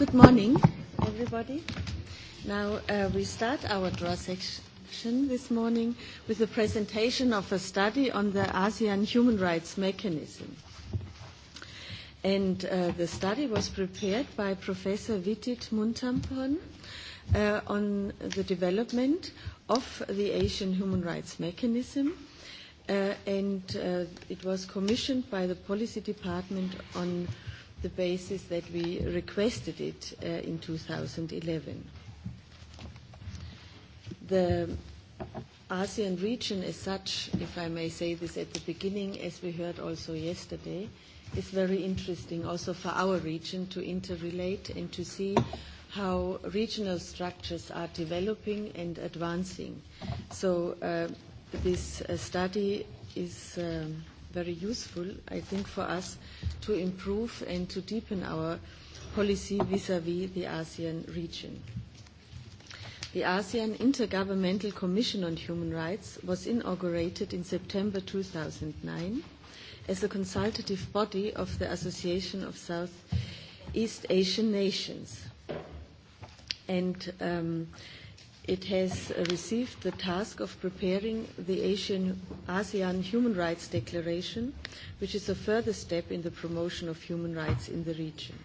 Good morning, everybody. Now, uh, we start our draw section this morning with a presentation of a study on the ASEAN human rights mechanism. And uh, the study was prepared by Professor Vitit Muntampon uh, on the development of the Asian human rights mechanism. and it was commissioned by the Policy Department on the basis that we requested it uh, in 2011. The ASEAN region as such, if I may say this at the beginning, as we heard also yesterday, is very interesting also for our region to interrelate and to see how regional structures are developing and advancing. So uh, this uh, study is um, very useful, I think, for us to improve and to deepen our policy vis-à-vis -vis the ASEAN region. The ASEAN Intergovernmental Commission on Human Rights was inaugurated in September 2009 as a consultative body of the Association of Southeast Asian Nations. And um, It has received the task of preparing the Asian, ASEAN Human Rights Declaration, which is a further step in the promotion of human rights in the region.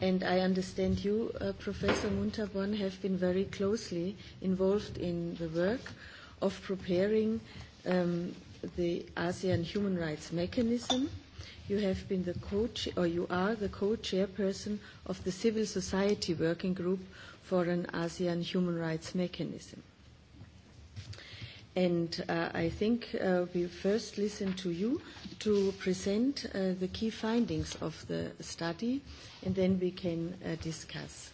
And I understand you, uh, Professor Munterborn, have been very closely involved in the work of preparing um, the ASEAN Human Rights Mechanism. You have been the co or you are the co-chairperson of the Civil Society Working Group for an ASEAN human rights mechanism. And uh, I think uh, we first listen to you to present uh, the key findings of the study, and then we can uh, discuss.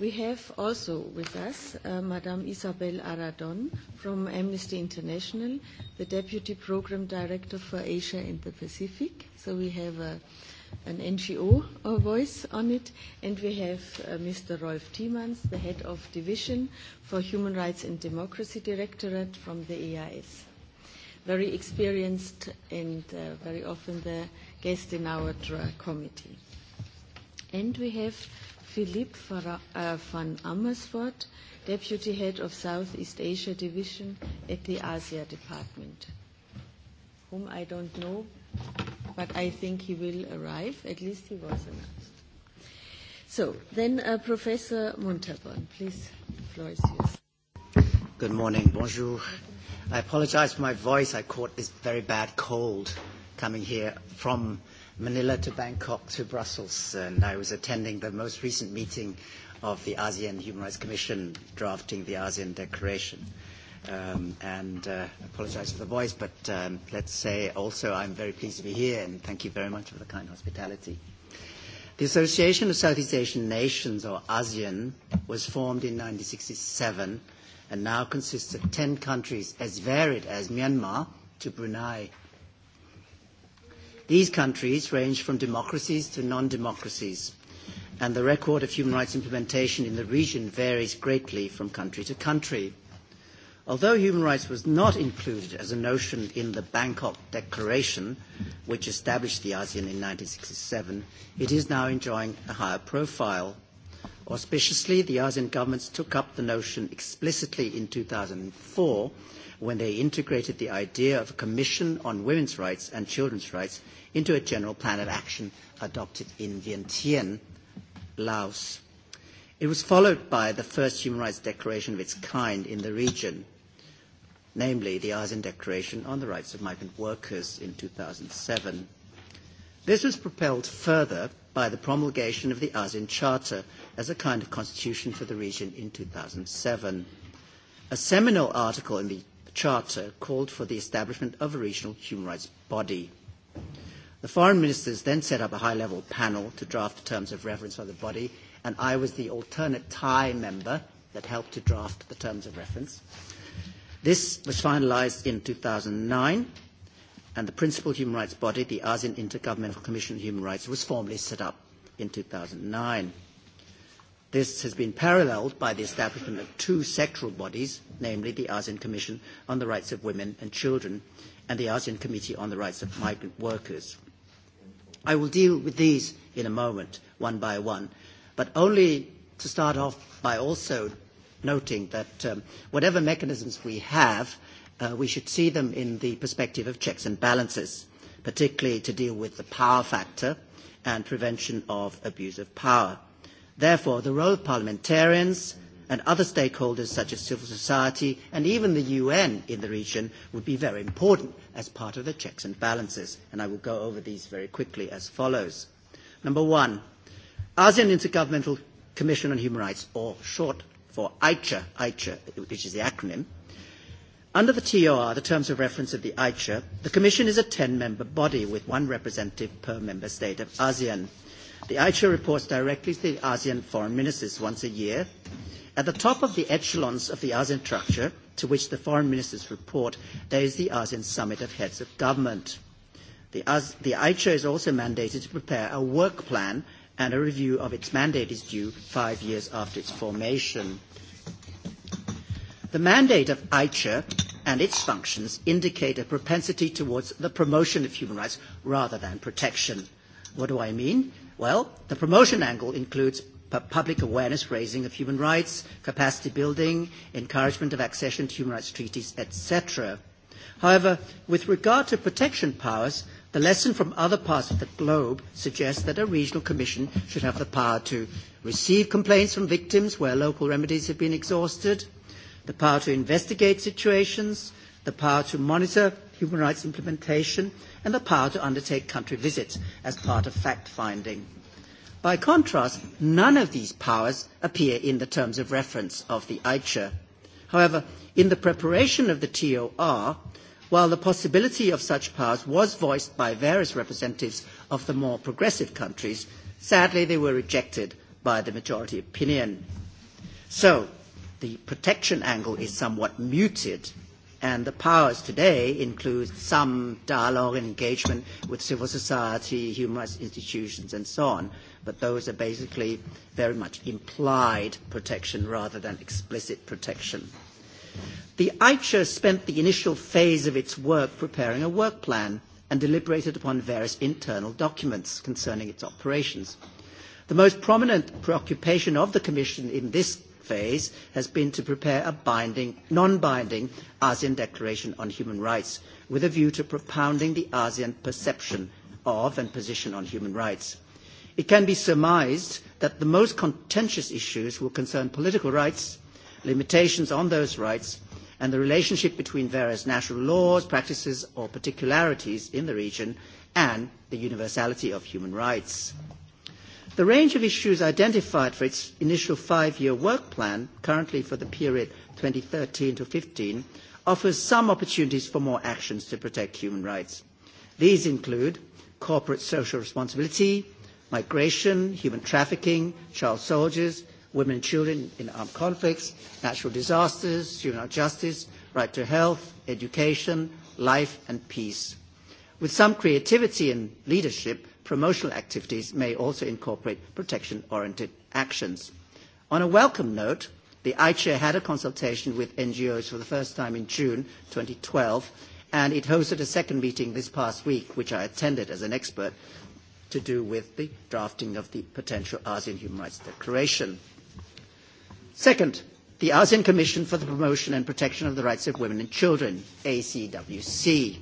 We have also with us uh, Madame Isabel Aradon from Amnesty International, the Deputy Program Director for Asia and the Pacific. So we have a, an NGO uh, voice on it. And we have uh, Mr. Rolf Tiemans, the head of division for Human Rights and Democracy Directorate from the EIS. Very experienced and uh, very often the guest in our DRA committee. And we have Philippe uh, van Amersfoort, Deputy Head of Southeast Asia Division at the ASEA Department, whom I don't know but I think he will arrive. At least he was announced. So then, uh, Professor Munterborn, please, the floor is yours. Good morning, bonjour. I apologize for my voice. I caught this very bad cold coming here from Manila to Bangkok to Brussels, and I was attending the most recent meeting of the ASEAN Human Rights Commission drafting the ASEAN Declaration um, and uh, apologize for the voice, but um, let's say also I'm very pleased to be here and thank you very much for the kind hospitality. The Association of Southeast Asian Nations, or ASEAN, was formed in 1967 and now consists of 10 countries as varied as Myanmar to Brunei. These countries range from democracies to non-democracies, and the record of human rights implementation in the region varies greatly from country to country. Although human rights was not included as a notion in the Bangkok Declaration, which established the ASEAN in 1967, it is now enjoying a higher profile. Auspiciously, the ASEAN governments took up the notion explicitly in 2004 when they integrated the idea of a commission on women's rights and children's rights into a general plan of action adopted in Vientiane, Laos. It was followed by the first human rights declaration of its kind in the region namely the Aachen Declaration on the Rights of Migrant Workers in 2007. This was propelled further by the promulgation of the Aachen Charter as a kind of constitution for the region in 2007. A seminal article in the Charter called for the establishment of a regional human rights body. The foreign ministers then set up a high-level panel to draft the terms of reference for the body, and I was the alternate Thai member that helped to draft the terms of reference. Uh, This was finalized in 2009, and the principal human rights body, the ASEAN Intergovernmental Commission on Human Rights, was formally set up in 2009. This has been paralleled by the establishment of two sectoral bodies, namely the ASEAN Commission on the Rights of Women and Children and the ASEAN Committee on the Rights of Migrant Workers. I will deal with these in a moment, one by one, but only to start off by also noting that um, whatever mechanisms we have, uh, we should see them in the perspective of checks and balances, particularly to deal with the power factor and prevention of abuse of power. Therefore, the role of parliamentarians and other stakeholders such as civil society and even the UN in the region would be very important as part of the checks and balances. And I will go over these very quickly as follows. Number one, ASEAN Intergovernmental Commission on Human Rights, or short for ICHA, ICHA, which is the acronym. Under the TOR, the terms of reference of the ICHA, the Commission is a 10-member body with one representative per member state of ASEAN. The ICHA reports directly to the ASEAN foreign ministers once a year. At the top of the echelons of the ASEAN structure, to which the foreign ministers report, there is the ASEAN Summit of Heads of Government. The, AS- the ICHA is also mandated to prepare a work plan and a review of its mandate is due five years after its formation. The mandate of AICHA e and its functions indicate a propensity towards the promotion of human rights rather than protection. What do I mean? Well, the promotion angle includes public awareness raising of human rights, capacity building, encouragement of accession to human rights treaties, etc. However, with regard to protection powers, The lesson from other parts of the globe suggests that a regional commission should have the power to receive complaints from victims where local remedies have been exhausted, the power to investigate situations, the power to monitor human rights implementation, and the power to undertake country visits as part of fact-finding. By contrast, none of these powers appear in the terms of reference of the EICHA. However, in the preparation of the TOR, while the possibility of such powers was voiced by various representatives of the more progressive countries, sadly they were rejected by the majority opinion. So the protection angle is somewhat muted and the powers today include some dialogue and engagement with civil society, human rights institutions, and so on. But those are basically very much implied protection rather than explicit protection. The ICHA spent the initial phase of its work preparing a work plan and deliberated upon various internal documents concerning its operations. The most prominent preoccupation of the Commission in this phase has been to prepare a binding, non-binding ASEAN Declaration on Human Rights with a view to propounding the ASEAN perception of and position on human rights. It can be surmised that the most contentious issues will concern political rights, limitations on those rights, and the relationship between various national laws, practices, or particularities in the region and the universality of human rights. The range of issues identified for its initial five-year work plan, currently for the period 2013 to 15, offers some opportunities for more actions to protect human rights. These include corporate social responsibility, migration, human trafficking, child soldiers, women and children in armed conflicts, natural disasters, juvenile justice, right to health, education, life and peace. With some creativity and leadership, promotional activities may also incorporate protection-oriented actions. On a welcome note, the iChair had a consultation with NGOs for the first time in June 2012, and it hosted a second meeting this past week, which I attended as an expert, to do with the drafting of the potential ASEAN Human Rights Declaration. Second, the ASEAN Commission for the Promotion and Protection of the Rights of Women and Children, ACWC.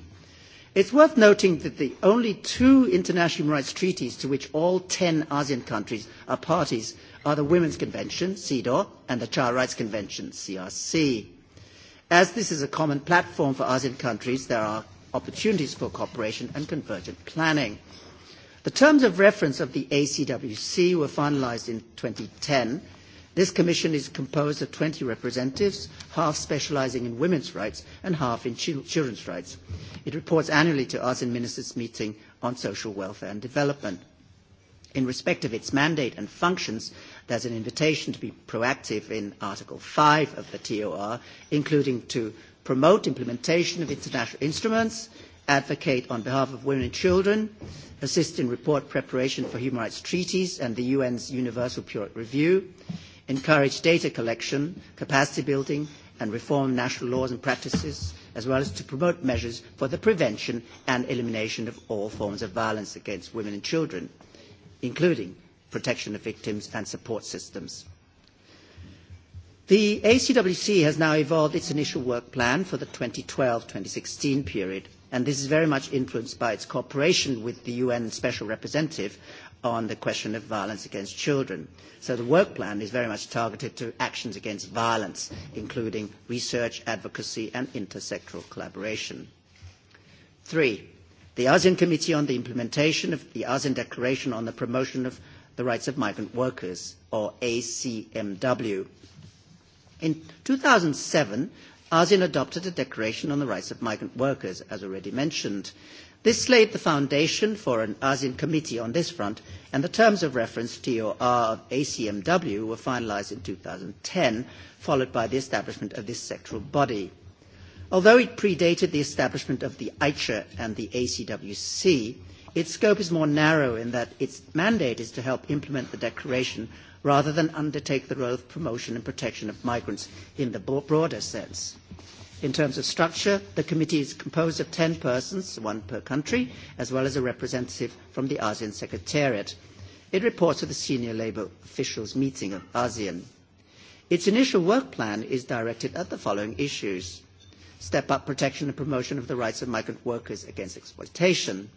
It's worth noting that the only two international rights treaties to which all 10 ASEAN countries are parties are the Women's Convention, CEDAW, and the Child Rights Convention, CRC. As this is a common platform for ASEAN countries, there are opportunities for cooperation and convergent planning. The terms of reference of the ACWC were finalized in 2010 This commission is composed of 20 representatives, half specialising in women's rights and half in children's rights. It reports annually to us in ministers' meeting on social welfare and development. In respect of its mandate and functions, there's an invitation to be proactive in Article 5 of the TOR, including to promote implementation of international instruments, advocate on behalf of women and children, assist in report preparation for human rights treaties and the UN's Universal Periodic Review, encourage data collection, capacity building, and reform national laws and practices, as well as to promote measures for the prevention and elimination of all forms of violence against women and children, including protection of victims and support systems. The ACWC has now evolved its initial work plan for the 2012-2016 period, and this is very much influenced by its cooperation with the UN Special Representative on the question of violence against children. So the work plan is very much targeted to actions against violence, including research, advocacy and intersectoral collaboration. Three, the ASEAN Committee on the Implementation of the ASEAN Declaration on the Promotion of the Rights of Migrant Workers, or ACMW. In 2007, ASEAN adopted a declaration on the rights of migrant workers, as already mentioned, This laid the foundation for an ASEAN committee on this front, and the terms of reference TOR of uh, ACMW were finalised in 2010, followed by the establishment of this sectoral body. Although it predated the establishment of the AICHA e and the ACWC, its scope is more narrow in that its mandate is to help implement the declaration rather than undertake the role of promotion and protection of migrants in the broader sense. In terms of structure, the committee is composed of 10 persons, one per country, as well as a representative from the ASEAN Secretariat. It reports to the Senior Labour Officials Meeting of ASEAN. Its initial work plan is directed at the following issues. Step up protection and promotion of the rights of migrant workers against exploitation.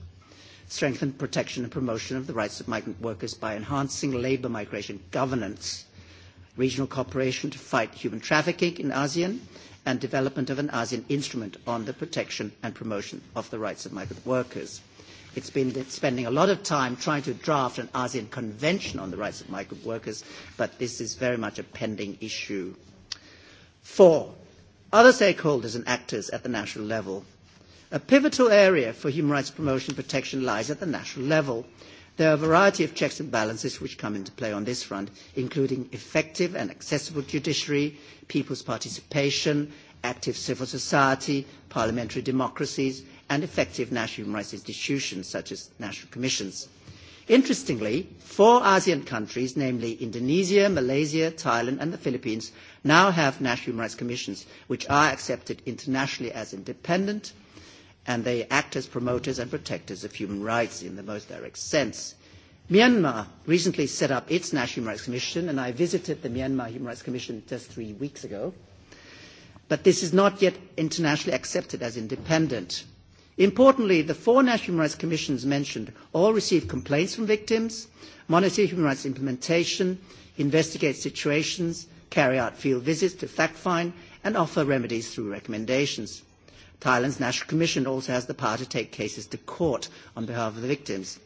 Strengthen protection and promotion of the rights of migrant workers by enhancing labour migration governance. Regional cooperation to fight human trafficking in ASEAN and development of an ASEAN instrument on the protection and promotion of the rights of migrant workers. It's been spending a lot of time trying to draft an ASEAN convention on the rights of migrant workers, but this is very much a pending issue. Four, other stakeholders and actors at the national level. A pivotal area for human rights promotion and protection lies at the national level. There are a variety of checks and balances which come into play on this front, including effective and accessible judiciary, people's participation, active civil society, parliamentary democracies, and effective national human rights institutions such as national commissions. Interestingly, four ASEAN countries, namely Indonesia, Malaysia, Thailand, and the Philippines, now have national human rights commissions, which are accepted internationally as independent, and they act as promoters and protectors of human rights in the most direct sense. Myanmar recently set up its National Human Rights Commission, and I visited the Myanmar Human Rights Commission just three weeks ago. But this is not yet internationally accepted as independent. Importantly, the four National Human Rights Commissions mentioned all receive complaints from victims, monitor human rights implementation, investigate situations, carry out field visits to fact-find, and offer remedies through recommendations. Thailand's National Commission also has the power to take cases to court on behalf of the victims.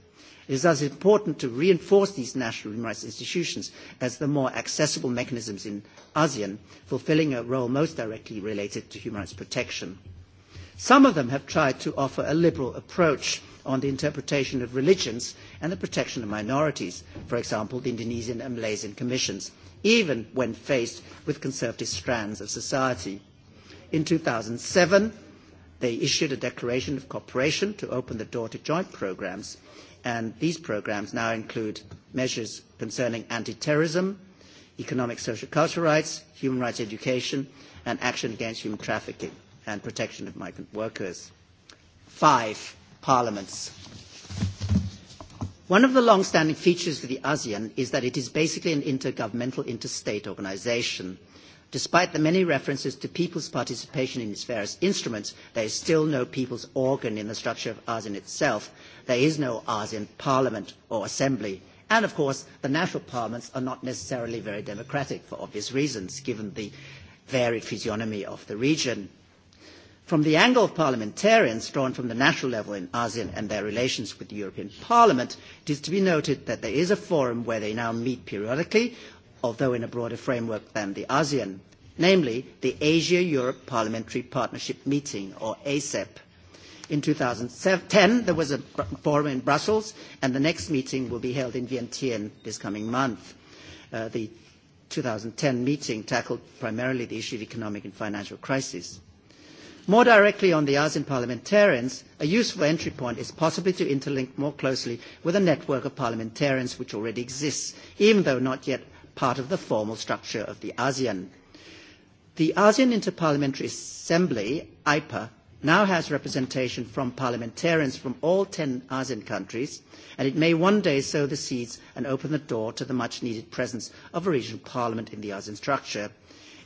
It is thus important to reinforce these national human rights institutions as the more accessible mechanisms in ASEAN, fulfilling a role most directly related to human rights protection. Some of them have tried to offer a liberal approach on the interpretation of religions and the protection of minorities, for example, the Indonesian and Malaysian commissions, even when faced with conservative strands of society. In 2007, They issued a declaration of cooperation to open the door to joint programs, and these programs now include measures concerning anti-terrorism, economic, social, cultural rights, human rights education, and action against human trafficking and protection of migrant workers. Five, parliaments. One of the long-standing features of the ASEAN is that it is basically an intergovernmental, interstate organization – Despite the many references to people's participation in its various instruments, there is still no people's organ in the structure of ASEAN itself. There is no ASEAN parliament or assembly. And of course, the national parliaments are not necessarily very democratic for obvious reasons, given the varied physiognomy of the region. From the angle of parliamentarians drawn from the national level in ASEAN and their relations with the European Parliament, it is to be noted that there is a forum where they now meet periodically although in a broader framework than the ASEAN, namely the Asia-Europe Parliamentary Partnership Meeting, or ASEP. In 2010, there was a forum in Brussels, and the next meeting will be held in Vientiane this coming month. Uh, the 2010 meeting tackled primarily the issue of economic and financial crisis. More directly on the ASEAN parliamentarians, a useful entry point is possibly to interlink more closely with a network of parliamentarians which already exists, even though not yet part of the formal structure of the ASEAN. The ASEAN Interparliamentary Assembly, IPA, now has representation from parliamentarians from all 10 ASEAN countries, and it may one day sow the seeds and open the door to the much needed presence of a regional parliament in the ASEAN structure.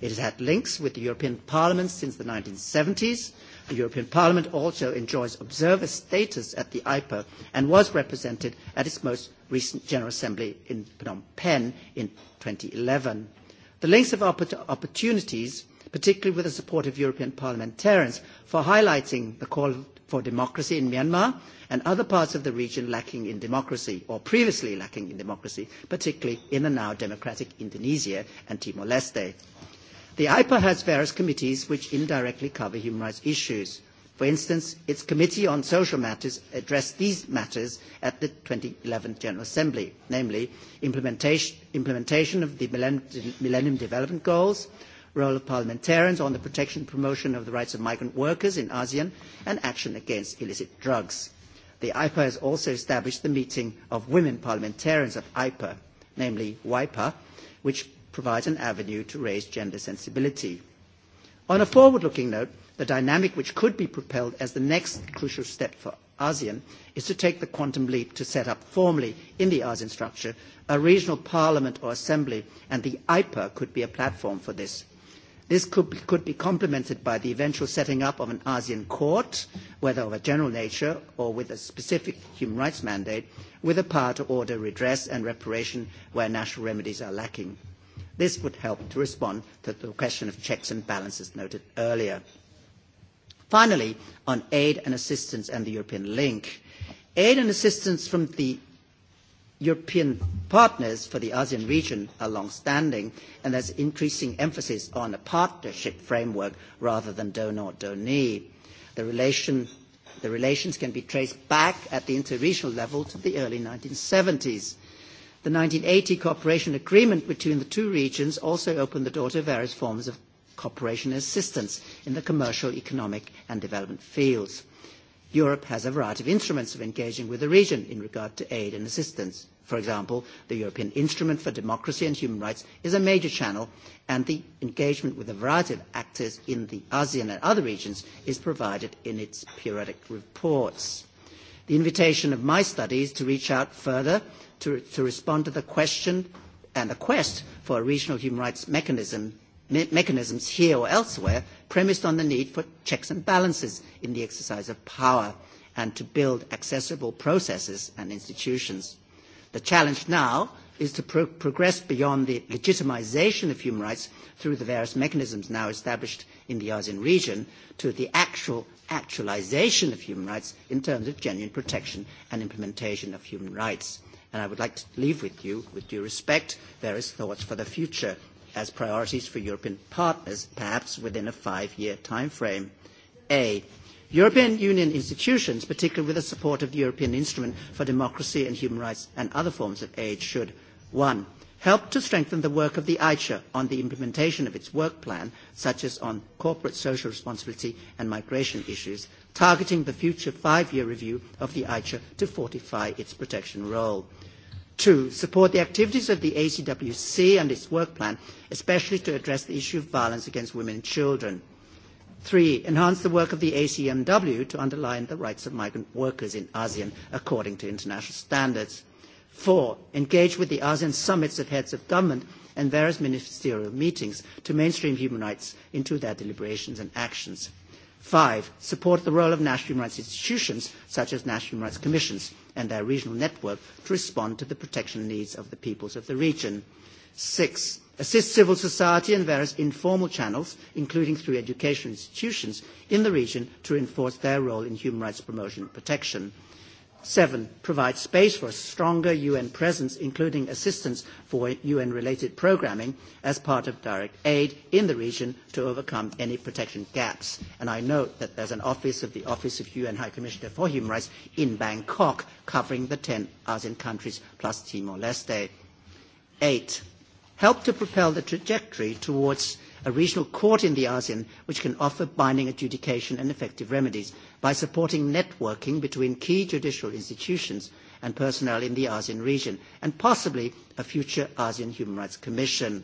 It has had links with the European Parliament since the 1970s The European Parliament also enjoys observer status at the IPA and was represented at its most recent General Assembly in Phnom Penh in 2011. The links of opportunities, particularly with the support of European parliamentarians, for highlighting the call for democracy in Myanmar and other parts of the region lacking in democracy or previously lacking in democracy, particularly in the now democratic Indonesia and Timor-Leste. The IPA has various committees which indirectly cover human rights issues. For instance, its Committee on Social Matters addressed these matters at the 2011 General Assembly, namely implementation, implementation of the Millennium Development Goals, role of parliamentarians on the protection and promotion of the rights of migrant workers in ASEAN, and action against illicit drugs. The IPA has also established the meeting of women parliamentarians of IPA, namely WIPA, which provides an avenue to raise gender sensibility. On a forward-looking note, the dynamic which could be propelled as the next crucial step for ASEAN is to take the quantum leap to set up formally in the ASEAN structure a regional parliament or assembly, and the IPA could be a platform for this. This could be, could be complemented by the eventual setting up of an ASEAN court, whether of a general nature or with a specific human rights mandate, with a power to order redress and reparation where national remedies are lacking. This would help to respond to the question of checks and balances noted earlier. Finally, on aid and assistance and the European link, aid and assistance from the European partners for the ASEAN region are long-standing, and there's increasing emphasis on a partnership framework rather than donor-donee. The, relation, the relations can be traced back at the interregional level to the early 1970s. The 1980 cooperation agreement between the two regions also opened the door to various forms of cooperation and assistance in the commercial, economic and development fields. Europe has a variety of instruments of engaging with the region in regard to aid and assistance. For example, the European Instrument for Democracy and Human Rights is a major channel, and the engagement with a variety of actors in the ASEAN and other regions is provided in its periodic reports. The invitation of my study is to reach out further to, to respond to the question and the quest for a regional human rights mechanism, me mechanisms here or elsewhere premised on the need for checks and balances in the exercise of power and to build accessible processes and institutions. The challenge now is to pro progress beyond the legitimization of human rights through the various mechanisms now established in the ASEAN region to the actual actualization of human rights in terms of genuine protection and implementation of human rights. And I would like to leave with you, with due respect, various thoughts for the future as priorities for European partners, perhaps within a five-year time frame. A. European Union institutions, particularly with the support of the European Instrument for Democracy and Human Rights and other forms of aid, should 1 helped to strengthen the work of the AICHA on the implementation of its work plan, such as on corporate social responsibility and migration issues, targeting the future five-year review of the AICHA to fortify its protection role. Two, support the activities of the ACWC and its work plan, especially to address the issue of violence against women and children. Three, enhance the work of the ACMW to underline the rights of migrant workers in ASEAN according to international standards. Four, engage with the ASEAN summits of heads of government and various ministerial meetings to mainstream human rights into their deliberations and actions. Five, support the role of national human rights institutions, such as national human rights commissions and their regional network, to respond to the protection needs of the peoples of the region. Six, assist civil society and various informal channels, including through educational institutions in the region, to enforce their role in human rights promotion and protection. Seven, Provides space for a stronger UN presence, including assistance for UN-related programming as part of direct aid in the region to overcome any protection gaps. And I note that there's an office of the Office of UN High Commissioner for Human Rights in Bangkok covering the 10 ASEAN countries plus Timor-Leste. Eight, help to propel the trajectory towards a regional court in the ASEAN which can offer binding adjudication and effective remedies by supporting networking between key judicial institutions and personnel in the ASEAN region, and possibly a future ASEAN Human Rights Commission.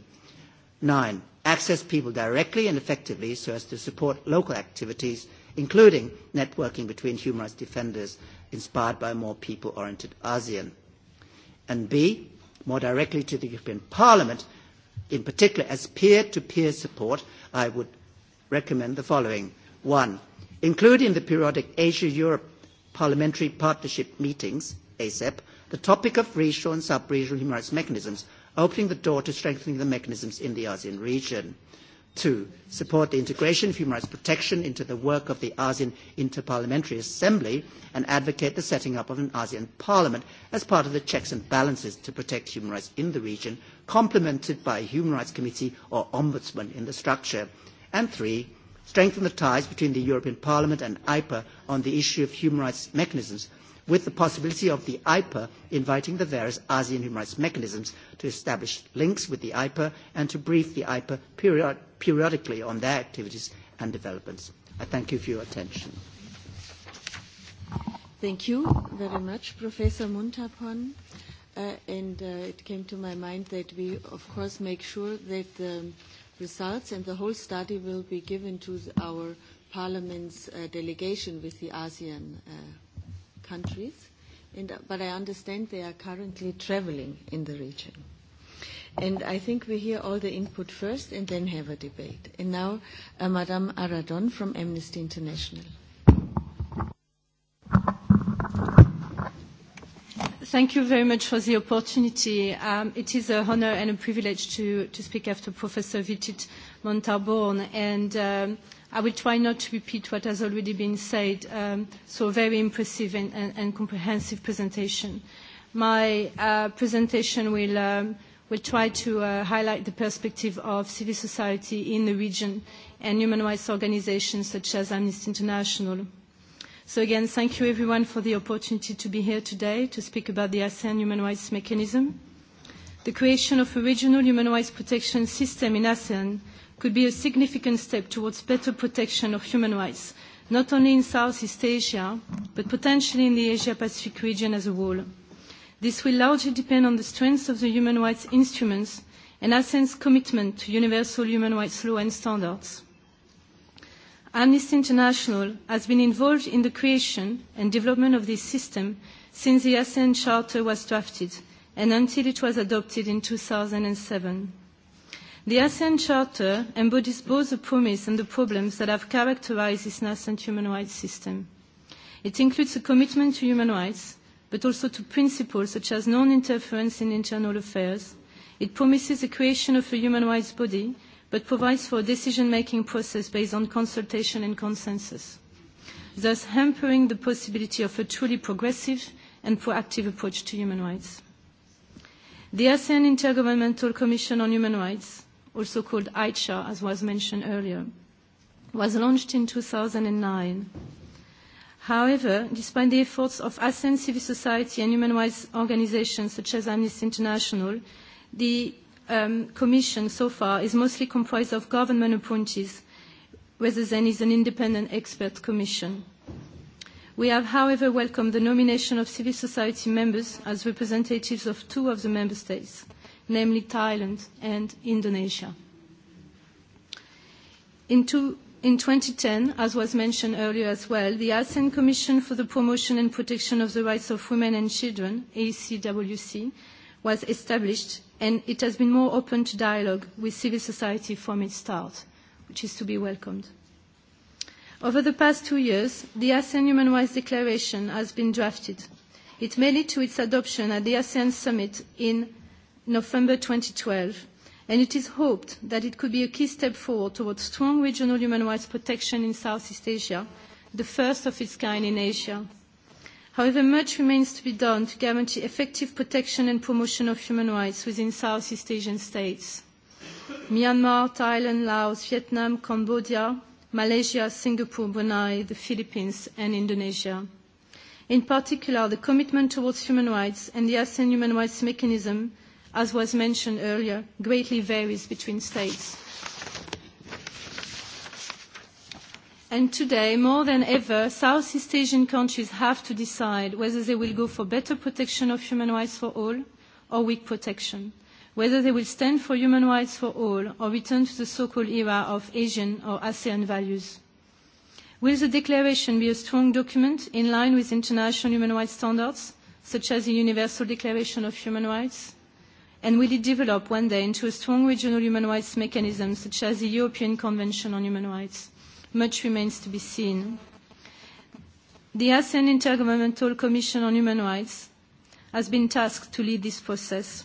Nine, access people directly and effectively so as to support local activities, including networking between human rights defenders inspired by a more people-oriented ASEAN. And B, more directly to the European Parliament In particular, as peer-to-peer -peer support, I would recommend the following. One, including the periodic Asia-Europe Parliamentary Partnership meetings, ASEP, the topic of regional and sub-regional human rights mechanisms, opening the door to strengthening the mechanisms in the ASEAN region to support the integration of human rights protection into the work of the ASEAN Interparliamentary Assembly and advocate the setting up of an ASEAN Parliament as part of the checks and balances to protect human rights in the region, complemented by a Human Rights Committee or Ombudsman in the structure. And three, strengthen the ties between the European Parliament and IPA on the issue of human rights mechanisms with the possibility of the IPA inviting the various ASEAN human rights mechanisms to establish links with the IPA and to brief the IPA periodically periodically on their activities and developments. I thank you for your attention. Thank you very much, Professor Muntapon. Uh, and uh, it came to my mind that we, of course, make sure that the results and the whole study will be given to our Parliament's uh, delegation with the ASEAN uh, countries. And, uh, but I understand they are currently traveling in the region. And I think we hear all the input first and then have a debate. And now, uh, Madame Aradon from Amnesty International. Thank you very much for the opportunity. Um, it is an honor and a privilege to, to speak after Professor Vitit Montalborn. And um, I will try not to repeat what has already been said. Um, so very impressive and, and, and comprehensive presentation. My uh, presentation will um, – will try to uh, highlight the perspective of civil society in the region and human rights organizations such as Amnesty International. So again, thank you everyone for the opportunity to be here today to speak about the ASEAN human rights mechanism. The creation of a regional human rights protection system in ASEAN could be a significant step towards better protection of human rights, not only in Southeast Asia, but potentially in the Asia-Pacific region as a whole. This will largely depend on the strength of the human rights instruments and ASEAN's commitment to universal human rights law and standards. Amnesty International has been involved in the creation and development of this system since the ASEAN Charter was drafted and until it was adopted in 2007. The ASEAN Charter embodies both the promise and the problems that have characterized this nascent human rights system. It includes a commitment to human rights, but also to principles such as non-interference in internal affairs. It promises the creation of a human rights body, but provides for a decision-making process based on consultation and consensus, thus hampering the possibility of a truly progressive and proactive approach to human rights. The ASEAN Intergovernmental Commission on Human Rights, also called AICHA, as was mentioned earlier, was launched in 2009 However, despite the efforts of ASEAN civil society and human rights organizations such as Amnesty International, the um, Commission so far is mostly comprised of government appointees rather than is an independent expert commission. We have, however, welcomed the nomination of civil society members as representatives of two of the member states, namely Thailand and Indonesia. In two in 2010, as was mentioned earlier as well, the ASEAN Commission for the Promotion and Protection of the Rights of Women and Children, ACWC, e was established, and it has been more open to dialogue with civil society from its start, which is to be welcomed. Over the past two years, the ASEAN Human Rights Declaration has been drafted. It made it to its adoption at the ASEAN Summit in November 2012, and it is hoped that it could be a key step forward towards strong regional human rights protection in Southeast Asia, the first of its kind in Asia. However, much remains to be done to guarantee effective protection and promotion of human rights within Southeast Asian states. Myanmar, Thailand, Laos, Vietnam, Cambodia, Malaysia, Singapore, Brunei, the Philippines, and Indonesia. In particular, the commitment towards human rights and the ASEAN Human Rights Mechanism as was mentioned earlier, greatly varies between states. And today, more than ever, Southeast Asian countries have to decide whether they will go for better protection of human rights for all or weak protection, whether they will stand for human rights for all or return to the so-called era of Asian or ASEAN values. Will the declaration be a strong document in line with international human rights standards, such as the Universal Declaration of Human Rights? and will it develop one day into a strong regional human rights mechanism such as the European Convention on Human Rights? Much remains to be seen. The ASEAN Intergovernmental Commission on Human Rights has been tasked to lead this process.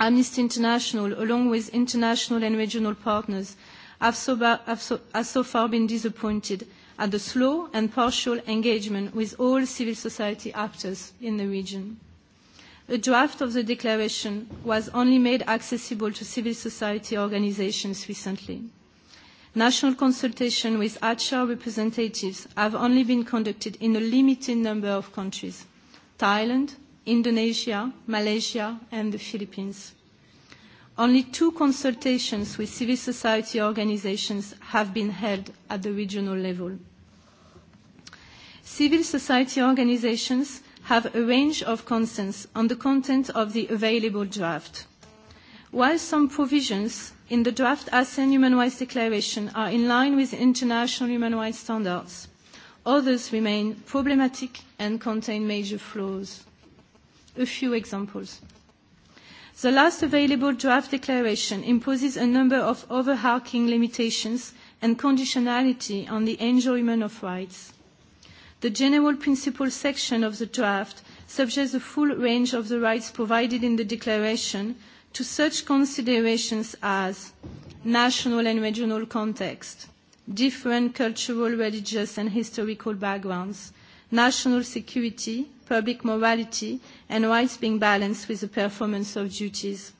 Amnesty International, along with international and regional partners, have so, have so, has so far been disappointed at the slow and partial engagement with all civil society actors in the region a draft of the declaration was only made accessible to civil society organizations recently. National consultation with ACHA representatives have only been conducted in a limited number of countries, Thailand, Indonesia, Malaysia, and the Philippines. Only two consultations with civil society organizations have been held at the regional level. Civil society organizations have a range of concerns on the content of the available draft. While some provisions in the draft ASEAN Human Rights Declaration are in line with international human rights standards, others remain problematic and contain major flaws. A few examples. The last available draft declaration imposes a number of overarching limitations and conditionality on the enjoyment of rights. The general principle section of the draft subjects the full range of the rights provided in the Declaration to such considerations as national and regional context, different cultural, religious and historical backgrounds, national security, public morality and rights being balanced with the performance of duties.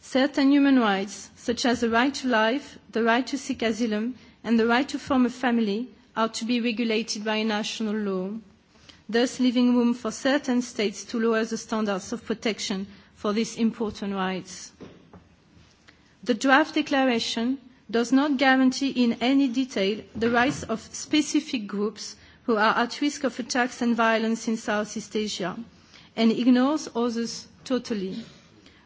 Certain human rights, such as the right to life, the right to seek asylum and the right to form a family, are to be regulated by national law, thus leaving room for certain states to lower the standards of protection for these important rights. The draft declaration does not guarantee in any detail the rights of specific groups who are at risk of attacks and violence in Southeast Asia and ignores others totally.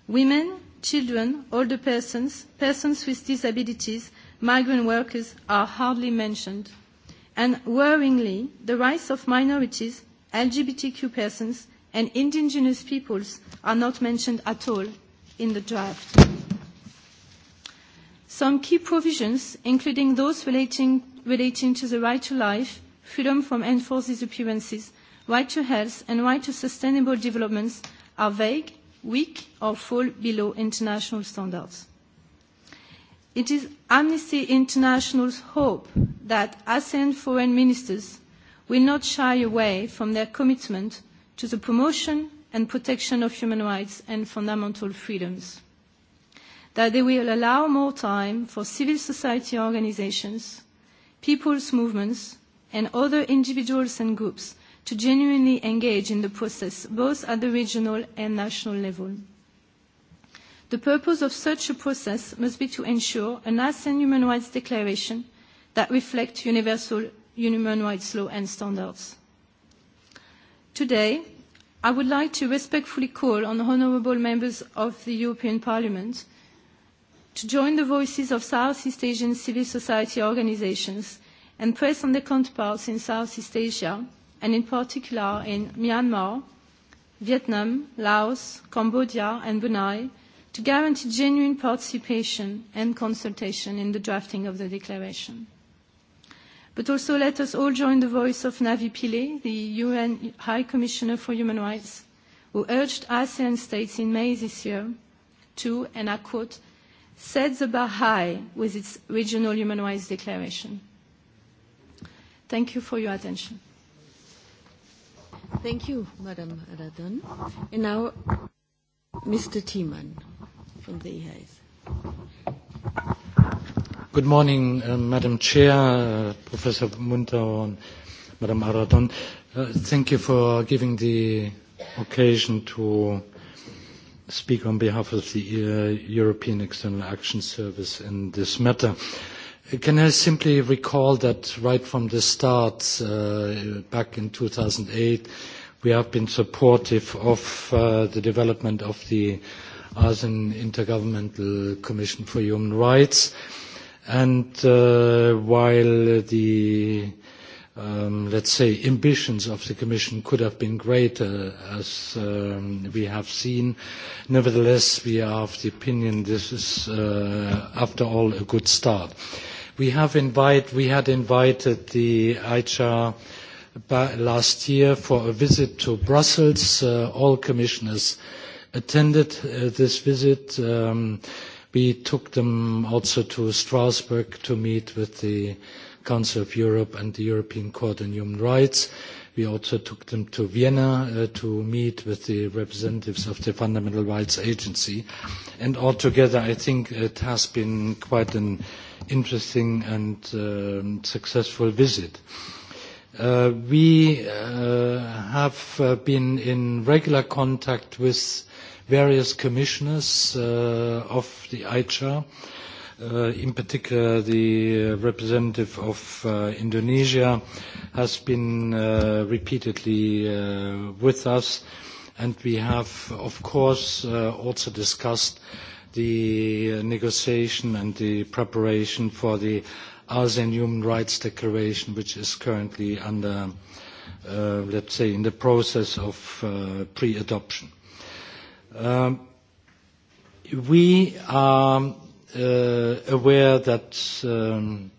Women, children, older persons, persons with disabilities, migrant workers are hardly mentioned. And worryingly, the rights of minorities, LGBTQ persons, and indigenous peoples are not mentioned at all in the draft. Some key provisions, including those relating, relating to the right to life, freedom from enforced disappearances, right to health, and right to sustainable developments, are vague, weak, or fall below international standards. It is Amnesty International's hope that ASEAN foreign ministers will not shy away from their commitment to the promotion and protection of human rights and fundamental freedoms, that they will allow more time for civil society organizations, people's movements, and other individuals and groups to genuinely engage in the process, both at the regional and national level. The purpose of such a process must be to ensure an ASEAN human rights declaration that reflects universal human rights law and standards. Today, I would like to respectfully call on honourable members of the European Parliament to join the voices of Southeast Asian civil society organisations and press on their counterparts in Southeast Asia, and in particular in Myanmar, Vietnam, Laos, Cambodia, and Brunei, to guarantee genuine participation and consultation in the drafting of the declaration. But also let us all join the voice of Navi Pillay, the UN High Commissioner for Human Rights, who urged ASEAN states in May this year to, and I quote, set the bar high with its regional human rights declaration. Thank you for your attention. Thank you, Madam Radon. And now, Mr. Thiemann from the EAS. Good morning, uh, Madam Chair, uh, Professor Munter and Madam Aradon. Uh, thank you for giving the occasion to speak on behalf of the uh, European External Action Service in this matter. Uh, can I simply recall that right from the start, uh, back in 2008, we have been supportive of uh, the development of the uh, as an Intergovernmental Commission for Human Rights. And uh, while the, um, let's say, ambitions of the Commission could have been greater, as um, we have seen, nevertheless, we are of the opinion this is, uh, after all, a good start. We, have invite, we had invited the ICHA last year for a visit to Brussels. Uh, all commissioners uh, attended uh, this visit. Um, we took them also to Strasbourg to meet with the Council of Europe and the European Court on Human Rights. We also took them to Vienna uh, to meet with the representatives of the Fundamental Rights Agency. And altogether, I think it has been quite an interesting and um, successful visit. Uh, we uh, have uh, been in regular contact with various commissioners uh, of the ICHA, uh, in particular the representative of uh, Indonesia, has been repeatedly with us. And we have, of course, also discussed the negotiation and the preparation for the ASEAN Human Rights Declaration, which is currently under, uh, let's say, in the process of uh, pre-adoption. Um, we are uh, aware that um,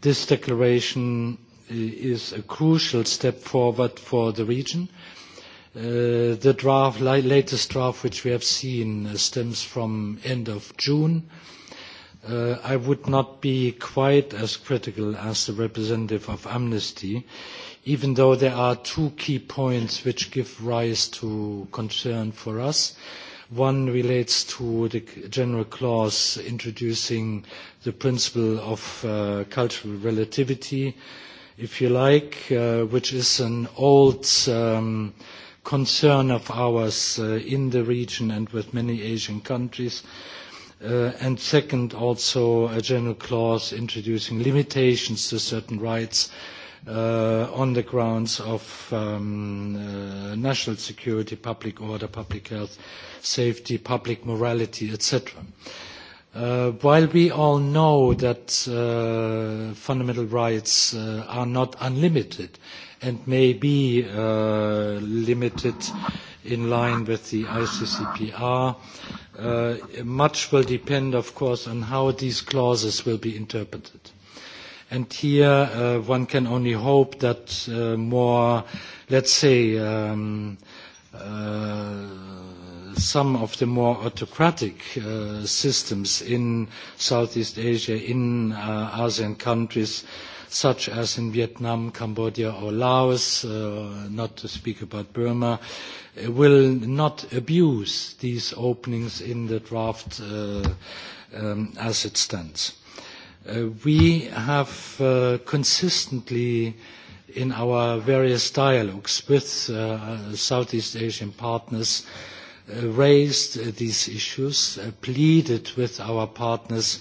this declaration uh, is a crucial step forward for the region. Uh, the draft, latest draft which we have seen uh, stems from end of June. Uh, I would not be quite as critical as the representative of Amnesty. Uh, even though there are two key points which give rise to concern for us. One relates to the general clause introducing the principle of uh, cultural relativity, if you like, uh, which is an old um, concern of ours uh, in the region and with many Asian countries. Uh, and second, also a general clause introducing limitations to certain rights Uh, on the grounds of um, uh, national security, public order, public health, safety, public morality, etc. Uh, while we all know that uh, fundamental rights uh, are not unlimited and may be uh, limited in line with the ICCPR, uh, much will depend, of course, on how these clauses will be interpreted. And here uh, one can only hope that uh, more, let's say, um, uh, some of the more autocratic uh, systems in Southeast Asia, in uh, ASEAN countries, such as in Vietnam, Cambodia or Laos, uh, not to speak about Burma, uh, will not abuse these openings in the draft uh, um, as it stands. Uh, we have uh, consistently in our various dialogues with uh, Southeast Asian partners raised these issues, pleaded with our partners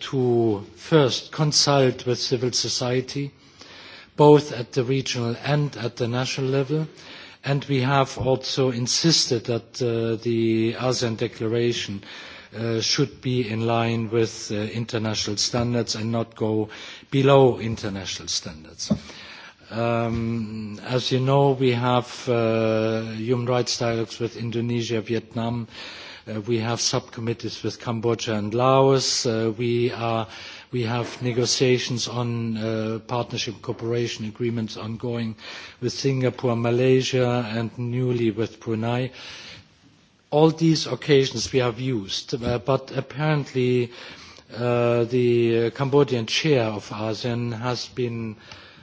to first consult with civil society, both at the regional and at the national level, and we have also insisted that the ASEAN Declaration Uh, should be in line with uh, international standards and not go below international standards. Um, as you know, we have uh, human rights dialogues with Indonesia, Vietnam. Uh, we have subcommittees with Cambodia and Laos. Uh, we, are, we have negotiations on uh, partnership cooperation agreements ongoing with Singapore, Malaysia, and newly with Brunei. Uh, all these occasions we have used, uh, but apparently uh, the Cambodian chair of ASEAN has been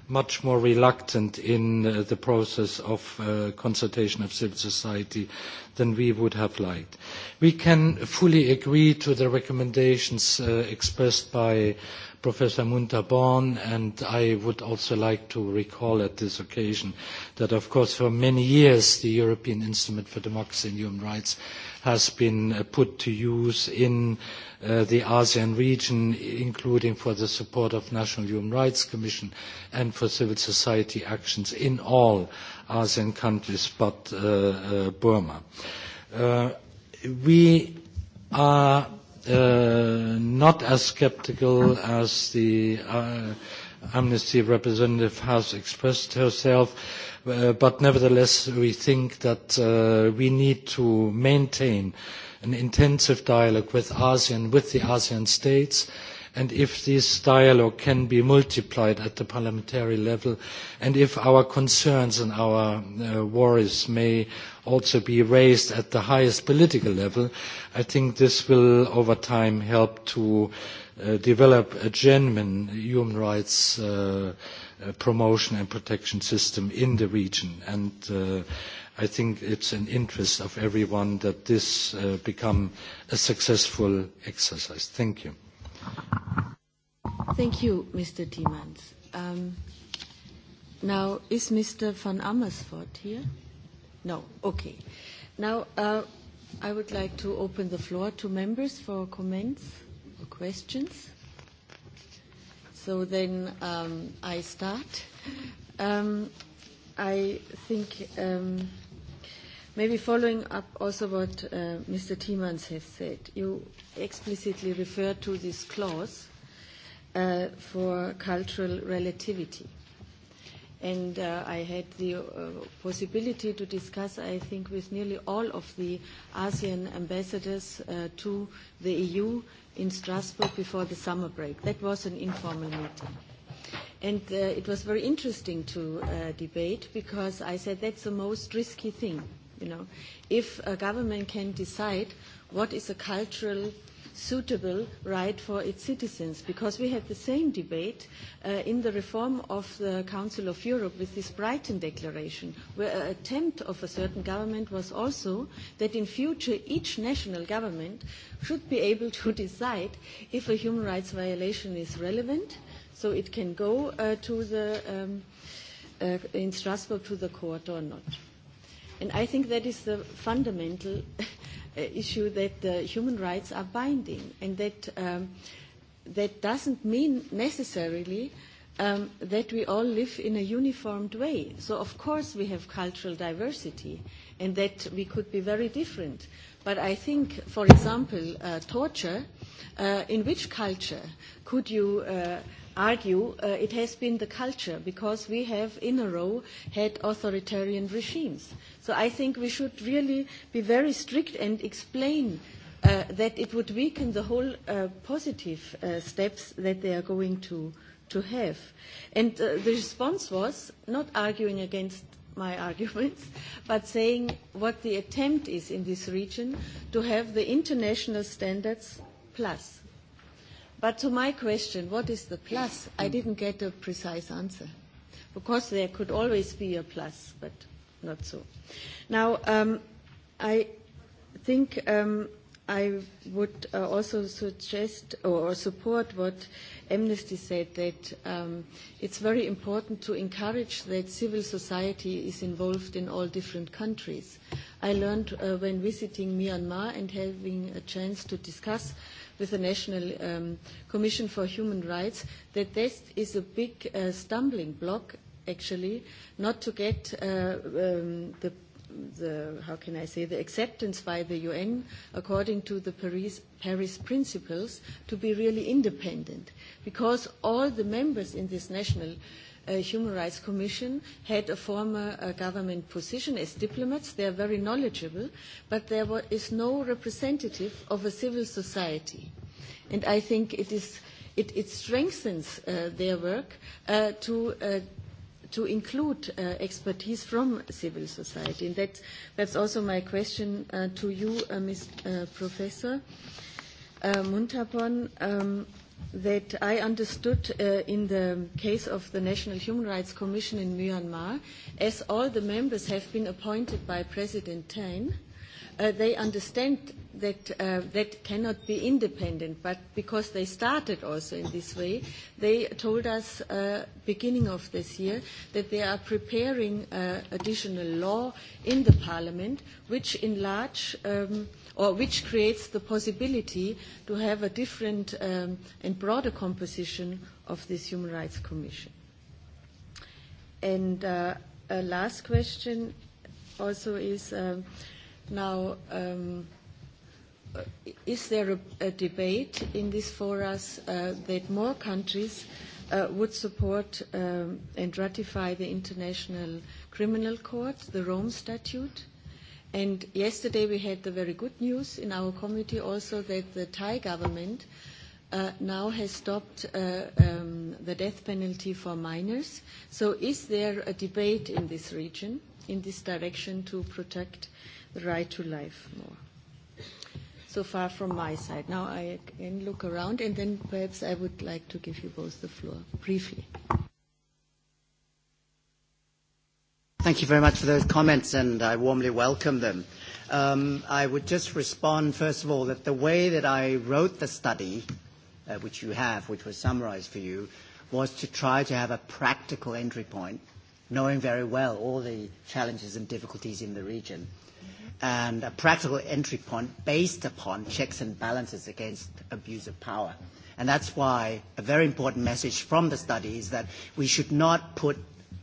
much more reluctant in uh, the process of uh, consultation of civil society than we would have liked. We can fully agree to the recommendations uh, expressed by Professor Munterborn, and I would also like to recall at this occasion that, of course, for many years the European Instrument for Democracy and Human Rights has been uh, put to use in uh, the ASEAN region, including for the support of National Human Rights Commission and for civil society actions in all ASEAN countries but uh, uh, Burma. Uh, we are uh, not as skeptical as the uh, Amnesty representative has expressed herself, uh, but nevertheless we think that uh, we need to maintain an intensive dialogue with ASEAN, with the ASEAN states, uh, and if this dialogue can be multiplied at the parliamentary level, and if our concerns and our uh, worries may also be raised at the highest political level, I think this will over time help to uh, develop a genuine human rights uh, uh promotion and protection system in the region. And uh, I think it's an interest of everyone that this uh, become a successful exercise. Thank you. Thank you, Mr. Tiemans. Um, now, is Mr. van Amersfoort here? No. Okay. Now, uh, I would like to open the floor to members for comments or questions. So then um, I start. Um, I think um, Maybe following up also what uh, Mr. Tiemans has said. You explicitly refer to this clause uh, for cultural relativity. And uh, I had the uh, possibility to discuss, I think, with nearly all of the ASEAN ambassadors uh, to the EU in Strasbourg before the summer break. That was an informal meeting. And uh, it was very interesting to uh, debate because I said that's the most risky thing You know, if a government can decide what is a cultural suitable right for its citizens, because we had the same debate uh, in the reform of the Council of Europe with this Brighton Declaration, where an attempt of a certain government was also that in future each national government should be able to decide if a human rights violation is relevant, so it can go uh, to the um, uh, in Strasbourg to the court or not. And I think that is the fundamental uh, issue that uh, human rights are binding, and that um, that doesn't mean necessarily um, that we all live in a uniformed way. So of course we have cultural diversity, and that we could be very different. But I think, for example, uh, torture. Uh, in which culture could you? Uh, argue uh, it has been the culture because we have in a row had authoritarian regimes. So I think we should really be very strict and explain uh, that it would weaken the whole uh, positive uh, steps that they are going to, to have. And uh, the response was not arguing against my arguments, but saying what the attempt is in this region to have the international standards plus. But to my question, what is the plus? I mm. didn't get a precise answer because there could always be a plus, but not so. Now, um, I think um, I would uh, also suggest or, or support what Amnesty said that um, it's very important to encourage that civil society is involved in all different countries. I learned uh, when visiting Myanmar and having a chance to discuss with the National um, Commission for Human Rights, that this is a big uh, stumbling block, actually, not to get uh, um, the the how can I say the acceptance by the UN according to the Paris Paris principles to be really independent because all the members in this national uh, Uh, Human Rights Commission had a former uh, government position as diplomats. They are very knowledgeable, but there is no representative of a civil society. And I think it, is, it, it strengthens uh, their work uh, to uh, to include uh, expertise from civil society. And that, that's also my question uh, to you, uh, Ms. Uh, Professor uh, Muntapon. Um, that I understood uh, in the case of the National Human Rights Commission in Myanmar, as all the members have been appointed by President Tain, uh, they understand that uh, that cannot be independent, but because they started also in this way, they told us uh, beginning of this year that they are preparing uh, additional law in the parliament, which in large um, or which creates the possibility to have a different um, and broader composition of this Human Rights Commission. And uh, a last question also is um, now, um, uh, is there a, a debate in this for us uh, that more countries uh, would support um, and ratify the International Criminal Court, the Rome Statute? And yesterday we had the very good news in our committee also that the Thai government uh, now has stopped uh, um, the death penalty for minors. So is there a debate in this region, in this direction, to protect the right to life more? So far from my side. Now I can look around and then perhaps I would like to give you both the floor briefly. Thank you very much for those comments, and I warmly welcome them. Um, I would just respond, first of all, that the way that I wrote the study, uh, which you have, which was summarized for you, was to try to have a practical entry point, knowing very well all the challenges and difficulties in the region, and a practical entry point based upon checks and balances against abuse of power. And that's why a very important message from the study is that we should not put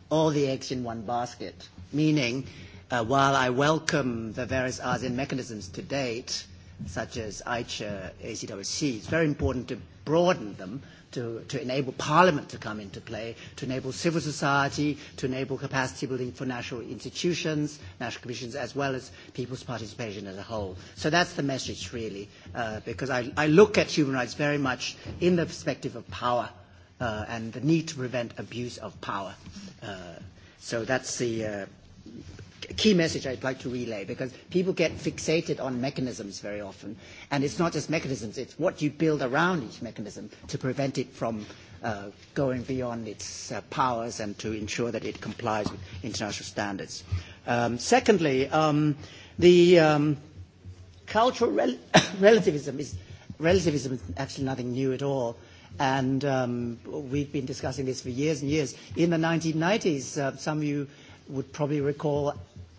all the eggs in one basket, meaning uh, while I welcome the various ASEAN mechanisms to date, such as ICHA, ACWC, it's very important to broaden them to, to enable Parliament to come into play, to enable civil society, to enable capacity building for national institutions, national commissions, as well as people's participation as a whole. So that's the message, really, uh, because I, I look at human rights very much in the perspective of power uh, and the need to prevent abuse of power. Uh, so that's the uh, key message I'd like to relay because people get fixated on mechanisms very often. And it's not just mechanisms, it's what you build around each mechanism to prevent it from uh, going beyond its uh, powers and to ensure that it complies with international standards. Um, secondly, um, the um, cultural rel relativism is relativism is actually nothing new at all. And um, we've been discussing this for years and years. In the 1990s, uh, some of you would probably recall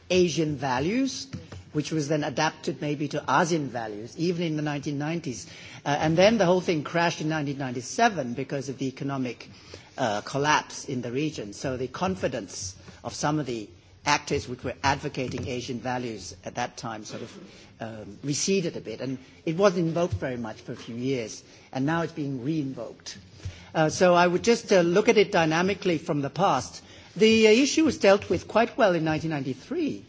Asian values, which was then adapted maybe to ASEAN values, even in the 1990s. Uh, and then the whole thing crashed in 1997 because of the economic uh, collapse in the region. So the confidence of some of the actors which were advocating Asian values at that time sort of um, receded a bit, and it wasn't invoked very much for a few years, and now it's being reinvoked. Uh, so I would just uh, look at it dynamically from the past. The uh, issue was dealt with quite well in 1993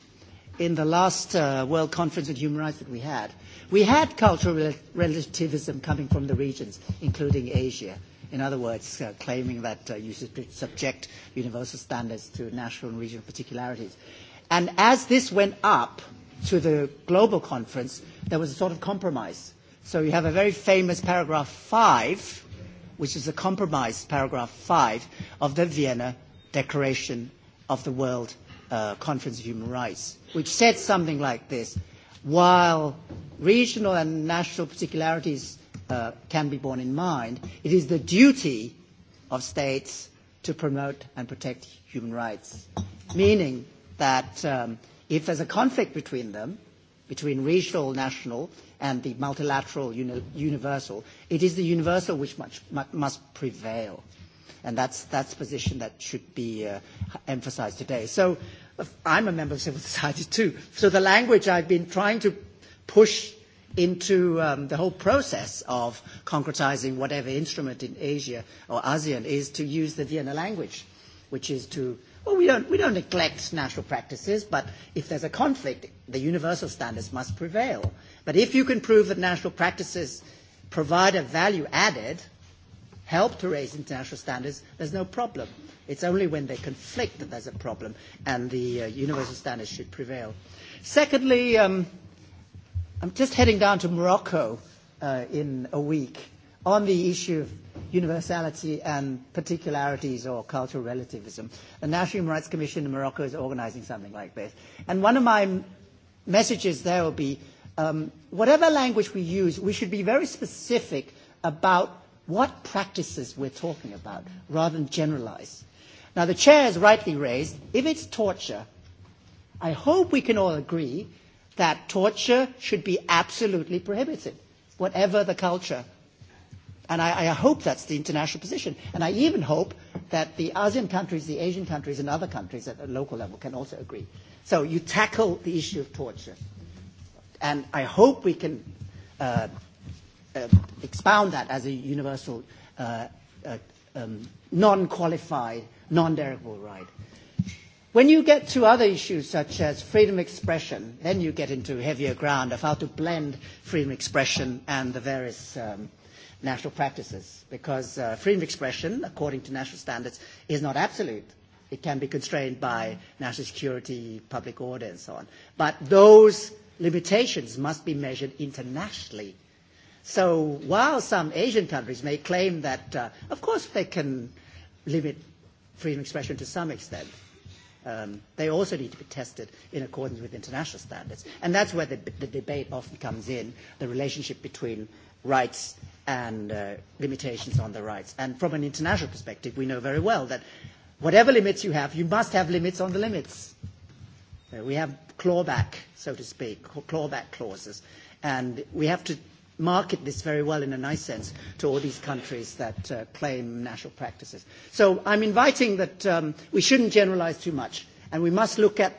in the last uh, World Conference on Human Rights that we had. We had cultural relativism coming from the regions, including Asia. In other words, uh, claiming that uh, you should subject universal standards to national and regional particularities. And as this went up to the global conference, there was a sort of compromise. So you have a very famous paragraph five, which is a compromise paragraph five of the Vienna Declaration of the World uh, Conference of Human Rights, which said something like this. While regional and national particularities uh, can be borne in mind. It is the duty of states to promote and protect human rights, meaning that um, if there's a conflict between them, between regional, national, and the multilateral uni- universal, it is the universal which much, much, must prevail. And that's, that's the position that should be uh, emphasized today. So uh, I'm a member of civil society too. So the language I've been trying to push into um, the whole process of concretizing whatever instrument in Asia or ASEAN is to use the Vienna language, which is to well, we don't, we don't neglect national practices, but if there's a conflict, the universal standards must prevail. But if you can prove that national practices provide a value added, help to raise international standards, there's no problem. It's only when they conflict that there's a problem, and the uh, universal standards should prevail. Secondly, um, I'm just heading down to Morocco uh, in a week on the issue of universality and particularities or cultural relativism. The National Human Rights Commission in Morocco is organizing something like this. And one of my messages there will be um, whatever language we use, we should be very specific about what practices we're talking about rather than generalize. Now, the chair has rightly raised if it's torture, I hope we can all agree that torture should be absolutely prohibited, whatever the culture. And I, I hope that's the international position. And I even hope that the ASEAN countries, the Asian countries, and other countries at a local level can also agree. So you tackle the issue of torture. And I hope we can uh, uh, expound that as a universal, uh, uh, um, non-qualified, non-derogable right. When you get to other issues such as freedom expression, then you get into heavier ground of how to blend freedom expression and the various um, national practices, because uh, freedom expression, according to national standards, is not absolute. It can be constrained by national security, public order, and so on. But those limitations must be measured internationally. So while some Asian countries may claim that, uh, of course, they can limit freedom of expression to some extent, um, they also need to be tested in accordance with international standards. And that's where the, the debate often comes in, the relationship between rights and uh, limitations on the rights. And from an international perspective, we know very well that whatever limits you have, you must have limits on the limits. Uh, we have clawback, so to speak, clawback clauses. And we have to market this very well in a nice sense to all these countries that uh, claim national practices. So I'm inviting that um, we shouldn't generalize too much, and we must look at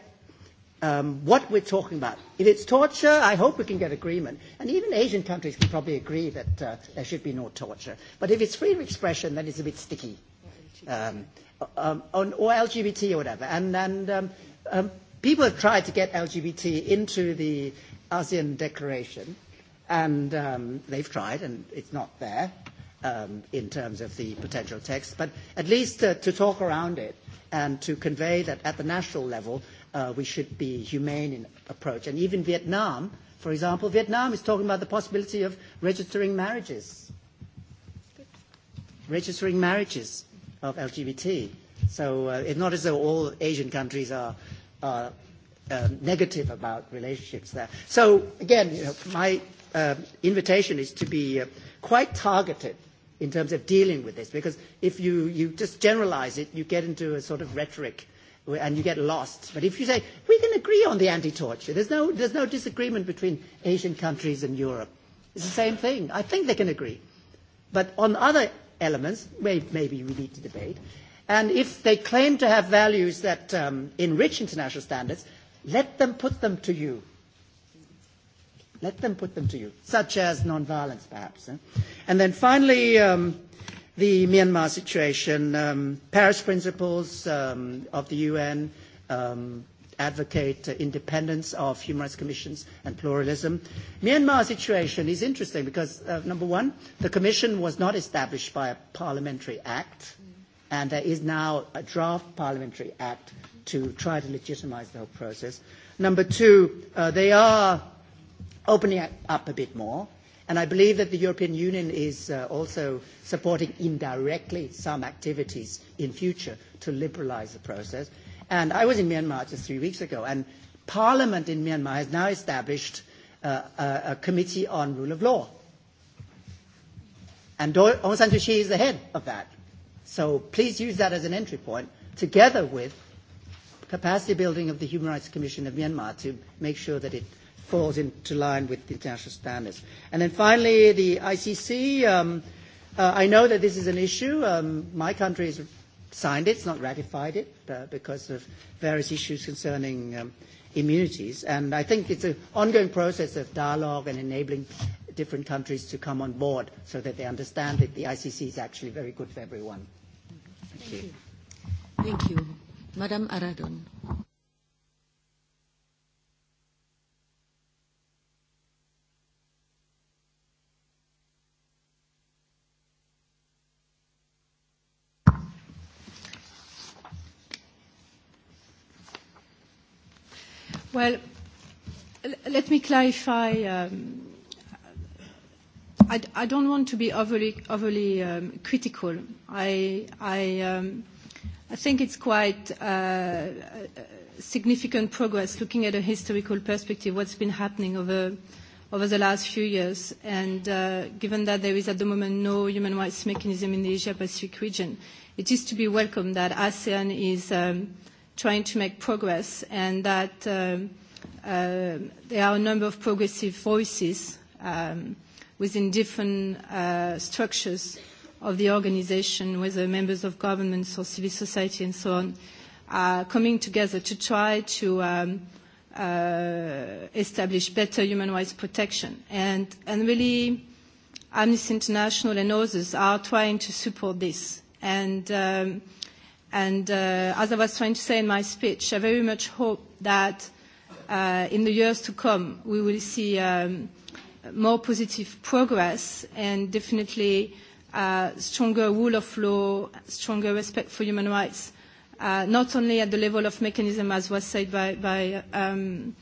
um, what we're talking about. If it's torture, I hope we can get agreement. And even Asian countries can probably agree that uh, there should be no torture. But if it's freedom of expression, then it's a bit sticky. Um, um, on, or LGBT or whatever. And, and um, um, people have tried to get LGBT into the ASEAN declaration and um, they've tried, and it's not there um, in terms of the potential text. But at least uh, to talk around it and to convey that at the national level uh, we should be humane in approach. And even Vietnam, for example, Vietnam is talking about the possibility of registering marriages, registering marriages of LGBT. So uh, it's not as though all Asian countries are. are um, negative about relationships there. So again, you know, my uh, invitation is to be uh, quite targeted in terms of dealing with this, because if you, you just generalize it, you get into a sort of rhetoric and you get lost. But if you say, we can agree on the anti-torture, there's no, there's no disagreement between Asian countries and Europe. It's the same thing. I think they can agree. But on other elements, maybe, maybe we need to debate. And if they claim to have values that um, enrich international standards, let them put them to you Let them put them to you, such as nonviolence, perhaps. Eh? And then finally, um, the Myanmar situation. Um, Paris principles um, of the UN um, advocate uh, independence of human rights commissions and pluralism. Myanmar situation is interesting because, uh, number one, the commission was not established by a parliamentary act, and there is now a draft parliamentary act to try to legitimize the whole process. Number two, uh, they are opening up a bit more. And I believe that the European Union is uh, also supporting indirectly some activities in future to liberalize the process. And I was in Myanmar just three weeks ago, and Parliament in Myanmar has now established uh, a, a committee on rule of law. And Aung San Suu Kyi is the head of that. So please use that as an entry point, together with capacity building of the Human Rights Commission of Myanmar to make sure that it falls into line with the international standards. And then finally, the ICC. Um, uh, I know that this is an issue. Um, my country has signed it, it's not ratified it, uh, because of various issues concerning um, immunities. And I think it's an ongoing process of dialogue and enabling different countries to come on board so that they understand that the ICC is actually very good for everyone. Thank, Thank you. you. Thank you. Madam Aradon. Well, let me clarify. Um, I, I don't want to be overly, overly um, critical. I, I, um, I think it's quite uh, uh, significant progress looking at a historical perspective, what's been happening over, over the last few years. And uh, given that there is at the moment no human rights mechanism in the Asia-Pacific region, it is to be welcomed that ASEAN is um, – trying to make progress and that um, uh, there are a number of progressive voices um, within different uh, structures of the organization, whether members of governments or civil society and so on, are coming together to try to um, uh, establish better human rights protection. And, and really, Amnesty International and others are trying to support this. And um, And uh, as I was trying to say in my speech, I very much hope that uh, in the years to come we will see um, more positive progress and definitely uh, stronger rule of law, stronger respect for human rights, uh, not only at the level of mechanism, as was said by, by um,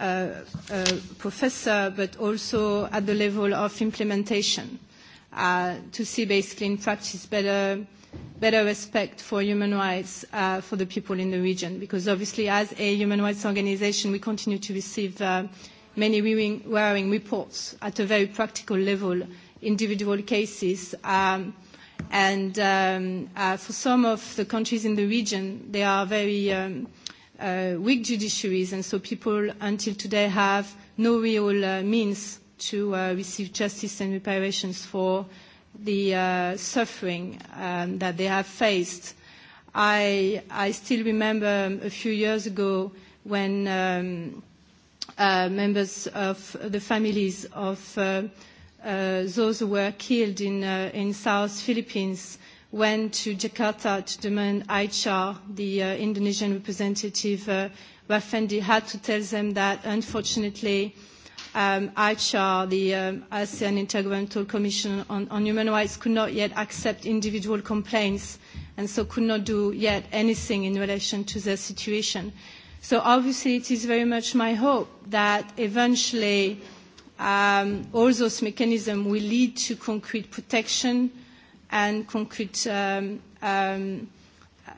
uh, uh, professor, but also at the level of implementation, uh, to see basically in practice better better respect for human rights uh, for the people in the region. Because obviously, as a human rights organization, we continue to receive uh, many worrying reports at a very practical level, individual cases. Um, and um, uh, for some of the countries in the region, they are very um, uh, weak judiciaries, and so people until today have no real uh, means to uh, receive justice and reparations for the uh, suffering um, that they have faced. I, I still remember um, a few years ago when um, uh, members of the families of uh, uh, those who were killed in, uh, in South Philippines went to Jakarta to demand ICHAR, the uh, Indonesian representative, uh, Rafendi, had to tell them that unfortunately um, ACHA, the um, ASEAN Intergovernmental Commission on, on Human Rights, could not yet accept individual complaints and so could not do yet anything in relation to their situation. So obviously it is very much my hope that eventually um, all those mechanisms will lead to concrete protection and concrete um, um,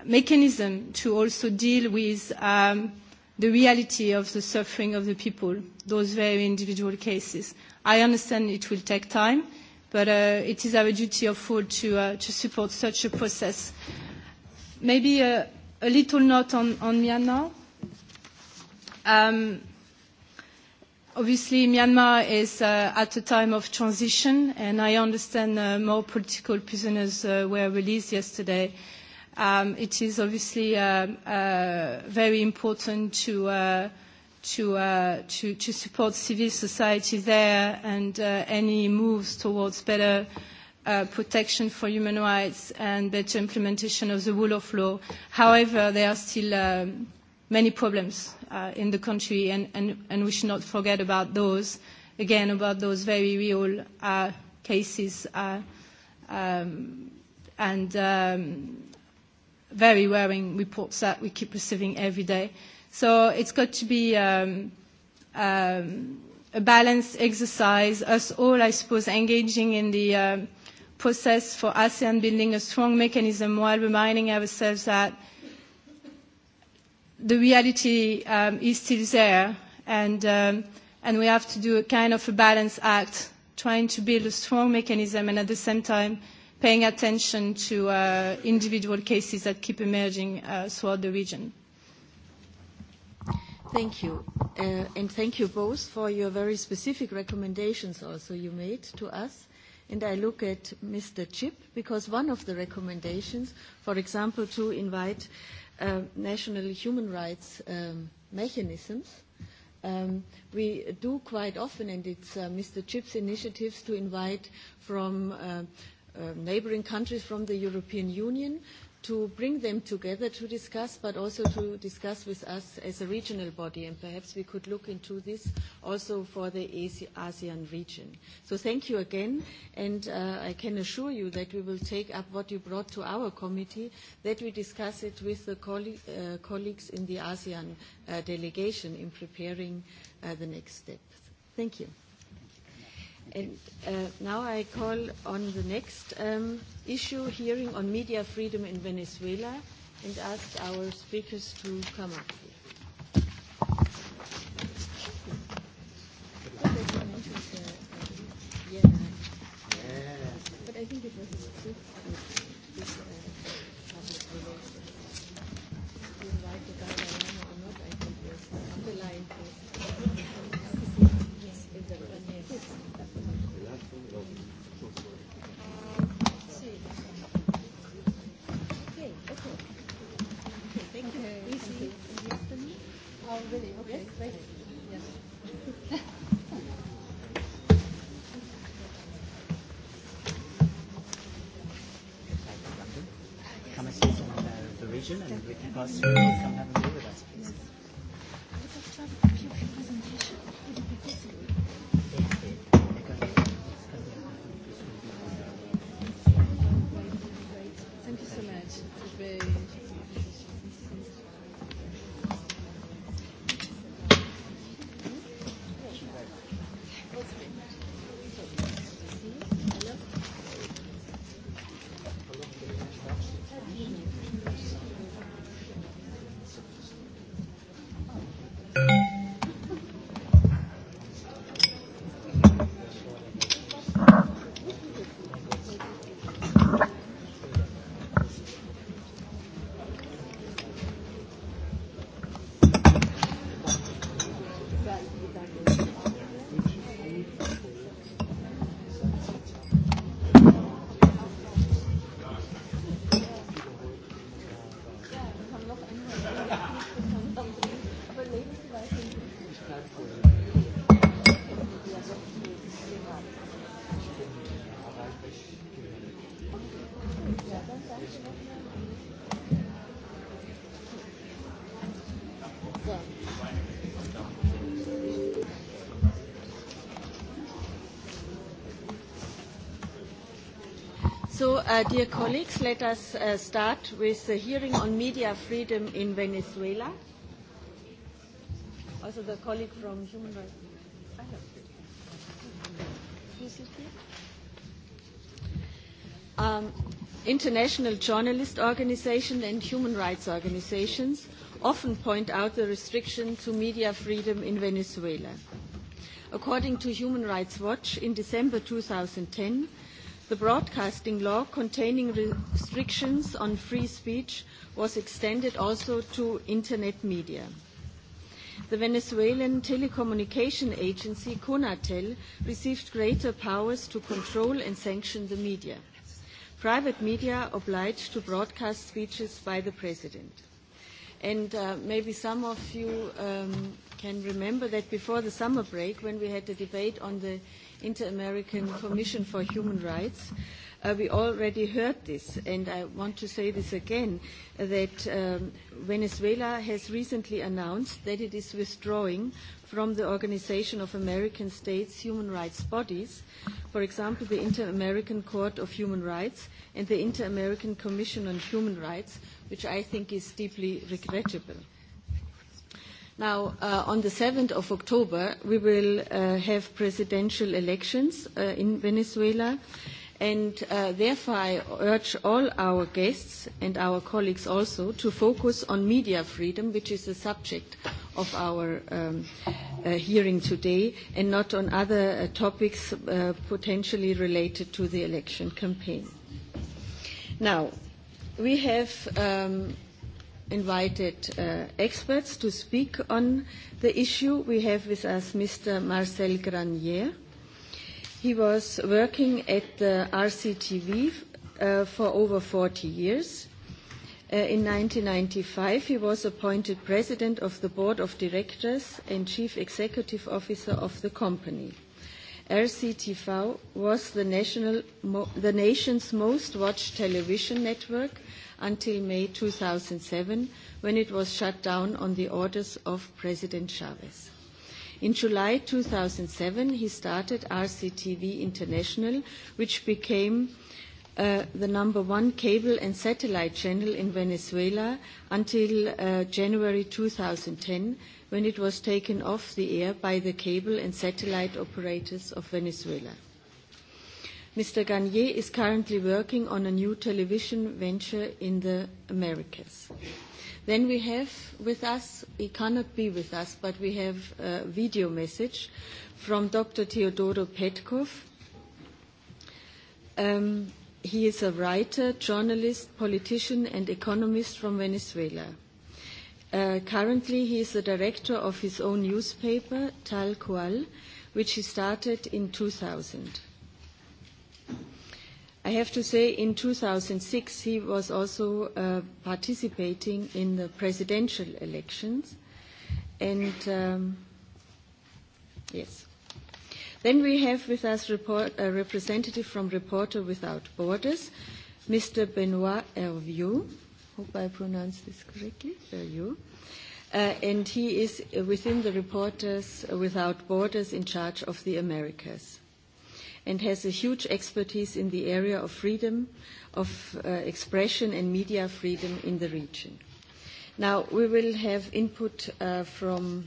mechanism to also deal with um, the reality of the suffering of the people, those very individual cases. I understand it will take time, but uh, it is our duty of all to, uh, to support such a process. Maybe a, uh, a little note on, on Myanmar. Um, obviously, Myanmar is uh, at a time of transition, and I understand uh, more political prisoners uh, were released yesterday. Uh, Um, it is obviously uh, uh, very important uh, to, support civil society there and any moves towards better protection for human rights and better implementation of the rule of law. However, there are still um, many problems uh, in the country, and, and, and we should not forget about those. Again, about those very real uh, cases uh, um, and um, very worrying reports that we keep receiving every day. So it's got to be um, um, a balanced exercise, us all, I suppose, engaging in the um, process for ASEAN building a strong mechanism while reminding ourselves that the reality um, is still there and, um, and we have to do a kind of a balanced act, trying to build a strong mechanism and at the same time – paying attention to uh, individual cases that keep emerging uh, throughout the region. Thank you. Uh, and thank you both for your very specific recommendations also you made to us. And I look at Mr. Chip because one of the recommendations, for example, to invite uh, national human rights um, mechanisms Um, we do quite often, and it's uh, Mr. Chip's initiatives to invite from uh, Neighbouring uh, neighboring countries from the European Union to bring them together to discuss, but also to discuss with us as a regional body, and perhaps we could look into this also for the ASEAN region. So thank you again, and uh, I can assure you that we will take up what you brought to our committee, that we discuss it with the uh, colleagues in the ASEAN uh, delegation in preparing uh, the next step. Thank you. Uh, now I call on the next um, issue, hearing on media freedom in Venezuela, and ask our speakers to come up. Yeah. But I think it was thank you. Oh, really? Okay, Yes. Come and see the region and we can pass through and come have a meal with us, please. Uh, dear colleagues, let us uh, start with the hearing on media freedom in Venezuela. Also the colleague from Human Rights. Um, international journalist organizations and human rights organizations often point out the restriction to media freedom in Venezuela. According to Human Rights Watch, in December 2010, the broadcasting law containing restrictions on free speech was extended also to internet media. The Venezuelan telecommunication agency Conatel received greater powers to control and sanction the media. Private media obliged to broadcast speeches by the president. And uh, maybe some of you um, can remember that before the summer break, when we had a debate on the Inter-American Commission for Human Rights. Uh, we already heard this, and I want to say this again, that um, Venezuela has recently announced that it is withdrawing from the Organization of American States human rights bodies, for example, the Inter-American Court of Human Rights and the Inter-American Commission on Human Rights, which I think is deeply regrettable. Now, uh, on the 7th of October, we will uh, have presidential elections uh, in Venezuela, and uh, therefore I urge all our guests and our colleagues also to focus on media freedom, which is the subject of our um, uh, hearing today, and not on other uh, topics uh, potentially related to the election campaign. Now, we have um, invited uh, experts to speak on the issue. We have with us Mr. Marcel Granier. He was working at the RCTV uh, for over 40 years. Uh, in 1995, he was appointed president of the board of directors and chief executive officer of the company. RCTV was the, national, mo- the nation's most watched television network until May 2007, when it was shut down on the orders of President Chavez. In July 2007, he started RCTV International, which became uh, the number one cable and satellite channel in Venezuela until uh, January 2010, when it was taken off the air by the cable and satellite operators of Venezuela. Mr. Garnier is currently working on a new television venture in the Americas. Then we have with us, he cannot be with us, but we have a video message from Dr. Teodoro Petkov. Um, he is a writer, journalist, politician, and economist from Venezuela. Uh, currently, he is the director of his own newspaper, Tal Cual, which he started in 2000. I have to say in 2006 he was also uh, participating in the presidential elections. And um, yes. Then we have with us report, a representative from Reporter Without Borders, Mr. Benoit Hervieux. Hope I pronounce this correctly. Hervieux. Uh, and he is within the Reporters Without Borders in charge of the Americas and has a huge expertise in the area of freedom of uh, expression and media freedom in the region. Now, we will have input uh, from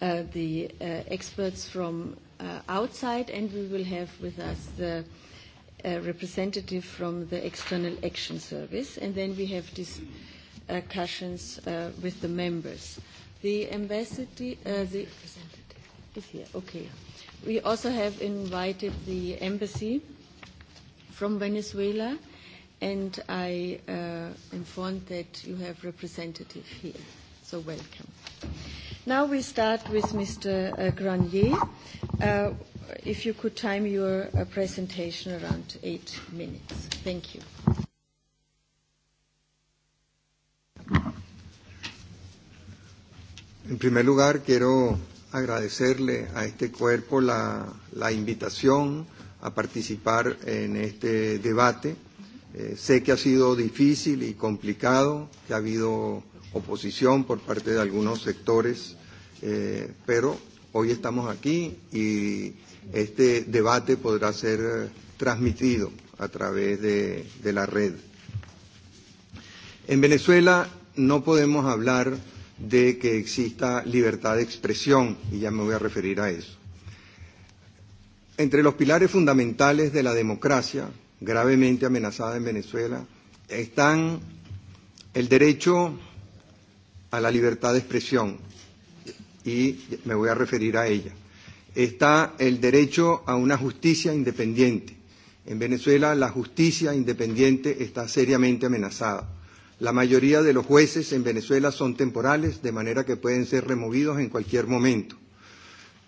uh, the uh, experts from uh, outside, and we will have with us the uh, representative from the External Action Service, and then we have uh, discussions uh, with the members. The ambassador uh, representative is here. Okay. We also have invited the embassy from Venezuela, and I uh, informed that you have representative here. So welcome. Now we start with Mr. Uh, Granier. Uh, if you could time your uh, presentation around eight minutes. Thank you. En primer lugar, quiero agradecerle a este cuerpo la, la invitación a participar en este debate. Eh, sé que ha sido difícil y complicado, que ha habido oposición por parte de algunos sectores, eh, pero hoy estamos aquí y este debate podrá ser transmitido a través de, de la red. En Venezuela no podemos hablar de que exista libertad de expresión, y ya me voy a referir a eso. Entre los pilares fundamentales de la democracia, gravemente amenazada en Venezuela, están el derecho a la libertad de expresión, y me voy a referir a ella. Está el derecho a una justicia independiente. En Venezuela la justicia independiente está seriamente amenazada. La mayoría de los jueces en Venezuela son temporales, de manera que pueden ser removidos en cualquier momento.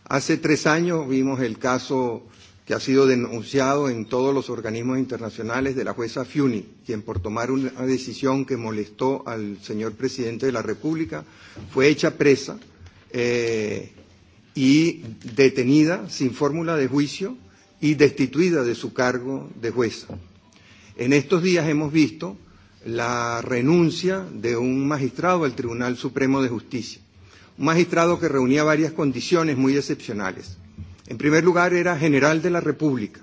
Hace tres años vimos el caso que ha sido denunciado en todos los organismos internacionales de la jueza Fiuni, quien por tomar una decisión que molestó al señor presidente de la República fue hecha presa eh, y detenida sin fórmula de juicio y destituida de su cargo de jueza. En estos días hemos visto la renuncia de un magistrado al Tribunal Supremo de Justicia. Un magistrado que reunía varias condiciones muy excepcionales. En primer lugar, era general de la República.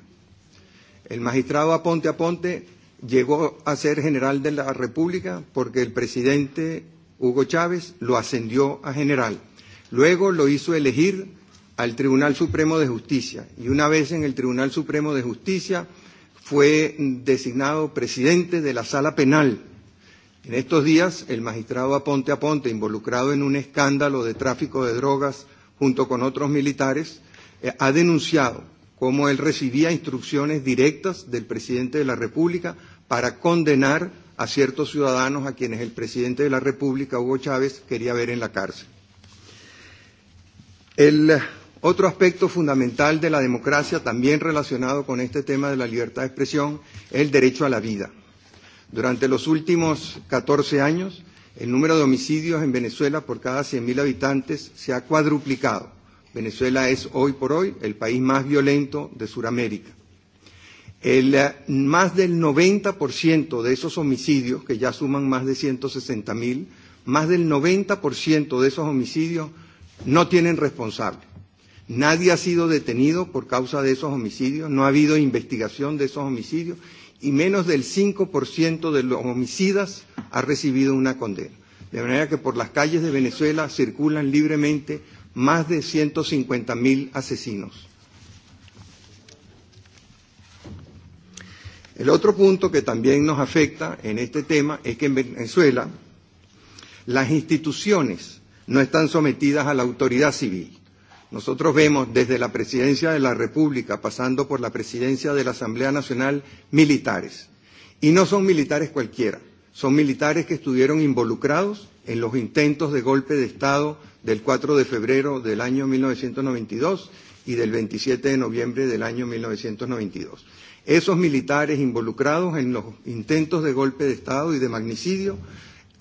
El magistrado Aponte Aponte llegó a ser general de la República porque el presidente Hugo Chávez lo ascendió a general. Luego lo hizo elegir al Tribunal Supremo de Justicia y una vez en el Tribunal Supremo de Justicia fue designado presidente de la sala penal. En estos días, el magistrado Aponte Aponte, involucrado en un escándalo de tráfico de drogas junto con otros militares, eh, ha denunciado cómo él recibía instrucciones directas del presidente de la República para condenar a ciertos ciudadanos a quienes el presidente de la República, Hugo Chávez, quería ver en la cárcel. El Otro aspecto fundamental de la democracia, también relacionado con este tema de la libertad de expresión, es el derecho a la vida. Durante los últimos 14 años, el número de homicidios en Venezuela por cada 100.000 habitantes se ha cuadruplicado. Venezuela es hoy por hoy el país más violento de Sudamérica. El, eh, más del 90% de esos homicidios, que ya suman más de 160.000, más del 90% de esos homicidios no tienen responsable. Nadie ha sido detenido por causa de esos homicidios, no ha habido investigación de esos homicidios y menos del 5% de los homicidas ha recibido una condena. De manera que por las calles de Venezuela circulan libremente más de 150.000 asesinos. El otro punto que también nos afecta en este tema es que en Venezuela las instituciones no están sometidas a la autoridad civil. Nosotros vemos desde la presidencia de la República, pasando por la presidencia de la Asamblea Nacional, militares. Y no son militares cualquiera, son militares que estuvieron involucrados en los intentos de golpe de Estado del 4 de febrero del año 1992 y del 27 de noviembre del año 1992. Esos militares involucrados en los intentos de golpe de Estado y de magnicidio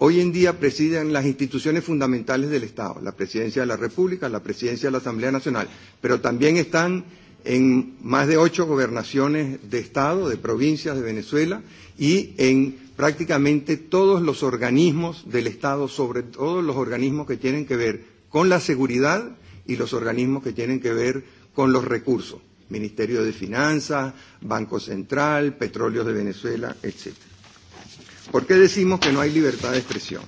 Hoy en día presiden las instituciones fundamentales del Estado, la Presidencia de la República, la Presidencia de la Asamblea Nacional, pero también están en más de ocho gobernaciones de Estado, de provincias de Venezuela y en prácticamente todos los organismos del Estado, sobre todo los organismos que tienen que ver con la seguridad y los organismos que tienen que ver con los recursos, Ministerio de Finanzas, Banco Central, Petróleos de Venezuela, etcétera. ¿Por qué decimos que no hay libertad de expresión?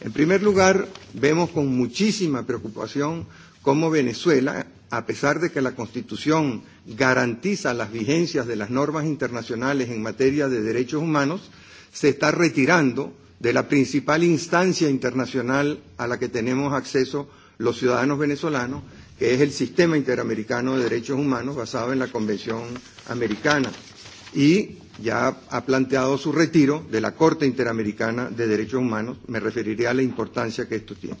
En primer lugar, vemos con muchísima preocupación cómo Venezuela, a pesar de que la Constitución garantiza las vigencias de las normas internacionales en materia de derechos humanos, se está retirando de la principal instancia internacional a la que tenemos acceso los ciudadanos venezolanos, que es el Sistema Interamericano de Derechos Humanos basado en la Convención Americana. Y ya ha planteado su retiro de la Corte Interamericana de Derechos Humanos. Me referiré a la importancia que esto tiene.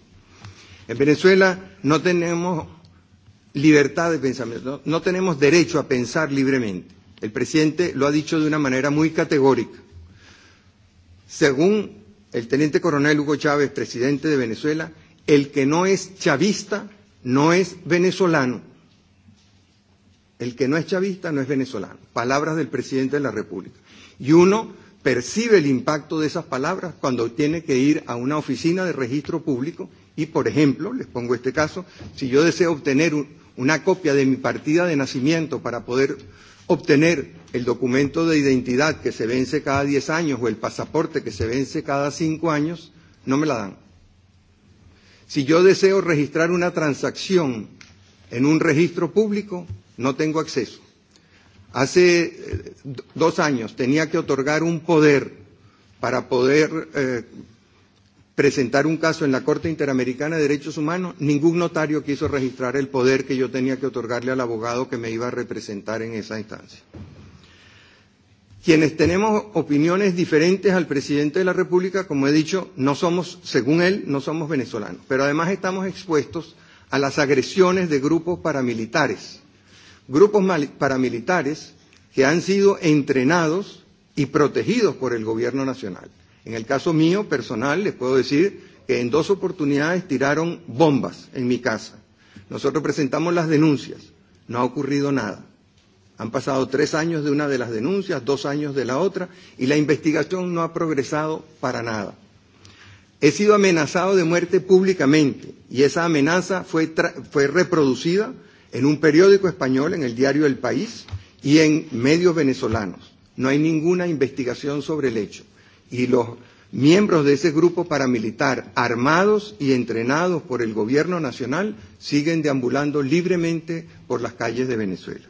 En Venezuela no tenemos libertad de pensamiento, no, no tenemos derecho a pensar libremente. El presidente lo ha dicho de una manera muy categórica. Según el teniente coronel Hugo Chávez, presidente de Venezuela, el que no es chavista no es venezolano El que no es chavista no es venezolano. Palabras del presidente de la República. Y uno percibe el impacto de esas palabras cuando tiene que ir a una oficina de registro público y, por ejemplo, les pongo este caso, si yo deseo obtener un, una copia de mi partida de nacimiento para poder obtener el documento de identidad que se vence cada 10 años o el pasaporte que se vence cada 5 años, no me la dan. Si yo deseo registrar una transacción en un registro público, no tengo acceso. Hace eh, dos años tenía que otorgar un poder para poder eh, presentar un caso en la Corte Interamericana de Derechos Humanos, ningún notario quiso registrar el poder que yo tenía que otorgarle al abogado que me iba a representar en esa instancia. Quienes tenemos opiniones diferentes al presidente de la República, como he dicho, no somos, según él, no somos venezolanos, pero además estamos expuestos a las agresiones de grupos paramilitares grupos paramilitares que han sido entrenados y protegidos por el gobierno nacional. En el caso mío, personal, les puedo decir que en dos oportunidades tiraron bombas en mi casa. Nosotros presentamos las denuncias. No ha ocurrido nada. Han pasado tres años de una de las denuncias, dos años de la otra, y la investigación no ha progresado para nada. He sido amenazado de muerte públicamente y esa amenaza fue, fue reproducida en un periódico español, en el diario El País y en medios venezolanos. No hay ninguna investigación sobre el hecho. Y los miembros de ese grupo paramilitar, armados y entrenados por el gobierno nacional, siguen deambulando libremente por las calles de Venezuela.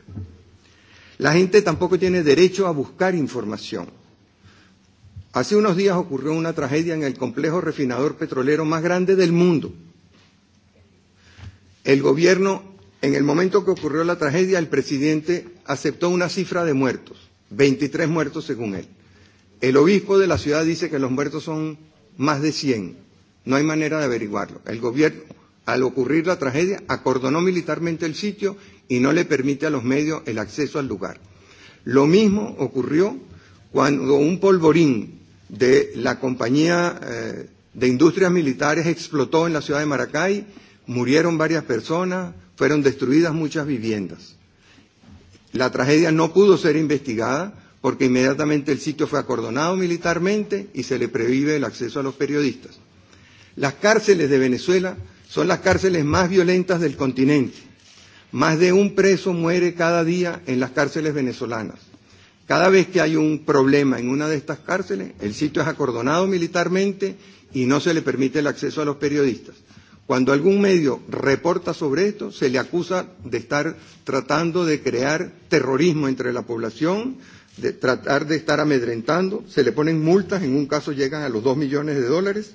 La gente tampoco tiene derecho a buscar información. Hace unos días ocurrió una tragedia en el complejo refinador petrolero más grande del mundo. El gobierno en el momento que ocurrió la tragedia, el presidente aceptó una cifra de muertos, 23 muertos según él. El obispo de la ciudad dice que los muertos son más de 100. No hay manera de averiguarlo. El gobierno, al ocurrir la tragedia, acordonó militarmente el sitio y no le permite a los medios el acceso al lugar. Lo mismo ocurrió cuando un polvorín de la compañía eh, de industrias militares explotó en la ciudad de Maracay, murieron varias personas, fueron destruidas muchas viviendas. La tragedia no pudo ser investigada porque inmediatamente el sitio fue acordonado militarmente y se le prohíbe el acceso a los periodistas. Las cárceles de Venezuela son las cárceles más violentas del continente. Más de un preso muere cada día en las cárceles venezolanas. Cada vez que hay un problema en una de estas cárceles, el sitio es acordonado militarmente y no se le permite el acceso a los periodistas. Cuando algún medio reporta sobre esto, se le acusa de estar tratando de crear terrorismo entre la población, de tratar de estar amedrentando, se le ponen multas, en un caso llegan a los dos millones de dólares,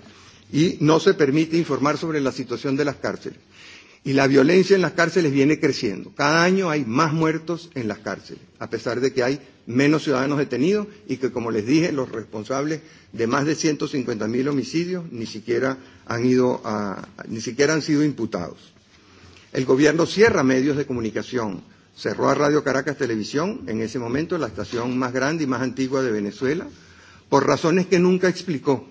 y no se permite informar sobre la situación de las cárceles. Y la violencia en las cárceles viene creciendo. Cada año hay más muertos en las cárceles, a pesar de que hay menos ciudadanos detenidos y que, como les dije, los responsables de más de 150.000 homicidios ni siquiera, han ido a, ni siquiera han sido imputados. El gobierno cierra medios de comunicación, cerró a Radio Caracas Televisión, en ese momento la estación más grande y más antigua de Venezuela, por razones que nunca explicó,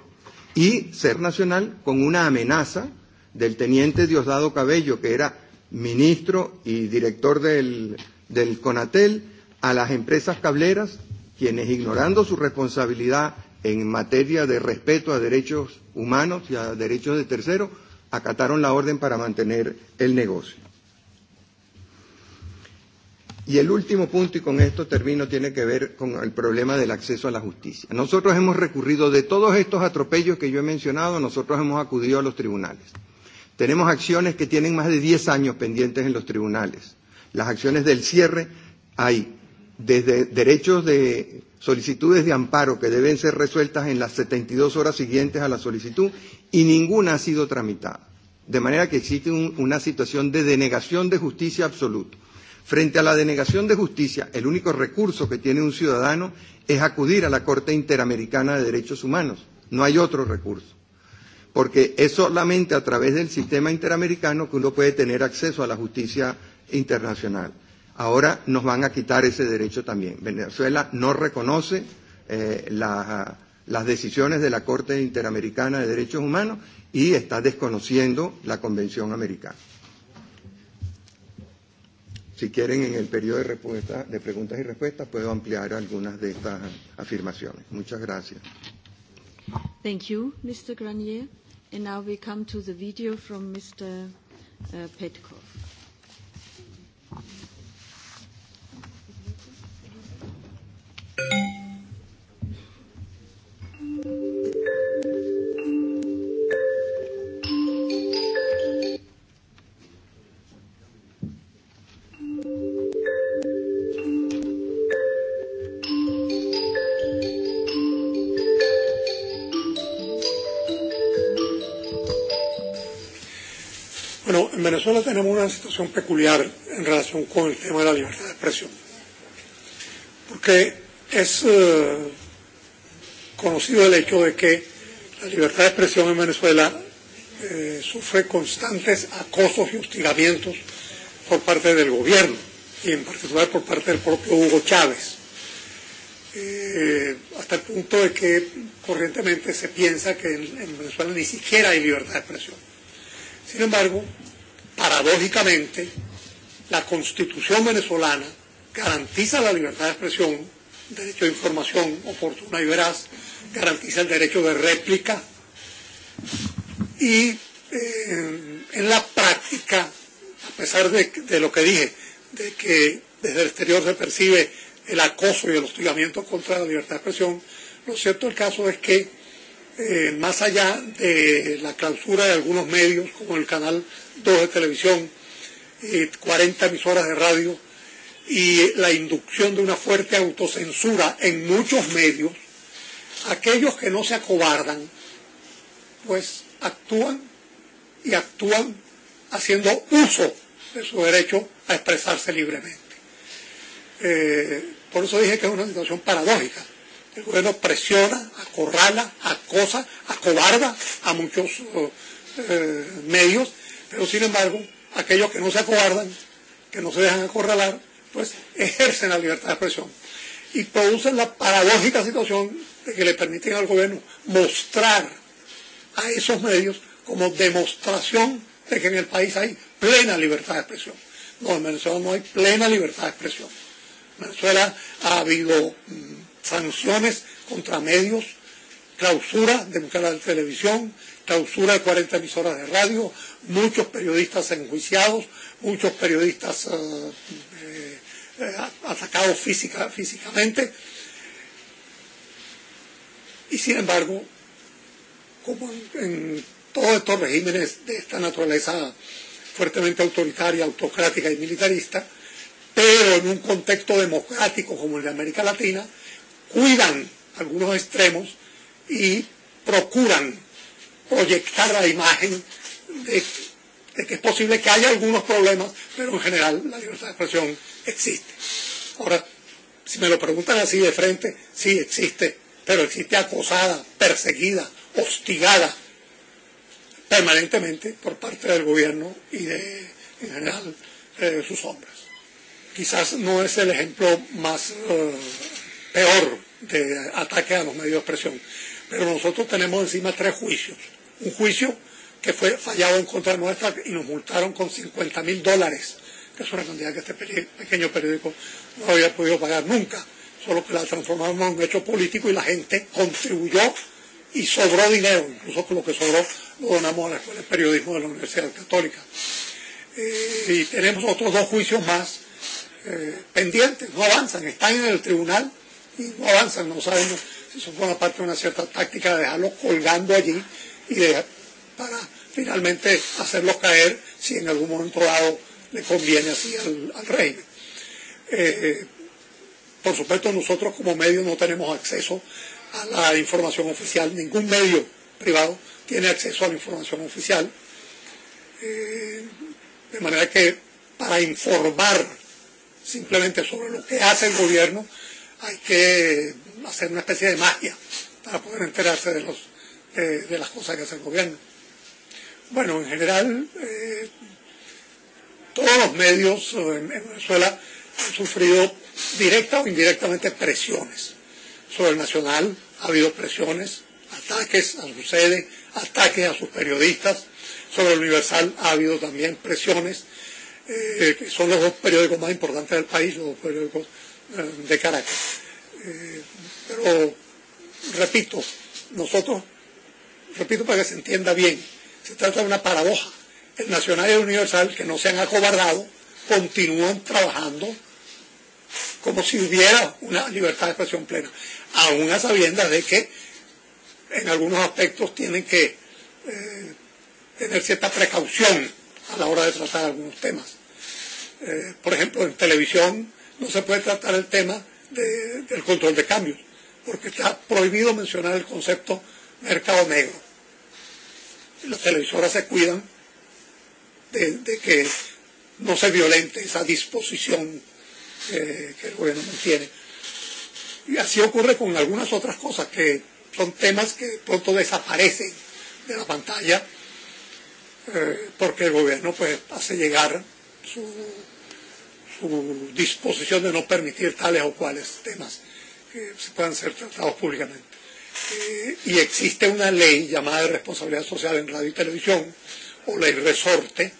y Ser Nacional con una amenaza del teniente Diosdado Cabello, que era ministro y director del, del CONATEL, a las empresas cableras, quienes ignorando su responsabilidad en materia de respeto a derechos humanos y a derechos de terceros, acataron la orden para mantener el negocio. Y el último punto, y con esto termino, tiene que ver con el problema del acceso a la justicia. Nosotros hemos recurrido de todos estos atropellos que yo he mencionado, nosotros hemos acudido a los tribunales. Tenemos acciones que tienen más de 10 años pendientes en los tribunales. Las acciones del cierre hay desde derechos de solicitudes de amparo que deben ser resueltas en las 72 horas siguientes a la solicitud y ninguna ha sido tramitada. De manera que existe un, una situación de denegación de justicia absoluta. Frente a la denegación de justicia, el único recurso que tiene un ciudadano es acudir a la Corte Interamericana de Derechos Humanos. No hay otro recurso. Porque es solamente a través del sistema interamericano que uno puede tener acceso a la justicia internacional ahora nos van a quitar ese derecho también. Venezuela no reconoce eh, la, las decisiones de la Corte Interamericana de Derechos Humanos y está desconociendo la Convención Americana. Si quieren, en el periodo de, respuesta, de preguntas y respuestas puedo ampliar algunas de estas afirmaciones. Muchas gracias. Thank you, Mr. Granier. And now we come to the video from Mr. Uh, Petkov. en Venezuela tenemos una situación peculiar en relación con el tema de la libertad de expresión. Porque Es eh, conocido el hecho de que la libertad de expresión en Venezuela eh, sufre constantes acosos y hostigamientos por parte del gobierno y en particular por parte del propio Hugo Chávez, eh, hasta el punto de que corrientemente se piensa que en, en Venezuela ni siquiera hay libertad de expresión. Sin embargo, paradójicamente, la constitución venezolana garantiza la libertad de expresión derecho de información oportuna y veraz, garantiza el derecho de réplica y eh, en la práctica, a pesar de, de lo que dije, de que desde el exterior se percibe el acoso y el hostigamiento contra la libertad de expresión, lo cierto del caso es que eh, más allá de la clausura de algunos medios como el canal 2 de televisión eh, 40 emisoras de radio, y la inducción de una fuerte autocensura en muchos medios, aquellos que no se acobardan, pues actúan y actúan haciendo uso de su derecho a expresarse libremente. Eh, por eso dije que es una situación paradójica. El gobierno presiona, acorrala, acosa, acobarda a muchos eh, medios, pero sin embargo, aquellos que no se acobardan, que no se dejan acorralar, pues ejercen la libertad de expresión y producen la paradójica situación de que le permiten al gobierno mostrar a esos medios como demostración de que en el país hay plena libertad de expresión. No, en Venezuela no hay plena libertad de expresión. En Venezuela ha habido mmm, sanciones contra medios, clausura de un canal de televisión, clausura de 40 emisoras de radio, muchos periodistas enjuiciados, muchos periodistas uh, eh, atacado física, físicamente. Y sin embargo, como en, en todos estos regímenes de esta naturaleza fuertemente autoritaria, autocrática y militarista, pero en un contexto democrático como el de América Latina, cuidan algunos extremos y procuran proyectar la imagen de de que es posible que haya algunos problemas, pero en general la libertad de expresión existe. Ahora, si me lo preguntan así de frente, sí existe, pero existe acosada, perseguida, hostigada permanentemente por parte del gobierno y de, en general, eh, sus hombres. Quizás no es el ejemplo más eh, peor de ataque a los medios de expresión, pero nosotros tenemos encima tres juicios. Un juicio que fue fallado en contra nuestra y nos multaron con 50 mil dólares, que es una cantidad que este pequeño periódico no había podido pagar nunca, solo que la transformamos en un hecho político y la gente contribuyó y sobró dinero, incluso con lo que sobró lo donamos a la Escuela de Periodismo de la Universidad Católica. Eh, y tenemos otros dos juicios más eh, pendientes, no avanzan, están en el tribunal y no avanzan, no sabemos si eso una parte de una cierta táctica de dejarlos colgando allí y de para finalmente hacerlos caer si en algún momento dado le conviene así al, al reino. Eh, por supuesto, nosotros como medio no tenemos acceso a la información oficial, ningún medio privado tiene acceso a la información oficial. Eh, de manera que para informar simplemente sobre lo que hace el gobierno hay que hacer una especie de magia para poder enterarse de, los, de, de las cosas que hace el gobierno bueno, en general, eh, todos los medios en, eh, en Venezuela han sufrido directa o indirectamente presiones. Sobre el Nacional ha habido presiones, ataques a su sede, ataques a sus periodistas. Sobre el Universal ha habido también presiones, eh, que son los dos periódicos más importantes del país, los dos periódicos eh, de Caracas. Eh, pero, repito, nosotros, repito para que se entienda bien, se trata de una paradoja. El Nacional y el Universal, que no se han acobardado, continúan trabajando como si hubiera una libertad de expresión plena, aún a sabiendas de que en algunos aspectos tienen que eh, tener cierta precaución a la hora de tratar algunos temas. Eh, por ejemplo, en televisión no se puede tratar el tema de, del control de cambios, porque está prohibido mencionar el concepto mercado negro las televisoras se cuidan de, de que no se violente esa disposición eh, que el gobierno mantiene. Y así ocurre con algunas otras cosas que son temas que pronto desaparecen de la pantalla eh, porque el gobierno pues hace llegar su, su disposición de no permitir tales o cuales temas que se puedan ser tratados públicamente y existe una ley llamada de responsabilidad social en radio y televisión, o ley resorte,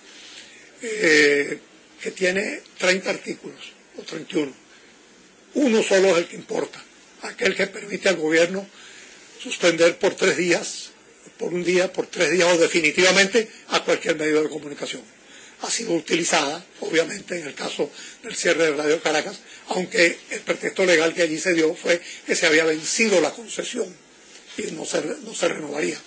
eh, que tiene 30 artículos, o 31. Uno solo es el que importa, aquel que permite al gobierno suspender por tres días, por un día, por tres días o definitivamente a cualquier medio de comunicación. Ha sido utilizada, obviamente, en el caso del cierre de Radio Caracas, aunque el pretexto legal que allí se dio fue que se había vencido la concesión y no se, no se renovaría.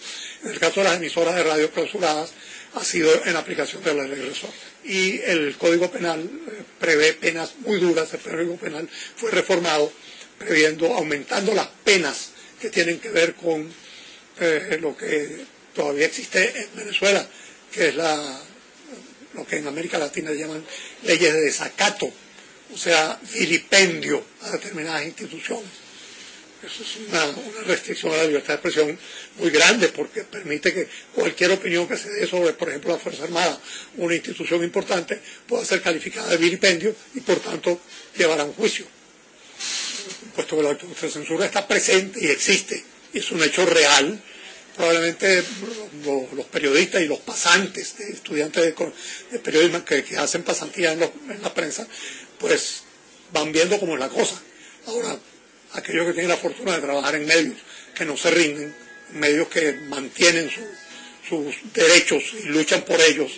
En el caso de las emisoras de radio clausuradas, ha sido en aplicación de la ley resorte. Y el Código Penal eh, prevé penas muy duras, el Código Penal fue reformado previendo, aumentando las penas que tienen que ver con eh, lo que todavía existe en Venezuela, que es la, lo que en América Latina llaman leyes de desacato, o sea, vilipendio a determinadas instituciones Eso es una, una restricción a la libertad de expresión muy grande porque permite que cualquier opinión que se dé sobre, por ejemplo, la Fuerza Armada, una institución importante, pueda ser calificada de vilipendio y, por tanto, llevar a un juicio. Puesto que la censura está presente y existe, y es un hecho real, probablemente los, los periodistas y los pasantes, de estudiantes de, de periodismo que, que hacen pasantía en, los, en la prensa, pues van viendo cómo es la cosa. Ahora, aquellos que tienen la fortuna de trabajar en medios que no se rinden, medios que mantienen su, sus derechos y luchan por ellos,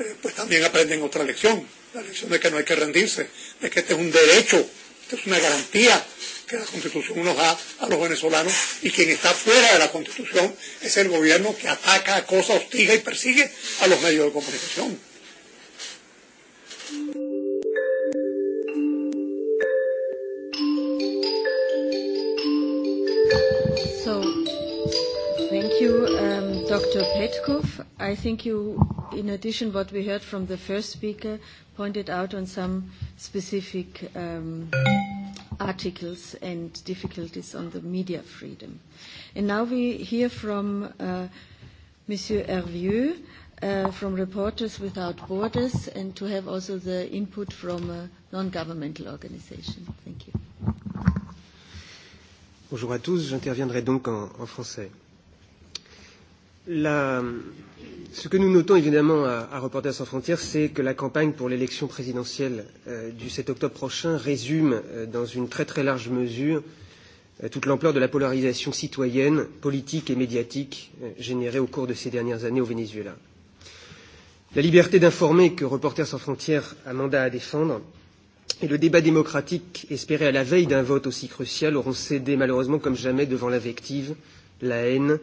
eh, pues también aprenden otra lección, la lección de que no hay que rendirse, de que este es un derecho, esta es una garantía que la Constitución nos da a los venezolanos y quien está fuera de la Constitución es el gobierno que ataca, acosa, hostiga y persigue a los medios de comunicación. thank you Thank you, um, Dr. Petkov. I think you, in addition what we heard from the first speaker, pointed out on some specific um, articles and difficulties on the media freedom. And now we hear from uh, Monsieur Hervieux uh, from Reporters Without Borders and to have also the input from a non-governmental organization. Thank you. Bonjour à tous, j'interviendrai donc en, en français. La, ce que nous notons évidemment à, à Reporters sans frontières, c'est que la campagne pour l'élection présidentielle euh, du 7 octobre prochain résume euh, dans une très très large mesure euh, toute l'ampleur de la polarisation citoyenne, politique et médiatique euh, générée au cours de ces dernières années au Venezuela. La liberté d'informer que Reporters sans frontières a mandat à défendre et le débat démocratique espéré à la veille d'un vote aussi crucial auront cédé malheureusement comme jamais devant l'invective euh, la haine,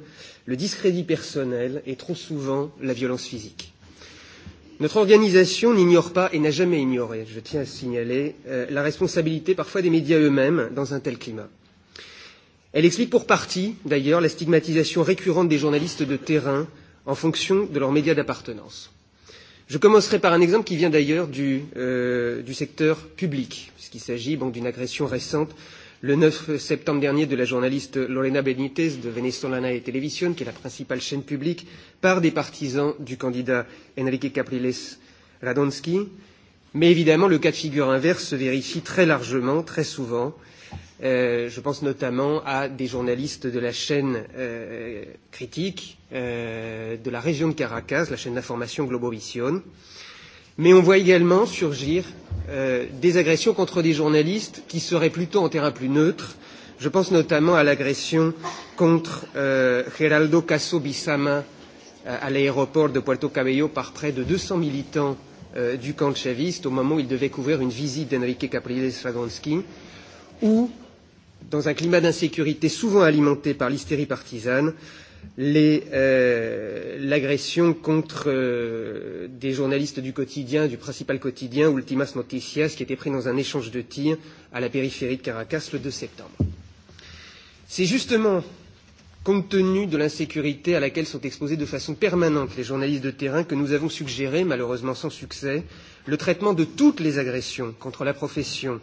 le discrédit personnel et trop souvent la violence physique. Notre organisation n'ignore pas et n'a jamais ignoré, je tiens à signaler, euh, la responsabilité parfois des médias eux-mêmes dans un tel climat. Elle explique pour partie, d'ailleurs, la stigmatisation récurrente des journalistes de terrain en fonction de leurs médias d'appartenance. Je commencerai par un exemple qui vient d'ailleurs du, euh, du secteur public, puisqu'il s'agit bon, d'une agression récente le 9 septembre dernier de la journaliste Lorena Benitez de Venezolana et Televisión, qui est la principale chaîne publique, par des partisans du candidat Enrique Capriles Radonsky. Mais évidemment, le cas de figure inverse se vérifie très largement, très souvent. Euh, je pense notamment à des journalistes de la chaîne euh, critique euh, de la région de Caracas, la chaîne d'information Globovisión. Mais on voit également surgir Euh, des agressions contre des journalistes qui seraient plutôt en terrain plus neutre. Je pense notamment à l'agression contre euh, Geraldo Casso Bissama euh, à l'aéroport de Puerto Cabello par près de 200 militants euh, du camp chaviste au moment où il devait couvrir une visite d'Enrique Capriles Fagonski, ou, dans un climat d'insécurité souvent alimenté par l'hystérie partisane, euh, Euh, l'agression euh, contre euh, des journalistes du quotidien, du principal quotidien, Ultimas Noticias, qui était pris dans un échange de tirs à la périphérie de Caracas le 2 septembre. C'est justement compte tenu de l'insécurité à laquelle sont exposés de façon permanente les journalistes de terrain que nous avons suggéré, malheureusement sans succès, le traitement de toutes les agressions contre la profession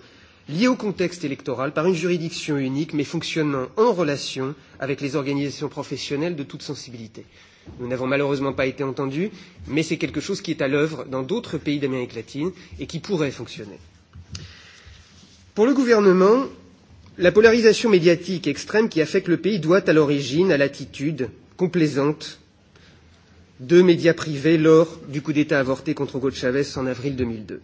liée au contexte électoral par une juridiction unique mais fonctionnant en relation avec les organisations professionnelles de toute sensibilité. Nous n'avons malheureusement pas été entendus, mais c'est quelque chose qui est à l'œuvre dans d'autres pays d'Amérique latine et qui pourrait fonctionner. Pour le gouvernement, la polarisation médiatique extrême qui affecte le pays doit à l'origine à l'attitude complaisante de médias privés lors du coup d'État avorté contre Hugo Chavez en avril 2002.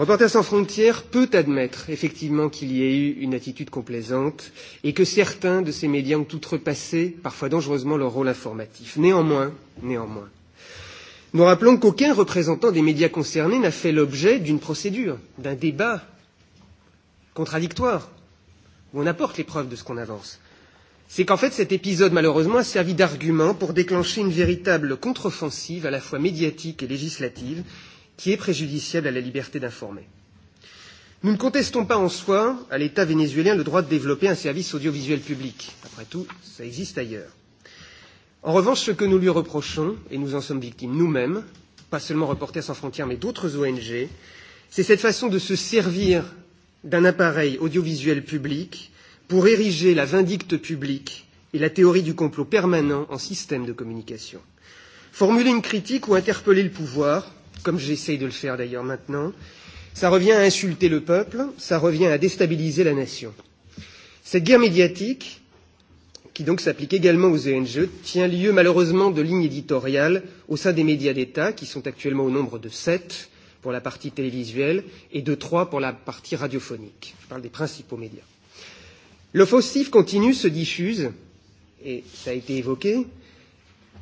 Reporters sans frontières peut admettre effectivement qu'il y ait eu une attitude complaisante et que certains de ces médias ont outrepassé, parfois dangereusement, leur rôle informatif. Néanmoins, néanmoins, nous rappelons qu'aucun représentant des médias concernés n'a fait l'objet d'une procédure, d'un débat contradictoire, où on apporte les preuves de ce qu'on avance. C'est qu'en fait, cet épisode, malheureusement, a servi d'argument pour déclencher une véritable contre-offensive, à la fois médiatique et législative, qui est préjudiciable à la liberté d'informer. Nous ne contestons pas en soi à l'État vénézuélien le droit de développer un service audiovisuel public. Après tout, ça existe ailleurs. En revanche, ce que nous lui reprochons, et nous en sommes victimes nous-mêmes, pas seulement Reporters sans frontières, mais d'autres ONG, c'est cette façon de se servir d'un appareil audiovisuel public pour ériger la vindicte publique et la théorie du complot permanent en système de communication. Formuler une critique ou interpeller le pouvoir, comme j'essaye de le faire d'ailleurs maintenant, ça revient à insulter le peuple, ça revient à déstabiliser la nation. Cette guerre médiatique, qui donc s'applique également aux ONG, tient lieu malheureusement de lignes éditoriales au sein des médias d'État, qui sont actuellement au nombre de sept pour la partie télévisuelle et de trois pour la partie radiophonique. Je parle des principaux médias. L'offensive continue se diffuse, et ça a été évoqué,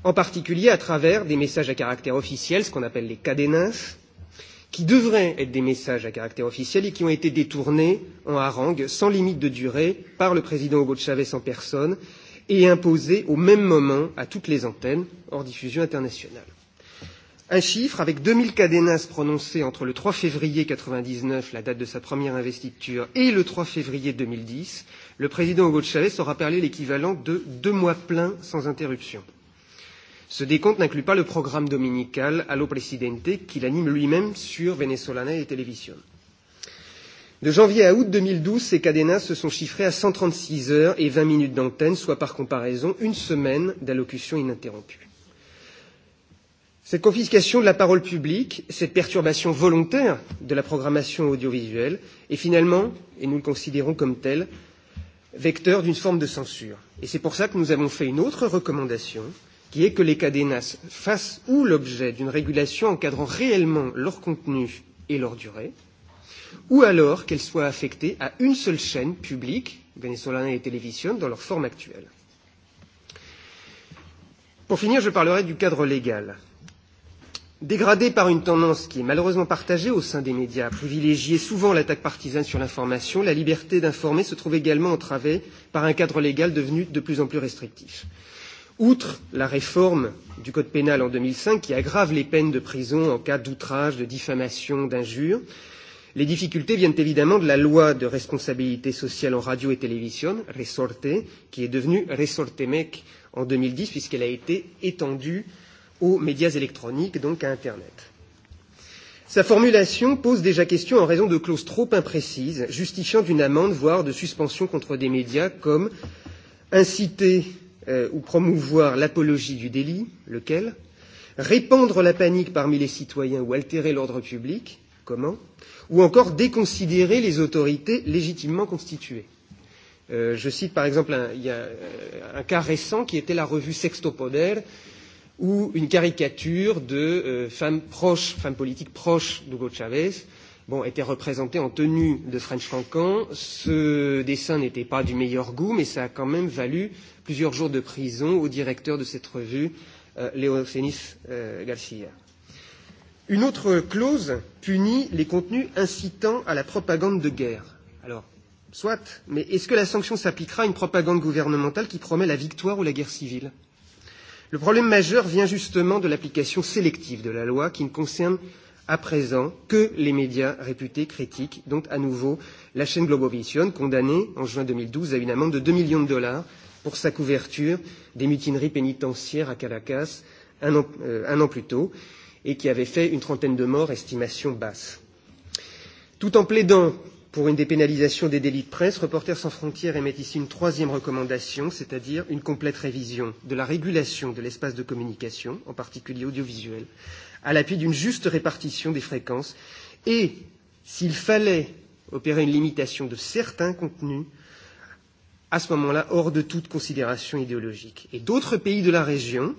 en particulier à travers des messages à caractère officiel, ce qu'on appelle les cadenas, qui devraient être des messages à caractère officiel et qui ont été détournés en harangue sans limite de durée par le président Hugo Chavez en personne et imposés au même moment à toutes les antennes hors diffusion internationale. Un chiffre avec 2000 cadenas prononcés entre le 3 février 1999, la date de sa première investiture, et le 3 février 2010, le président Hugo Chavez aura parlé l'équivalent de deux mois pleins sans interruption. Ce décompte n'inclut pas le programme dominical Allo Presidente qu'il anime lui-même sur Venezolana et Televisión. De janvier à août 2012, ces cadenas se sont chiffrés à 136 heures et 20 minutes d'antenne, soit par comparaison une semaine d'allocution ininterrompue. Cette confiscation de la parole publique, cette perturbation volontaire de la programmation audiovisuelle est finalement, et nous le considérons comme tel, vecteur d'une forme de censure. Et c'est pour ça que nous avons fait une autre recommandation, qui est que les cadenas fassent ou l'objet d'une régulation encadrant réellement leur contenu et leur durée, ou alors qu'elles soient affectées à une seule chaîne publique, Venezolana et télévision, dans leur forme actuelle. Pour finir, je parlerai du cadre légal. Dégradé par une tendance qui est malheureusement partagée au sein des médias, à souvent l'attaque partisane sur l'information, la liberté d'informer se trouve également entravée par un cadre légal devenu de plus en plus restrictif. Outre la réforme du Code pénal en 2005 qui aggrave les peines de prison en cas d'outrage, de diffamation, d'injure, les difficultés viennent évidemment de la loi de responsabilité sociale en radio et télévision, Resorte, qui est devenue Resortemec en 2010 puisqu'elle a été étendue aux médias électroniques, donc à Internet. Sa formulation pose déjà question en raison de clauses trop imprécises, justifiant d'une amende, voire de suspension contre des médias comme inciter euh, ou promouvoir l'apologie du délit, lequel Répandre la panique parmi les citoyens ou altérer l'ordre public, comment Ou encore déconsidérer les autorités légitimement constituées. Euh, je cite par exemple un, il y a euh, un cas récent qui était la revue Sexto Poder, où une caricature de euh, femme proche, femme politique proche d'Hugo Chavez, euh, bon, était représenté en tenue de French Cancan. Ce dessin n'était pas du meilleur goût, mais ça a quand même valu plusieurs jours de prison au directeur de cette revue, euh, Léophénis euh, Garcia. Une autre clause punit les contenus incitant à la propagande de guerre. Alors, soit, mais est-ce que la sanction s'appliquera à une propagande gouvernementale qui promet la victoire ou la guerre civile Le problème majeur vient justement de l'application sélective de la loi qui ne concerne à présent que les médias réputés critiques, dont à nouveau la chaîne Globovision, condamnée en juin 2012 à une amende de 2 millions de dollars pour sa couverture des mutineries pénitentiaires à Caracas un an, euh, un an plus tôt, et qui avait fait une trentaine de morts, estimation basse. Tout en plaidant pour une dépénalisation des délits de presse, Reporters sans frontières émet ici une troisième recommandation, c'est-à-dire une complète révision de la régulation de l'espace de communication, en particulier audiovisuel, à l'appui d'une juste répartition des fréquences et, s'il fallait opérer une limitation de certains contenus, à ce moment-là, hors de toute considération idéologique. Et d'autres pays de la région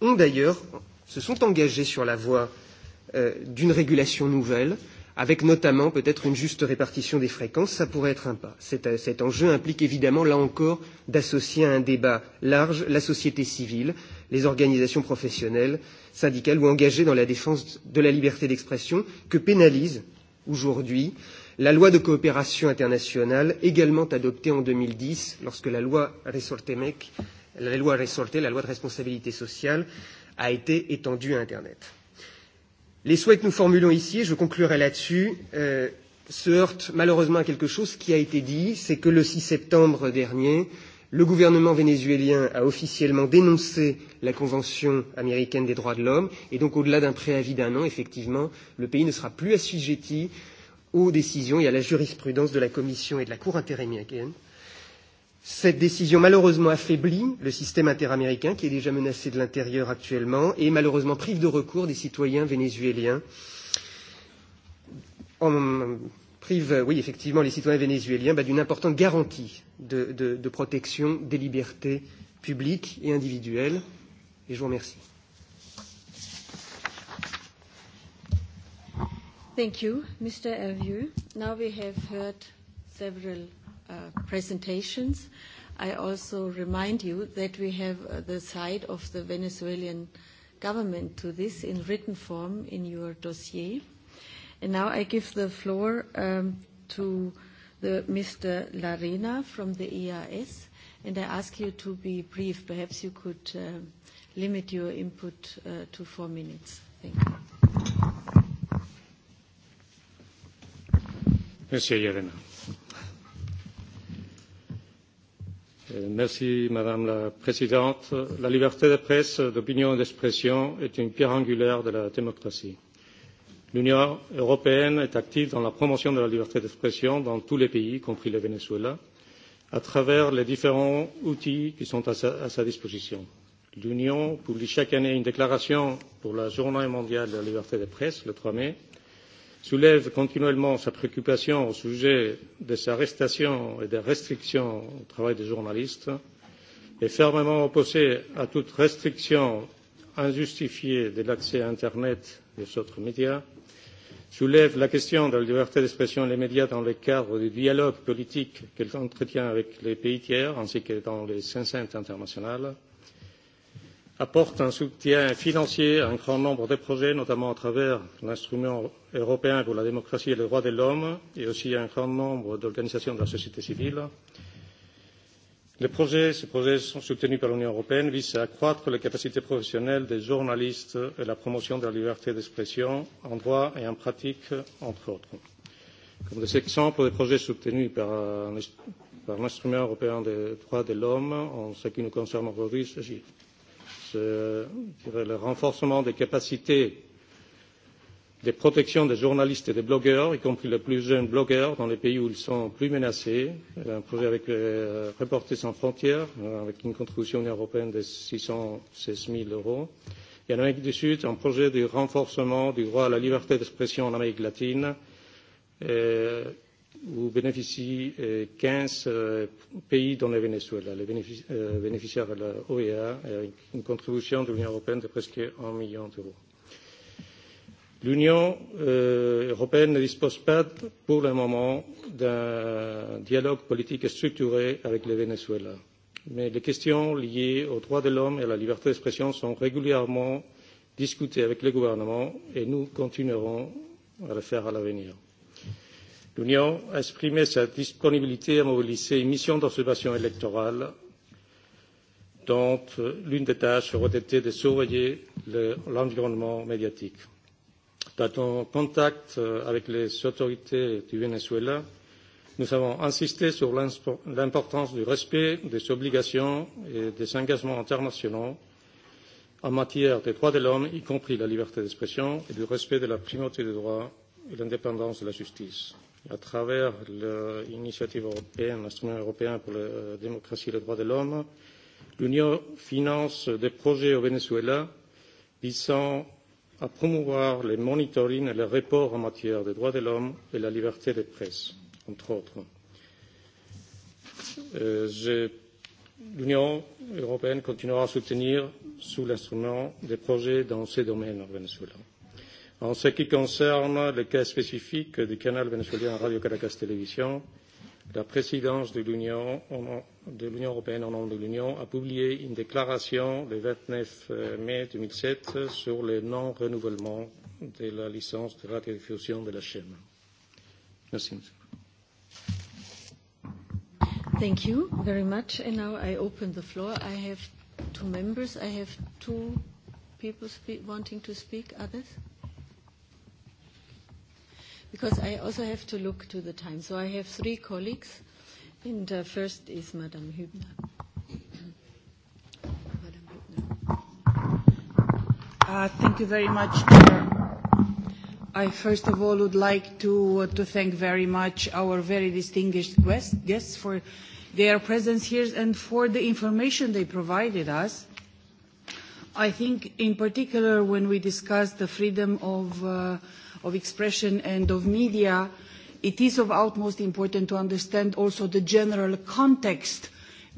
ont d'ailleurs, se sont engagés sur la voie euh, d'une régulation nouvelle, avec notamment peut-être une juste répartition des fréquences, ça pourrait être un pas. Cet, euh, cet enjeu implique évidemment, là encore, d'associer à un débat large la société civile, les organisations professionnelles, syndicales ou engagées dans la défense de la liberté d'expression que pénalise aujourd'hui la loi de coopération internationale également adoptée en 2010 lorsque la loi Resortemec, la loi Resorte, la loi de responsabilité sociale a été étendue à Internet. Les souhaits que nous formulons ici, et je conclurai là-dessus, euh, se heurtent malheureusement à quelque chose qui a été dit, c'est que le 6 septembre dernier, euh, Le gouvernement vénézuélien a officiellement dénoncé la Convention américaine des droits de l'homme et donc au-delà d'un préavis d'un an, effectivement, le pays ne sera plus assujetti aux décisions et à la jurisprudence de la Commission et de la Cour interaméricaine. Cette décision malheureusement affaiblit le système interaméricain qui est déjà menacé de l'intérieur actuellement et malheureusement prive de recours des citoyens vénézuéliens en, privent, euh, oui, effectivement, les citoyens vénézuéliens bah, d'une importante garantie de, de, de protection des libertés publiques et individuelles. Et je vous remercie. Thank you, Mr. Hervieux. Now we have heard several uh, presentations. I also remind you that we have uh, the side of the Venezuelan government to this in written form in your dossier now I give the floor um, to Mr. Larena from the EIS, and I ask you to be brief. Perhaps you could um, limit your input uh, to four minutes. Thank you. Euh, merci, Madame la Présidente. La liberté de presse, d'opinion et d'expression est une pierre angulaire de la démocratie l'union européenne est active dans la promotion de la liberté d'expression dans tous les pays y compris le venezuela à travers les différents outils qui sont à sa, disposition. l'union publie chaque année une déclaration pour la journée mondiale de la liberté de la presse le trois mai soulève continuellement sa préoccupation au sujet des arrestations et des restrictions au travail des journalistes est fermement opposée à toute restriction injustifiée de l'accès à internet et aux autres médias soulève la question de la liberté d'expression des médias dans le cadre du dialogue politique qu'elle entretient avec les pays tiers ainsi que dans les enceintes internationales apporte un soutien financier à un grand nombre de projets, notamment à travers l'instrument européen pour la démocratie et les droits de l'homme et aussi à un grand nombre d'organisations de la société civile, Les projets, ces projets sont soutenus par l'Union européenne, visent à accroître les capacités professionnelles des journalistes et la promotion de la liberté d'expression en droit et en pratique, entre autres. Comme des exemples des projets soutenus par, par l'instrument européen des droits de l'homme en ce qui nous concerne aujourd'hui, c'est le renforcement des capacités de protection des journalistes et des blogueurs, y compris les plus jeunes blogueurs, dans les pays où ils sont plus menacés. Euh, un projet avec euh, Reporters sans frontières, euh, avec une contribution européenne de 616 000 euros. Et en Amérique du Sud, un projet de renforcement du droit à la liberté d'expression en Amérique latine, euh, où bénéficient euh, 15 euh, pays dont le Venezuela, les euh, bénéficiaires de la OEA, avec une contribution de l'Union européenne de presque 1 million d'euros. L'Union euh, européenne ne dispose pas pour le moment d'un dialogue politique structuré avec le Venezuela. Mais les questions liées aux droits de l'homme et à la liberté d'expression sont régulièrement discutées avec le gouvernement et nous continuerons à le faire à l'avenir. L'Union a exprimé sa disponibilité à mobiliser une mission d'observation électorale dont l'une des tâches aurait été de surveiller l'environnement médiatique dans nos contacts euh, avec les autorités du Venezuela, nous avons insisté sur l'importance du respect des obligations et des engagements internationaux en matière des droits de l'homme, y compris la liberté d'expression et le respect de la primauté des droits et l'indépendance de la justice. À travers l'initiative européenne, l'instrument européen pour la euh, démocratie et les droits de l'homme, l'Union finance des projets au Venezuela visant à promouvoir le monitoring et le report en matière de droits de l'homme et la liberté de presse, entre autres. Euh, L'Union européenne continuera à soutenir sous l'instrument des projets dans ces domaines au Venezuela. En ce qui concerne le cas spécifique du canal vénézuélien Radio Caracas Télévision, la présidence de l'Union de l'Union européenne au nom de l'Union a publié une déclaration le 29 euh, mai 2007 sur le non-renouvellement de la licence de radiodiffusion de la chaîne. Merci. Thank you very much. And now I open the floor. I have two members. I have two people spe- wanting to speak. Others? Because I also have to look to the time. So I have three colleagues And uh, first is Madame Hübner. Uh, thank you very much, Chair. I first of all would like to, uh, to thank very much our very distinguished guest, guests for their presence here and for the information they provided us. I think in particular when we discuss the freedom of, uh, of expression and of media, It is of utmost importance to understand also the general context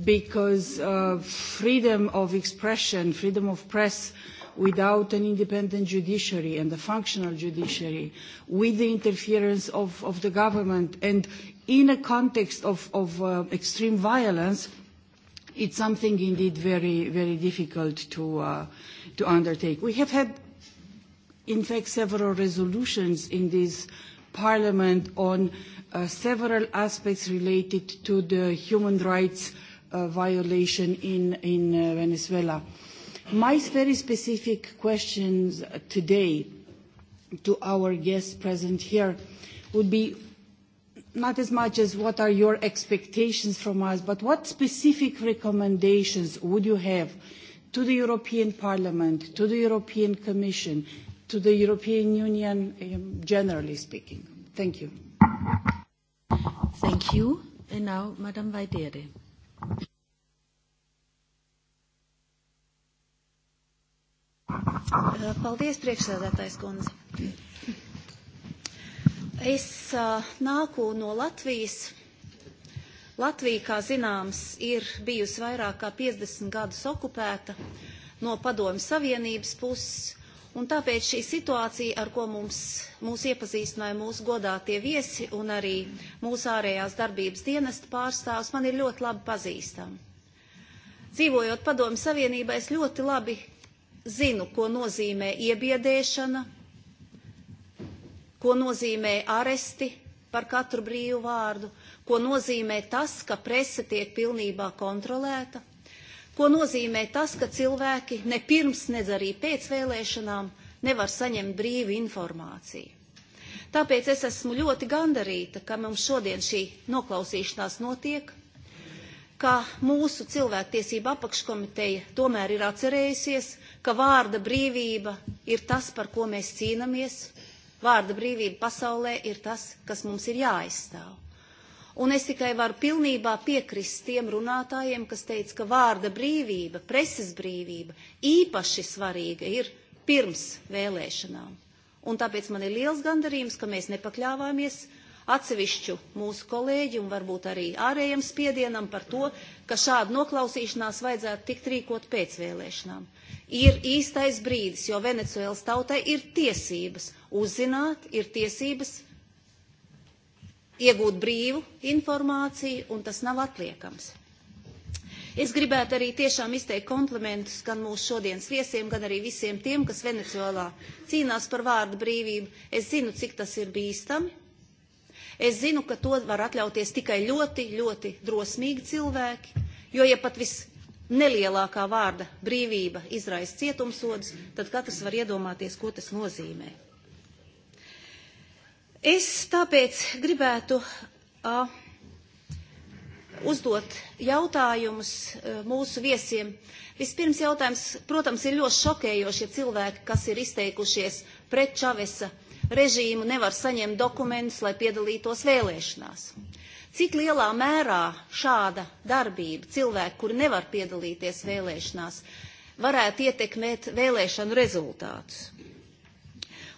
because uh, freedom of expression, freedom of press, without an independent judiciary and a functional judiciary, with the interference of, of the government, and in a context of, of uh, extreme violence, it's something indeed very, very difficult to, uh, to undertake. We have had, in fact, several resolutions in this Parliament on uh, several aspects related to the human rights uh, violation in, in uh, Venezuela. My very specific questions today to our guests present here would be not as much as what are your expectations from us, but what specific recommendations would you have to the European Parliament, to the European Commission, to the European Union um, generally speaking. Thank you. Thank you. And now, Madam Vaidere. Äh, paldies, priekšsēdētājs kundze. Es äh, nāku no Latvijas. Latvija, kā zināms, ir bijusi vairāk kā 50 gadus okupēta no Padomju Savienības puses, Un tāpēc šī situācija, ar ko mums, mūs iepazīstināja mūsu godā tie viesi un arī mūsu ārējās darbības dienesta pārstāvs, man ir ļoti labi pazīstama. Dzīvojot padomu savienībā, es ļoti labi zinu, ko nozīmē iebiedēšana, ko nozīmē aresti par katru brīvu vārdu, ko nozīmē tas, ka prese tiek pilnībā kontrolēta ko nozīmē tas, ka cilvēki ne pirms, ne arī pēc vēlēšanām nevar saņemt brīvu informāciju. Tāpēc es esmu ļoti gandarīta, ka mums šodien šī noklausīšanās notiek, ka mūsu cilvēktiesība apakškomiteja tomēr ir atcerējusies, ka vārda brīvība ir tas, par ko mēs cīnamies, vārda brīvība pasaulē ir tas, kas mums ir jāaizstāv. Un es tikai varu pilnībā piekrist tiem runātājiem, kas teica, ka vārda brīvība, preses brīvība īpaši svarīga ir pirms vēlēšanām. Un tāpēc man ir liels gandarījums, ka mēs nepakļāvāmies atsevišķu mūsu kolēģi un varbūt arī ārējiem spiedienam par to, ka šāda noklausīšanās vajadzētu tikt rīkot pēc vēlēšanām. Ir īstais brīdis, jo Venecuēlas tautai ir tiesības uzzināt, ir tiesības iegūt brīvu informāciju, un tas nav atliekams. Es gribētu arī tiešām izteikt komplimentus gan mūsu šodienas viesiem, gan arī visiem tiem, kas Venecuēlā cīnās par vārdu brīvību. Es zinu, cik tas ir bīstami. Es zinu, ka to var atļauties tikai ļoti, ļoti drosmīgi cilvēki, jo, ja pat viss nelielākā vārda brīvība izraisa cietumsodus, tad katrs var iedomāties, ko tas nozīmē. Es tāpēc gribētu uh, uzdot jautājumus uh, mūsu viesiem. Vispirms jautājums, protams, ir ļoti šokējošie cilvēki, kas ir izteikušies pret Čavesa režīmu, nevar saņemt dokumentus, lai piedalītos vēlēšanās. Cik lielā mērā šāda darbība cilvēku, kuri nevar piedalīties vēlēšanās, varētu ietekmēt vēlēšanu rezultātus?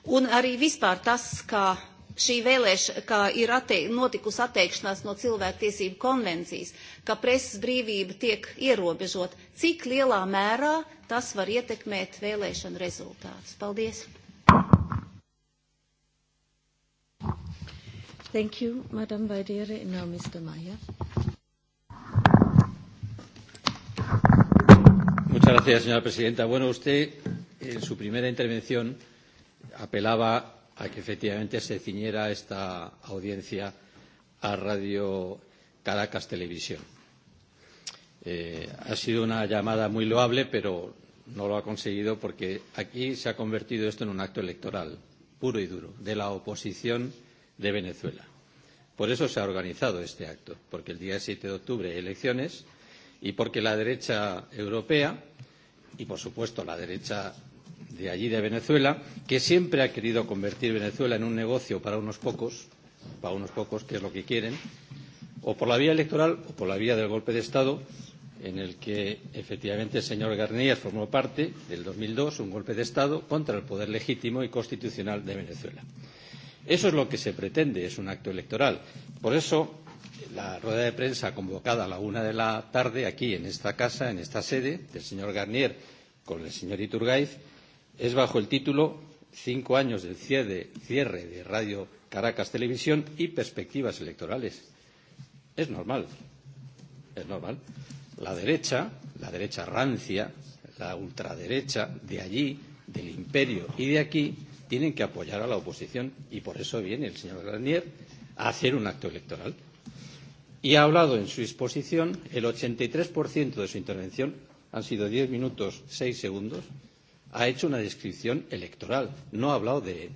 Un arī vispār tas, kā šī vēlēšana, ka ir atte, notikusi atteikšanās no cilvēktiesību konvencijas, ka preses brīvība tiek ierobežot, cik lielā mērā tas var ietekmēt vēlēšanu rezultātus. Paldies! Thank you, Madam Vaidere. And now Mr. Maya. Muchas gracias, señora presidenta. Bueno, usted en su primera intervención apelaba a que efectivamente se ciñera esta audiencia a Radio Caracas Televisión. Eh, ha sido una llamada muy loable, pero no lo ha conseguido porque aquí se ha convertido esto en un acto electoral puro y duro de la oposición de Venezuela. Por eso se ha organizado este acto, porque el día 7 de octubre hay elecciones y porque la derecha europea y, por supuesto, la derecha de allí de Venezuela, que siempre ha querido convertir Venezuela en un negocio para unos pocos, para unos pocos que es lo que quieren, o por la vía electoral o por la vía del golpe de Estado, en el que efectivamente el señor Garnier formó parte del 2002, un golpe de Estado contra el poder legítimo y constitucional de Venezuela. Eso es lo que se pretende, es un acto electoral. Por eso, la rueda de prensa convocada a la una de la tarde aquí en esta casa, en esta sede, del señor Garnier con el señor Iturgaiz, es bajo el título Cinco años del cierre, de Radio Caracas Televisión y perspectivas electorales. Es normal, es normal. La derecha, la derecha rancia, la ultraderecha de allí, del imperio y de aquí, tienen que apoyar a la oposición y por eso viene el señor Granier a hacer un acto electoral. Y ha hablado en su exposición, el 83% de su intervención han sido 10 minutos 6 segundos, ha hecho una descripción electoral. No ha hablado de,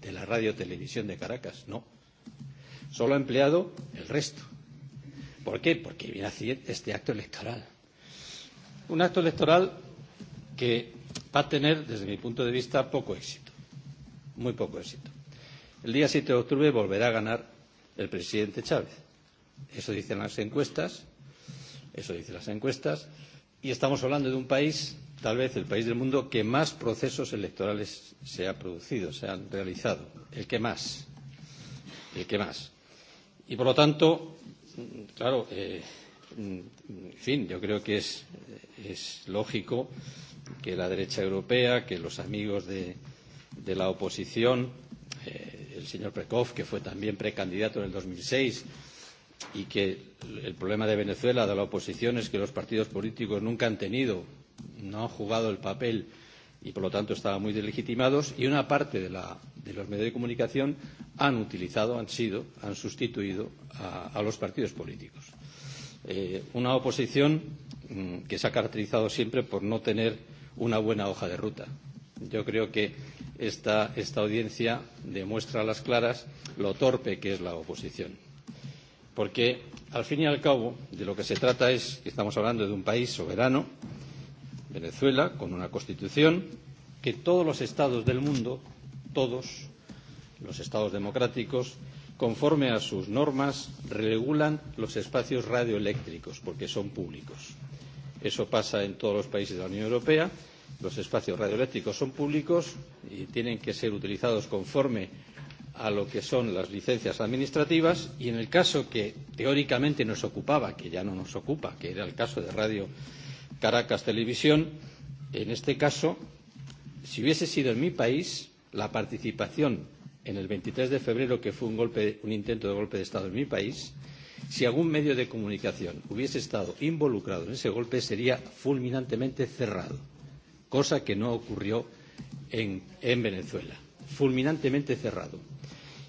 de la radio-televisión de Caracas, no. Solo ha empleado el resto. ¿Por qué? Porque viene a decir este acto electoral. Un acto electoral que va a tener, desde mi punto de vista, poco éxito. Muy poco éxito. El día 7 de octubre volverá a ganar el presidente Chávez. Eso dicen las encuestas. Eso dicen las encuestas. Y estamos hablando de un país tal vez el país del mundo que más procesos electorales se ha producido, se han realizado, el que más, el que más. Y por lo tanto, claro, eh, en fin, yo creo que es, es lógico que la derecha europea, que los amigos de, de la oposición, eh, el señor Prekov, que fue también precandidato en el 2006, y que el problema de Venezuela, de la oposición, es que los partidos políticos nunca han tenido no han jugado el papel y por lo tanto estaban muy delegitimados y una parte de, la, de los medios de comunicación han utilizado, han sido, han sustituido a, a los partidos políticos. Eh, una oposición mmm, que se ha caracterizado siempre por no tener una buena hoja de ruta. Yo creo que esta, esta audiencia demuestra a las claras lo torpe que es la oposición. Porque, al fin y al cabo, de lo que se trata es que estamos hablando de un país soberano, Venezuela, con una constitución que todos los estados del mundo, todos los estados democráticos, conforme a sus normas, regulan los espacios radioeléctricos, porque son públicos. Eso pasa en todos los países de la Unión Europea. Los espacios radioeléctricos son públicos y tienen que ser utilizados conforme a lo que son las licencias administrativas y en el caso que teóricamente nos ocupaba, que ya no nos ocupa, que era el caso de radio Caracas Televisión, en este caso, si hubiese sido en mi país, la participación en el 23 de febrero, que fue un, golpe, un intento de golpe de Estado en mi país, si algún medio de comunicación hubiese estado involucrado en ese golpe, sería fulminantemente cerrado, cosa que no ocurrió en, en Venezuela. Fulminantemente cerrado.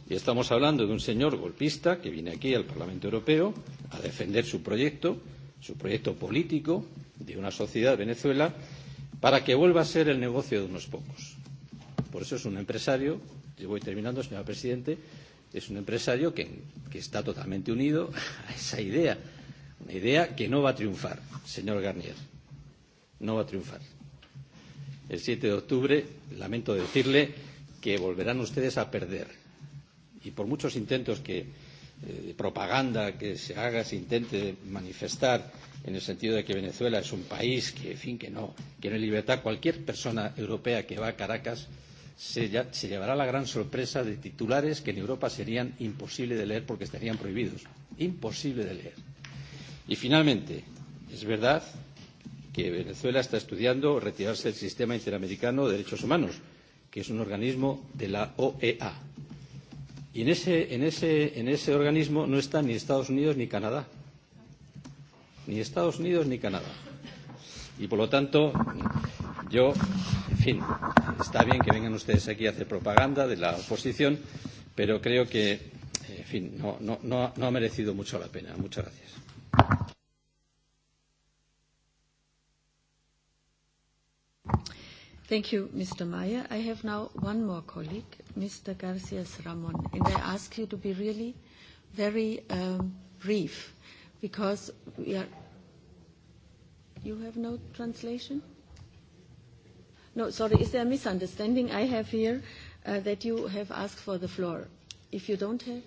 Y estamos hablando de un señor golpista que viene aquí al Parlamento Europeo a defender su proyecto, su proyecto político, de una sociedad, Venezuela, para que vuelva a ser el negocio de unos pocos. Por eso es un empresario, y voy terminando, señora Presidente, es un empresario que, que está totalmente unido a esa idea, una idea que no va a triunfar, señor Garnier, no va a triunfar. El 7 de octubre, lamento decirle que volverán ustedes a perder. Y por muchos intentos que, eh, propaganda que se haga, se intente manifestar en el sentido de que Venezuela es un país que, en fin, que no, que no libertad, cualquier persona europea que va a Caracas se, ya, se llevará la gran sorpresa de titulares que en Europa serían imposibles de leer porque estarían prohibidos. Imposible de leer. Y finalmente, es verdad que Venezuela está estudiando retirarse del sistema interamericano de derechos humanos, que es un organismo de la OEA Y en ese, en, ese, en ese organismo no están ni Estados Unidos ni Canadá. Ni Estados Unidos ni Canadá. Y por lo tanto, yo, en fin, está bien que vengan ustedes aquí a hacer propaganda de la oposición, pero creo que, en fin, no, no, no, no ha merecido mucho la pena. Muchas gracias. Thank you, Mr. Meyer. I have now one more colleague, Mr. Garcias Ramon, and I ask you to be really very um, brief because we are. You have no translation? No, sorry. Is there a misunderstanding I have here uh, that you have asked for the floor? If you don't have.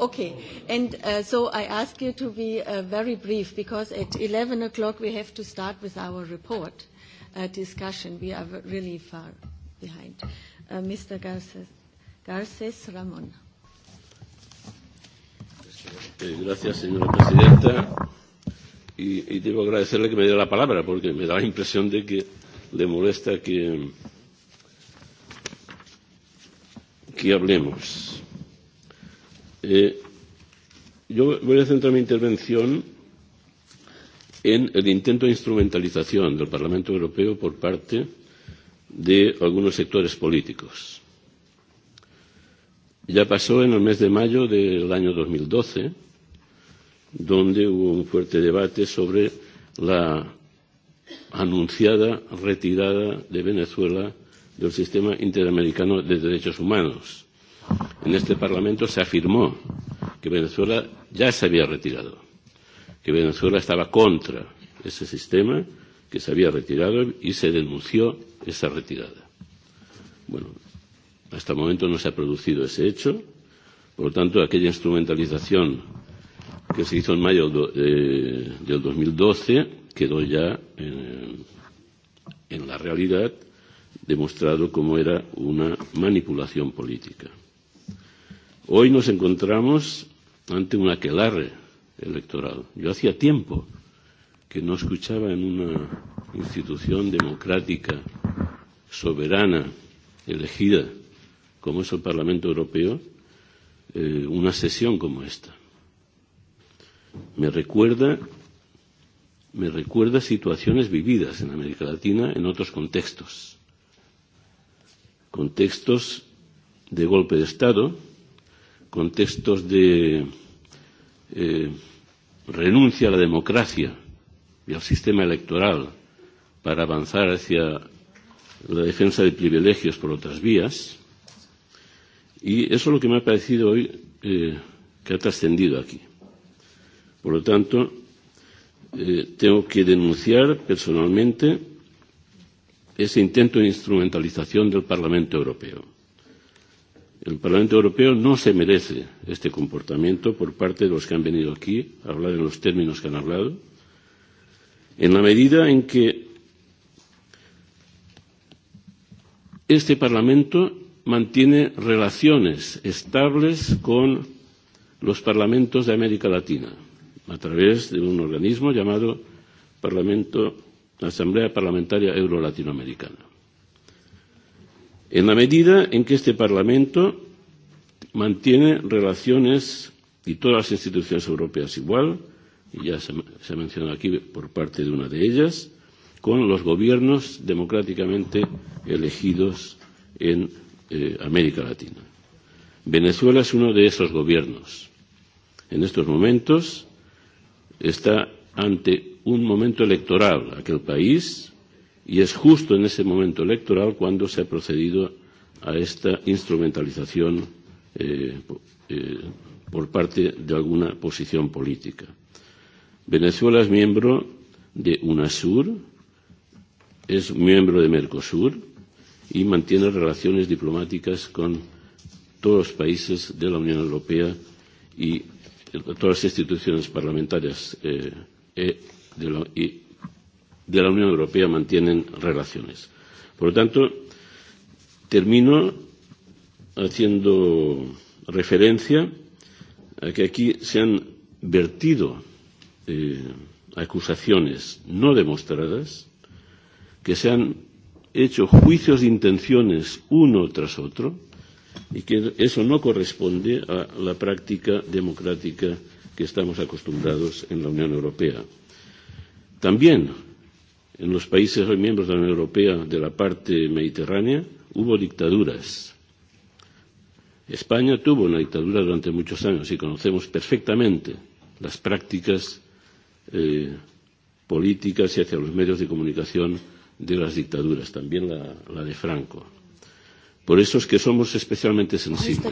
Okay. And uh, so I ask you to be uh, very brief because at 11 o'clock we have to start with our report uh, discussion. We are really far behind. Mr. Garces, Garces Ramón. gracias, señora presidenta. Y, debo agradecerle que me dé la palabra porque me da la impresión de que le molesta que hablemos Eh, yo voy a centrar mi intervención en el intento de instrumentalización del Parlamento Europeo por parte de algunos sectores políticos. Ya pasó en el mes de mayo del año 2012, donde hubo un fuerte debate sobre la anunciada retirada de Venezuela del sistema interamericano de derechos humanos en este Parlamento se afirmó que Venezuela ya se había retirado, que Venezuela estaba contra ese sistema, que se había retirado y se denunció esa retirada. Bueno, hasta el momento no se ha producido ese hecho, por lo tanto, aquella instrumentalización que se hizo en mayo do, eh, del 2012 quedó ya en, en la realidad demostrado como era una manipulación política. Hoy nos encontramos ante un aquelarre electoral. Yo hacía tiempo que no escuchaba en una institución democrática, soberana, elegida, como es el Parlamento Europeo, eh, una sesión como esta. Me recuerda, me recuerda situaciones vividas en América Latina en otros contextos. Contextos de golpe de Estado, contextos de eh, renuncia a la democracia y al sistema electoral para avanzar hacia la defensa de privilegios por otras vías. Y eso es lo que me ha parecido hoy eh, que ha trascendido aquí. Por lo tanto, eh, tengo que denunciar personalmente ese intento de instrumentalización del Parlamento Europeo. El Parlamento Europeo no se merece este comportamiento por parte de los que han venido aquí a hablar en los términos que han hablado, en la medida en que este Parlamento mantiene relaciones estables con los parlamentos de América Latina a través de un organismo llamado Parlamento, Asamblea Parlamentaria Euro-Latinoamericana en la medida en que este Parlamento mantiene relaciones, y todas las instituciones europeas igual, y ya se, se ha mencionado aquí por parte de una de ellas, con los gobiernos democráticamente elegidos en eh, América Latina. Venezuela es uno de esos gobiernos. En estos momentos está ante un momento electoral aquel país y es justo en ese momento electoral cuando se ha procedido a esta instrumentalización eh, eh, por parte de alguna posición política. Venezuela es miembro de UNASUR, es miembro de Mercosur y mantiene relaciones diplomáticas con todos los países de la Unión Europea y todas las instituciones parlamentarias eh, e, de la, y de la Unión Europea mantienen relaciones. Por lo tanto, termino haciendo referencia a que aquí se han vertido eh, acusaciones no demostradas, que se han hecho juicios de intenciones uno tras otro y que eso no corresponde a la práctica democrática que estamos acostumbrados en la Unión Europea. También en los países hoy miembros de la Unión Europea de la parte mediterránea hubo dictaduras. España tuvo una dictadura durante muchos años y conocemos perfectamente las prácticas eh, políticas y hacia los medios de comunicación de las dictaduras, también la, la de Franco. Por eso es que somos especialmente sensibles.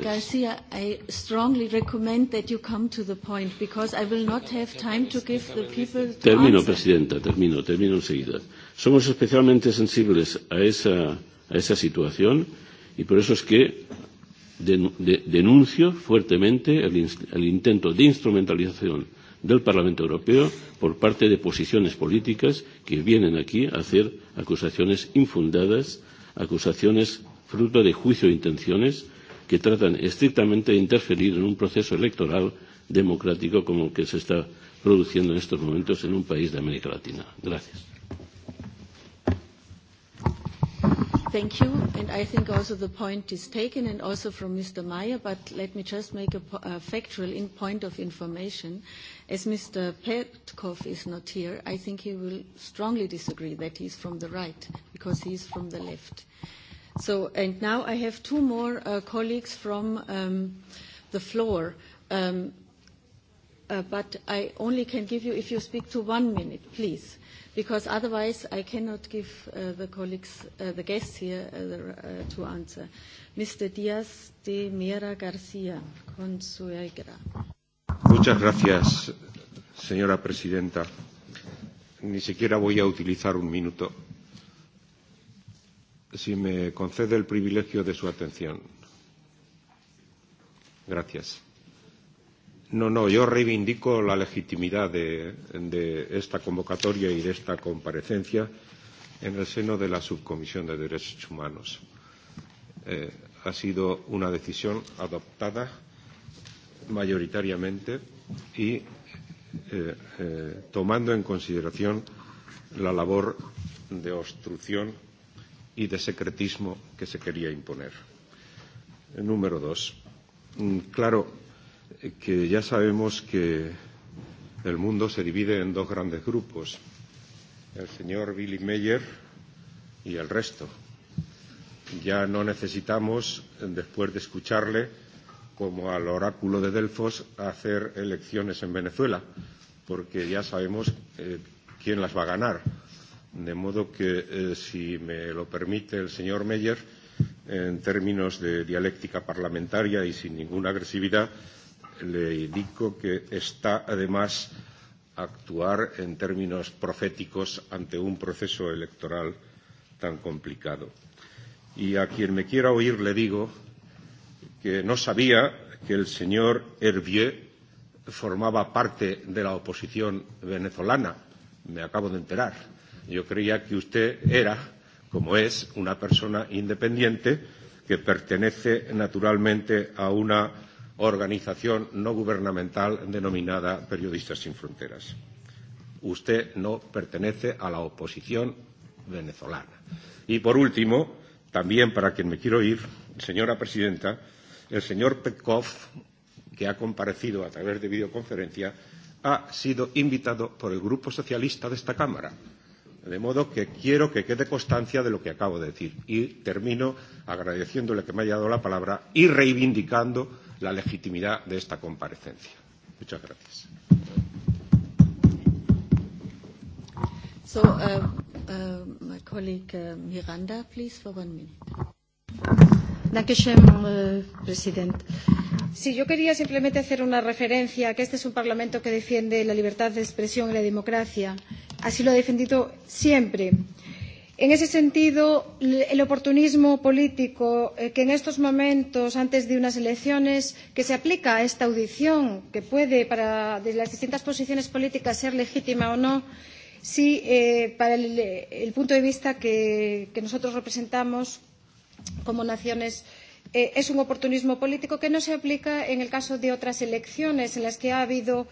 I strongly recommend that you come to the point because I will not have time to give the people Termino, Presidenta, termino, termino enseguida. Somos especialmente sensibles a esa, a esa situación y por eso es que denuncio fuertemente el, el intento de instrumentalización del Parlamento Europeo por parte de posiciones políticas que vienen aquí a hacer acusaciones infundadas, acusaciones fruto de juicio de intenciones que tratan estrictamente de interferir en un proceso electoral democrático como el que se está produciendo en estos momentos en un país de América Latina. Gracias. Thank you. And I think also the point is taken and also from Mr. Meyer, but let me just make a, a factual in point of information. As Mr. Petkov is not here, I think he will strongly disagree that he is from the right because he is from the left. Uh, So, and now I have two more uh, colleagues from um, the floor. Um, uh, but I only can give you if you speak to one minute, please, because otherwise I cannot give uh, the colleagues, uh, the guests here, uh, the, uh, to answer. Mr. Diaz de Mera García, Consuegra. Muchas gracias, señora presidenta. Ni siquiera voy a utilizar un minuto si me concede el privilegio de su atención. Gracias. No, no, yo reivindico la legitimidad de, de esta convocatoria y de esta comparecencia en el seno de la Subcomisión de Derechos Humanos. Eh, ha sido una decisión adoptada mayoritariamente y eh, eh, tomando en consideración la labor de obstrucción y de secretismo que se quería imponer. Número dos. Mm, claro que ya sabemos que el mundo se divide en dos grandes grupos, el señor Billy Meyer y el resto. Ya no necesitamos, después de escucharle, como al oráculo de Delfos, hacer elecciones en Venezuela, porque ya sabemos eh, quién las va a ganar De modo que, eh, si me lo permite el señor Meyer, en términos de dialéctica parlamentaria y sin ninguna agresividad, le indico que está además actuar en términos proféticos ante un proceso electoral tan complicado. Y a quien me quiera oír le digo que no sabía que el señor Hervieux formaba parte de la oposición venezolana. Me acabo de enterar Yo creía que usted era, como es, una persona independiente que pertenece naturalmente a una organización no gubernamental denominada Periodistas sin Fronteras. Usted no pertenece a la oposición venezolana. Y por último, también para quien me quiero ir, señora presidenta, el señor Petkov, que ha comparecido a través de videoconferencia, ha sido invitado por el Grupo Socialista de esta Cámara De modo que quiero que quede constancia de lo que acabo de decir. Y termino agradeciéndole que me haya dado la palabra y reivindicando la legitimidad de esta comparecencia. Muchas gracias. So, uh, uh, my colleague uh, Miranda, please, for one minute. Señor äh, presidente. Sí, yo quería simplemente hacer una referencia a que este es un Parlamento que defiende la libertad de expresión y la democracia Así lo ha defendido siempre. En ese sentido, el oportunismo político eh, que en estos momentos, antes de unas elecciones, que se aplica a esta audición, que puede para de las distintas posiciones políticas ser legítima o no, sí, eh, para el, el punto de vista que, que nosotros representamos como naciones, eh, es un oportunismo político que no se aplica en el caso de otras elecciones en las que ha habido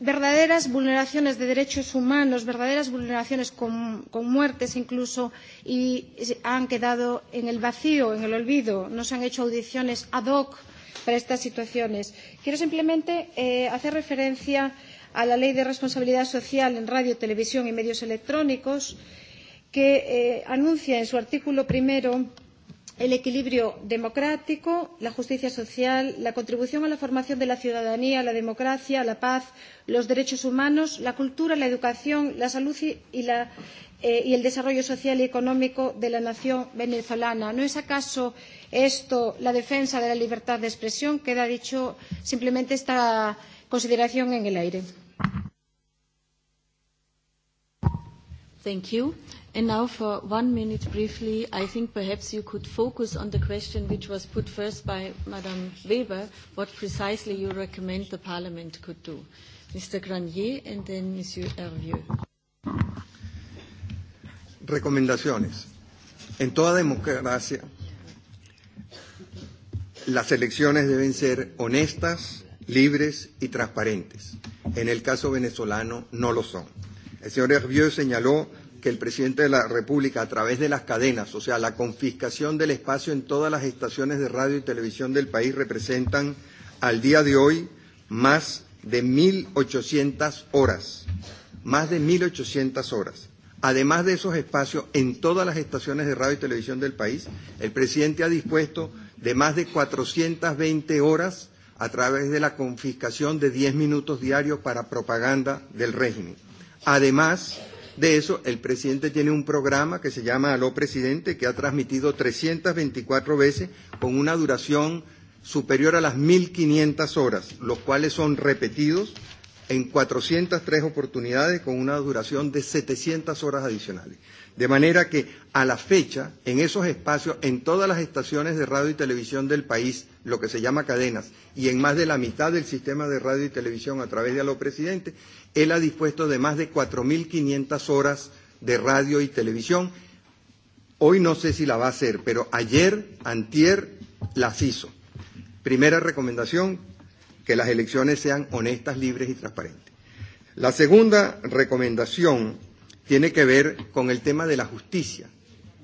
verdaderas vulneraciones de derechos humanos, verdaderas vulneraciones con, con muertes incluso, y han quedado en el vacío, en el olvido. No se han hecho audiciones ad hoc para estas situaciones. Quiero simplemente eh, hacer referencia a la Ley de Responsabilidad Social en Radio, Televisión y Medios Electrónicos, que eh, anuncia en su artículo primero el equilibrio democrático, la justicia social, la contribución a la formación de la ciudadanía, la democracia, la paz, los derechos humanos, la cultura, la educación, la salud y, la, eh, y el desarrollo social y económico de la nación venezolana. ¿No es acaso esto la defensa de la libertad de expresión? Queda dicho simplemente esta consideración en el aire. Thank you. And now for one minute briefly, I think perhaps you could focus on the question which was put first by Madame Weber, what precisely you recommend the Parliament could do. Mr. Granier and then Monsieur Hervieu. Recomendaciones. En toda democracia, las elecciones deben ser honestas, libres y transparentes. En el caso venezolano no lo son El señor Hervieux señaló que el presidente de la República, a través de las cadenas, o sea, la confiscación del espacio en todas las estaciones de radio y televisión del país, representan al día de hoy más de 1.800 horas. Más de 1.800 horas. Además de esos espacios, en todas las estaciones de radio y televisión del país, el presidente ha dispuesto de más de 420 horas a través de la confiscación de 10 minutos diarios para propaganda del régimen. Además de eso, el presidente tiene un programa que se llama Aló Presidente, que ha transmitido 324 veces con una duración superior a las 1.500 horas, los cuales son repetidos en 403 oportunidades con una duración de 700 horas adicionales. De manera que a la fecha, en esos espacios, en todas las estaciones de radio y televisión del país, lo que se llama cadenas, y en más de la mitad del sistema de radio y televisión a través de Aló Presidente, Él ha dispuesto de más de 4.500 horas de radio y televisión. Hoy no sé si la va a hacer, pero ayer, antier, las hizo. Primera recomendación, que las elecciones sean honestas, libres y transparentes. La segunda recomendación tiene que ver con el tema de la justicia.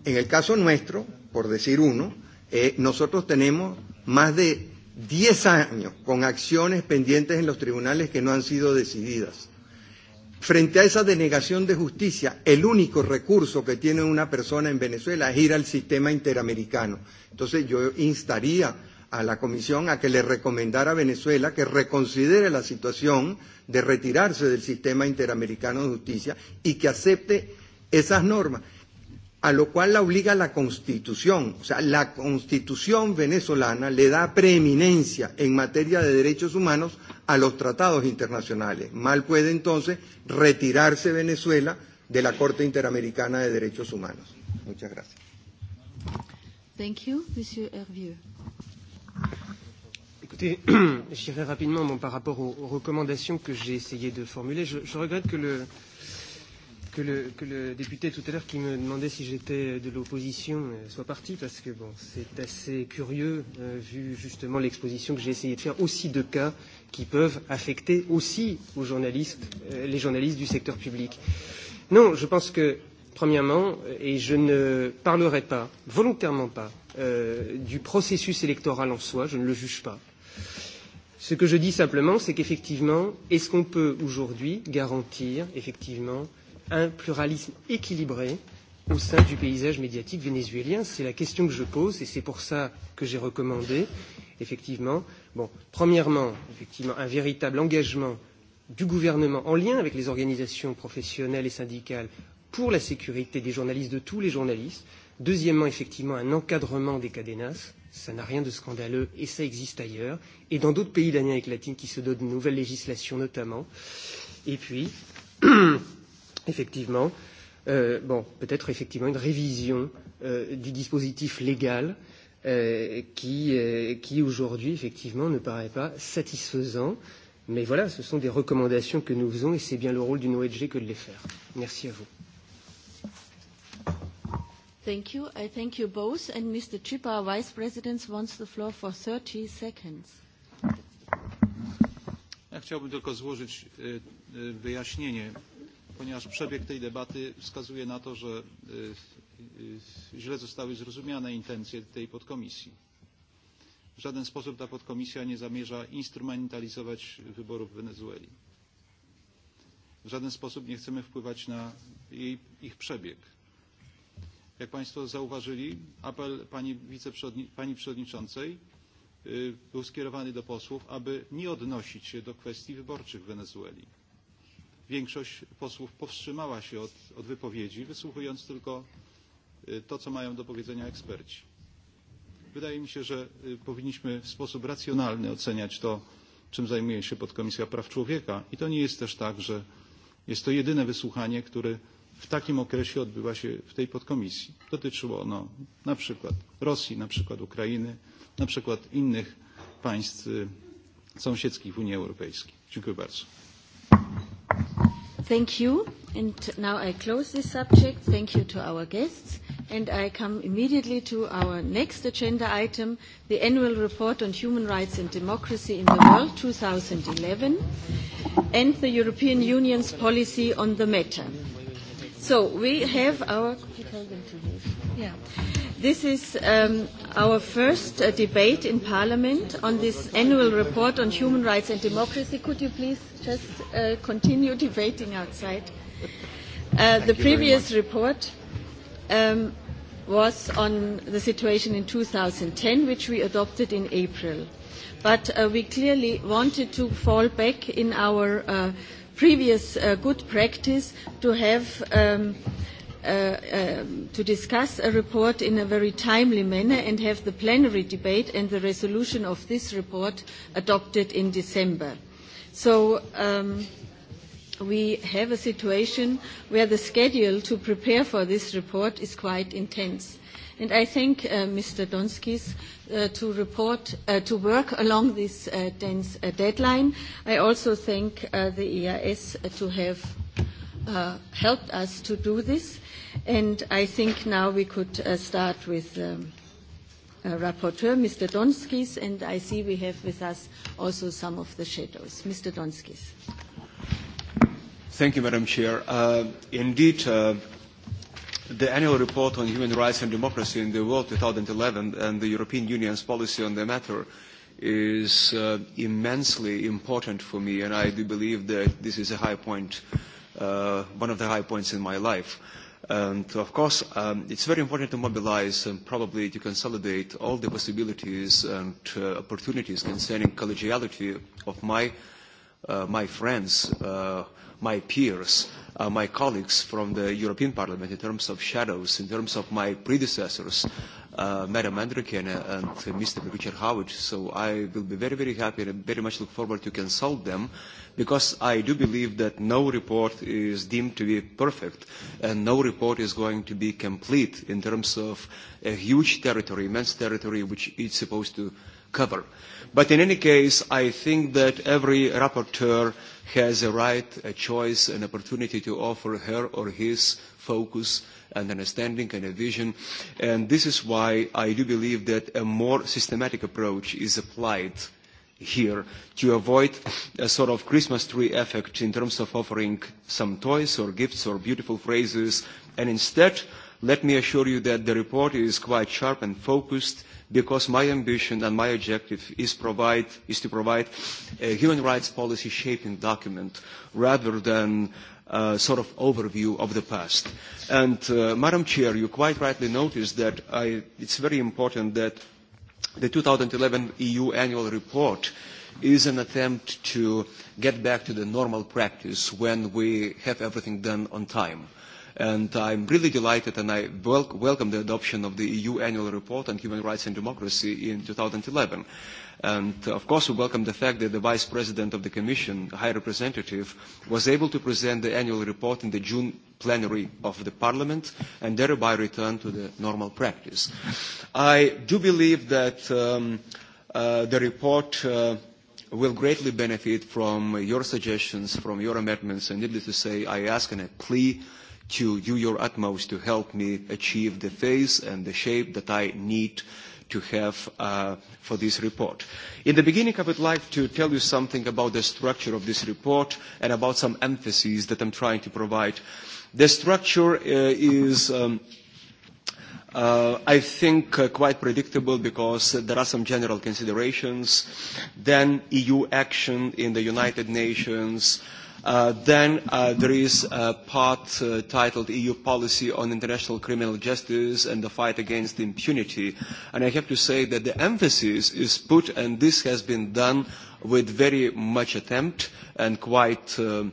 En el caso nuestro, por decir uno, eh, nosotros tenemos más de 10 años con acciones pendientes en los tribunales que no han sido decididas. Frente a esa denegación de justicia, el único recurso que tiene una persona en Venezuela es ir al sistema interamericano. Entonces yo instaría a la Comisión a que le recomendara a Venezuela que reconsidere la situación de retirarse del sistema interamericano de justicia y que acepte esas normas, a lo cual la obliga la Constitución. O sea, la Constitución venezolana le da preeminencia en materia de derechos humanos a los tratados internacionales. Mal puede entonces retirarse Venezuela de la Corte Interamericana de Derechos Humanos. Muchas gracias. Thank you, Monsieur Hervieux. Écoutez, j'irai rapidement bon, par rapport aux, aux recommandations que j'ai essayé de formuler. Je, je regrette que le, que, le, que le député tout à l'heure qui me demandait si j'étais de l'opposition euh, soit parti, parce que bon, c'est assez curieux, euh, vu justement l'exposition que j'ai essayé de faire, aussi de cas euh, qui peuvent affecter aussi aux journalistes, euh, les journalistes du secteur public. Non, je pense que, premièrement, euh, et je ne parlerai pas, volontairement pas, euh, du processus électoral en soi, je ne le juge pas. Ce que je dis simplement, c'est qu'effectivement, est-ce qu'on peut aujourd'hui garantir, effectivement, un pluralisme équilibré au sein du paysage médiatique vénézuélien C'est la question que je pose et c'est pour ça que j'ai recommandé, effectivement, Bon, premièrement, effectivement, un véritable engagement du gouvernement en lien avec les organisations professionnelles et syndicales pour la sécurité des journalistes, de tous les journalistes. Deuxièmement, effectivement, un encadrement des cadenas. Ça n'a rien de scandaleux et ça existe ailleurs. Et dans d'autres pays d'Amérique latine qui se donnent de nouvelles législations notamment. Et puis, effectivement, euh, bon, peut-être effectivement une révision euh, du dispositif légal euh, Euh, qui, euh, qui aujourd'hui, effectivement, ne paraît pas satisfaisant. Mais voilà, ce sont des recommandations que nous faisons et c'est bien le rôle d'une ONG que de les faire. Merci à vous. Thank you. I thank you both. And Mr. Chip, our Vice President, wants the floor for 30 seconds. Ja chciałbym tylko złożyć e, e, wyjaśnienie, ponieważ przebieg tej debaty wskazuje na to, że e, źle zostały zrozumiane intencje tej podkomisji. W żaden sposób ta podkomisja nie zamierza instrumentalizować wyborów w Wenezueli. W żaden sposób nie chcemy wpływać na jej, ich przebieg. Jak Państwo zauważyli, apel pani, pani Przewodniczącej był skierowany do posłów, aby nie odnosić się do kwestii wyborczych w Wenezueli. Większość posłów powstrzymała się od, od wypowiedzi, wysłuchując tylko to, co mają do powiedzenia eksperci. Wydaje mi się, że powinniśmy w sposób racjonalny oceniać to, czym zajmuje się Podkomisja Praw Człowieka. I to nie jest też tak, że jest to jedyne wysłuchanie, które w takim okresie odbywa się w tej podkomisji. Dotyczyło ono na przykład Rosji, na przykład Ukrainy, na przykład innych państw sąsiedzkich w Unii Europejskiej. Dziękuję bardzo. Thank you. And now I close this subject. Thank you to our guests and I come immediately to our next agenda item, the annual report on human rights and democracy in the world 2011, and the European Union's policy on the matter. So we have our. This is um, our first uh, debate in Parliament on this annual report on human rights and democracy. Could you please just uh, continue debating outside? Uh, the previous report um, was on the situation in 2010, which we adopted in April. But uh, we clearly wanted to fall back in our uh, previous uh, good practice to have um, Uh, um, to discuss a report in a very timely manner and have the plenary debate and the resolution of this report adopted in December. So um, we have a situation where the schedule to prepare for this report is quite intense. And I thank uh, Mr. Donskis uh, to report uh, to work along this uh, dense uh, deadline. I also thank uh, the EIS uh, to have uh, helped us to do this. And I think now we could uh, start with um, uh, rapporteur, Mr. Donskis, and I see we have with us also some of the shadows. Mr. Donskis. Thank you, Madam Chair. Uh, indeed, uh, the annual report on human rights and democracy in the world 2011 and the European Union's policy on the matter is uh, immensely important for me, and I do believe that this is a high point, uh, one of the high points in my life. And of course, um, it's very important to mobilize and probably to consolidate all the possibilities and uh, opportunities concerning collegiality of my, uh, my friends. Uh, my peers, uh, my colleagues from the European Parliament in terms of shadows, in terms of my predecessors, uh, Madam Andrikin and Mr. Richard Howard. So I will be very, very happy and very much look forward to consult them because I do believe that no report is deemed to be perfect and no report is going to be complete in terms of a huge territory, immense territory, which it's supposed to cover. But in any case, I think that every rapporteur has a right, a choice, an opportunity to offer her or his focus and understanding and a vision. And this is why I do believe that a more systematic approach is applied here to avoid a sort of Christmas tree effect in terms of offering some toys or gifts or beautiful phrases. And instead, let me assure you that the report is quite sharp and focused because my ambition and my objective is, provide, is to provide a human rights policy shaping document rather than a uh, sort of overview of the past. And uh, Madam Chair, you quite rightly noticed that I, it's very important that the 2011 EU e annual report is an attempt to get back to the normal practice when we have everything done on time. And I'm really delighted and I wel welcome the adoption of the EU annual report on human rights and democracy in 2011. And uh, of course, we welcome the fact that the Vice President of the Commission, High Representative, was able to present the annual report in the June plenary of the Parliament and thereby return to the normal practice. I do believe that um, uh, the report uh, will greatly benefit from your suggestions, from your amendments, and needless to say, I ask and I plea to do your utmost to help me achieve the face and the shape that I need to have uh, for this report. In the beginning, I would like to tell you something about the structure of this report and about some emphases that I'm trying to provide. The structure uh, is um, Uh, I think uh, quite predictable because there are some general considerations. Then EU action in the United Nations, Uh, then uh, there is a part uh, titled EU Policy on International Criminal Justice and the Fight Against Impunity. And I have to say that the emphasis is put, and this has been done with very much attempt and quite um,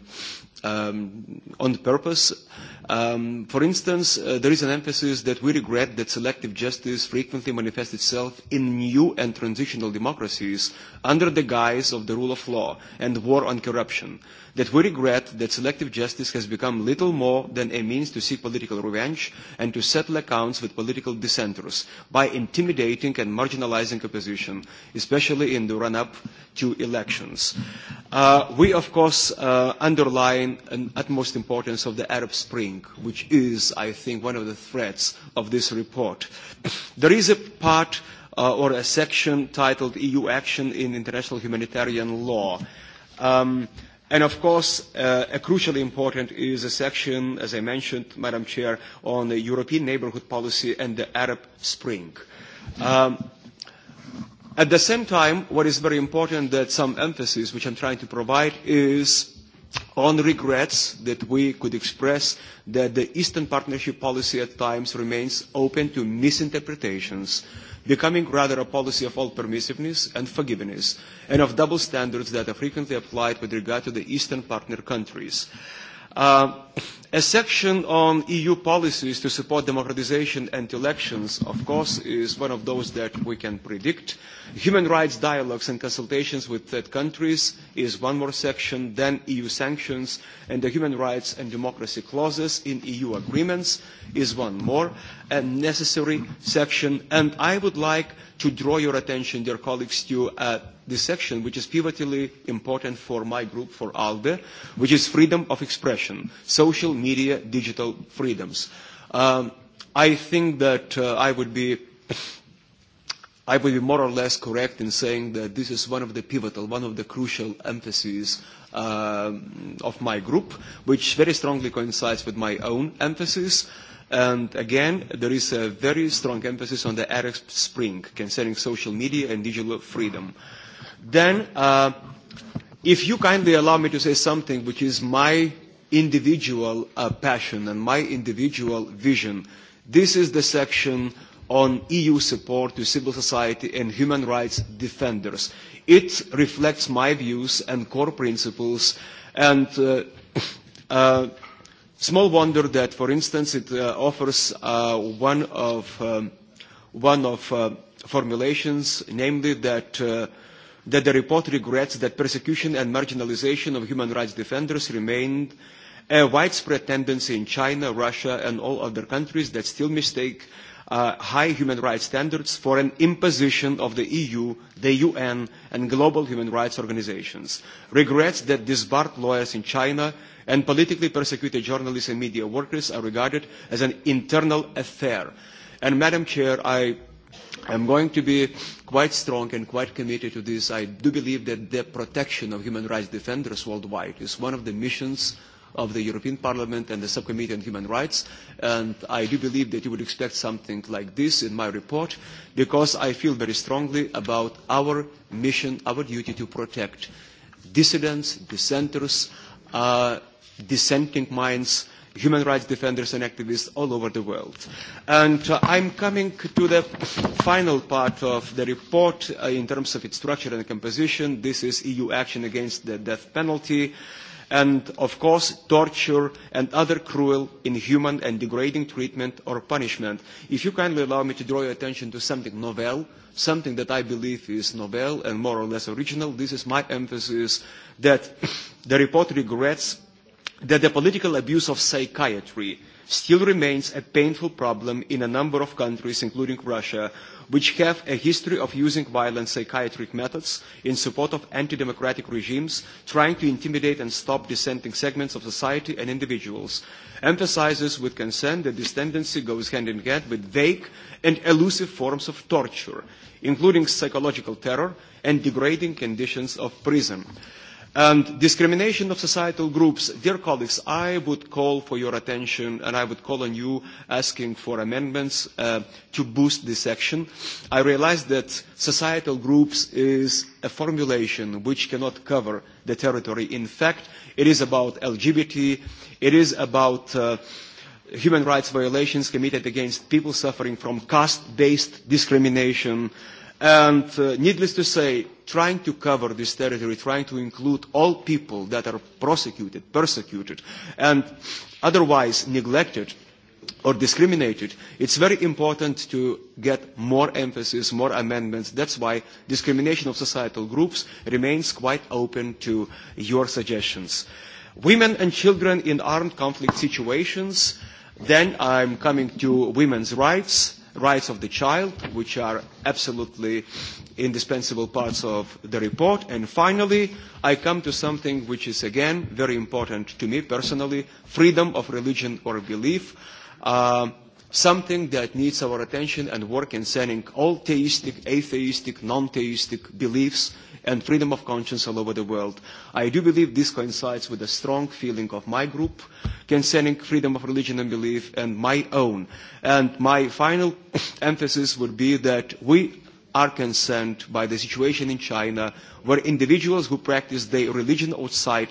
um, on purpose, Um, for instance, uh, there is an emphasis that we regret that selective justice frequently manifests itself in new and transitional democracies under the guise of the rule of law and war on corruption. That we regret that selective justice has become little more than a means to seek political revenge and to settle accounts with political dissenters by intimidating and marginalizing opposition, especially in the run-up to elections. Uh, we, of course, uh, underline an utmost importance of the Arab Spring link, which is, I think, one of the threats of this report. There is a part uh, or a section titled EU Action in International Humanitarian Law. Um, and of course, uh, a crucially important is a section, as I mentioned, Madam Chair, on the European neighborhood policy and the Arab Spring. Um, at the same time, what is very important that some emphasis, which I'm trying to provide, is on regrets that we could express that the Eastern Partnership policy at times remains open to misinterpretations, becoming rather a policy of all permissiveness and forgiveness, and of double standards that are frequently applied with regard to the Eastern partner countries. Uh, a section on EU policies to support democratization and elections, of course, is one of those that we can predict. Human rights dialogues and consultations with third countries is one more section, then EU sanctions and the human rights and democracy clauses in EU agreements is one more, a necessary section. And I would like to draw your attention, dear colleagues, to a this section, which is pivotally important for my group, for ALDE, which is freedom of expression, social media, digital freedoms. Um, I think that uh, I would be I would be more or less correct in saying that this is one of the pivotal, one of the crucial emphases uh, of my group, which very strongly coincides with my own emphasis. And again, there is a very strong emphasis on the Arab Spring concerning social media and digital freedom. Uh, Then, uh, if you kindly allow me to say something which is my individual uh, passion and my individual vision, this is the section on EU support to civil society and human rights defenders. It reflects my views and core principles, and uh, uh, small wonder that, for instance, it uh, offers uh, one of, um, one of uh, formulations, namely that uh, that the report regrets that persecution and marginalization of human rights defenders remained a widespread tendency in China, Russia, and all other countries that still mistake uh, high human rights standards for an imposition of the EU, the UN, and global human rights organizations. Regrets that disbarred lawyers in China and politically persecuted journalists and media workers are regarded as an internal affair. And Madam Chair, I I'm going to be quite strong and quite committed to this. I do believe that the protection of human rights defenders worldwide is one of the missions of the European Parliament and the Subcommittee on Human Rights. And I do believe that you would expect something like this in my report, because I feel very strongly about our mission, our duty to protect dissidents, dissenters, uh, dissenting minds, human rights defenders and activists all over the world. And uh, I'm coming to the final part of the report uh, in terms of its structure and composition. This is EU action against the death penalty and, of course, torture and other cruel, inhuman and degrading treatment or punishment. If you kindly allow me to draw your attention to something novel, something that I believe is novel and more or less original, this is my emphasis that the report regrets that the political abuse of psychiatry still remains a painful problem in a number of countries, including Russia, which have a history of using violent psychiatric methods in support of anti-democratic regimes trying to intimidate and stop dissenting segments of society and individuals, emphasizes with concern that this tendency goes hand in hand with vague and elusive forms of torture, including psychological terror and degrading conditions of prison. And discrimination of societal groups, dear colleagues, I would call for your attention and I would call on you asking for amendments uh, to boost this action. I realize that societal groups is a formulation which cannot cover the territory. In fact, it is about LGBT, it is about uh, human rights violations committed against people suffering from caste-based discrimination, uh, And uh, needless to say, trying to cover this territory, trying to include all people that are prosecuted, persecuted, and otherwise neglected or discriminated, it's very important to get more emphasis, more amendments. That's why discrimination of societal groups remains quite open to your suggestions. Women and children in armed conflict situations, then I'm coming to women's rights, rights of the child, which are absolutely indispensable parts of the report. And finally, I come to something which is again very important to me personally, freedom of religion or belief. Uh, something that needs our attention and work in sending all theistic, atheistic, non-theistic beliefs and freedom of conscience all over the world. I do believe this coincides with the strong feeling of my group concerning freedom of religion and belief and my own. And my final emphasis would be that we are concerned by the situation in China where individuals who practice their religion outside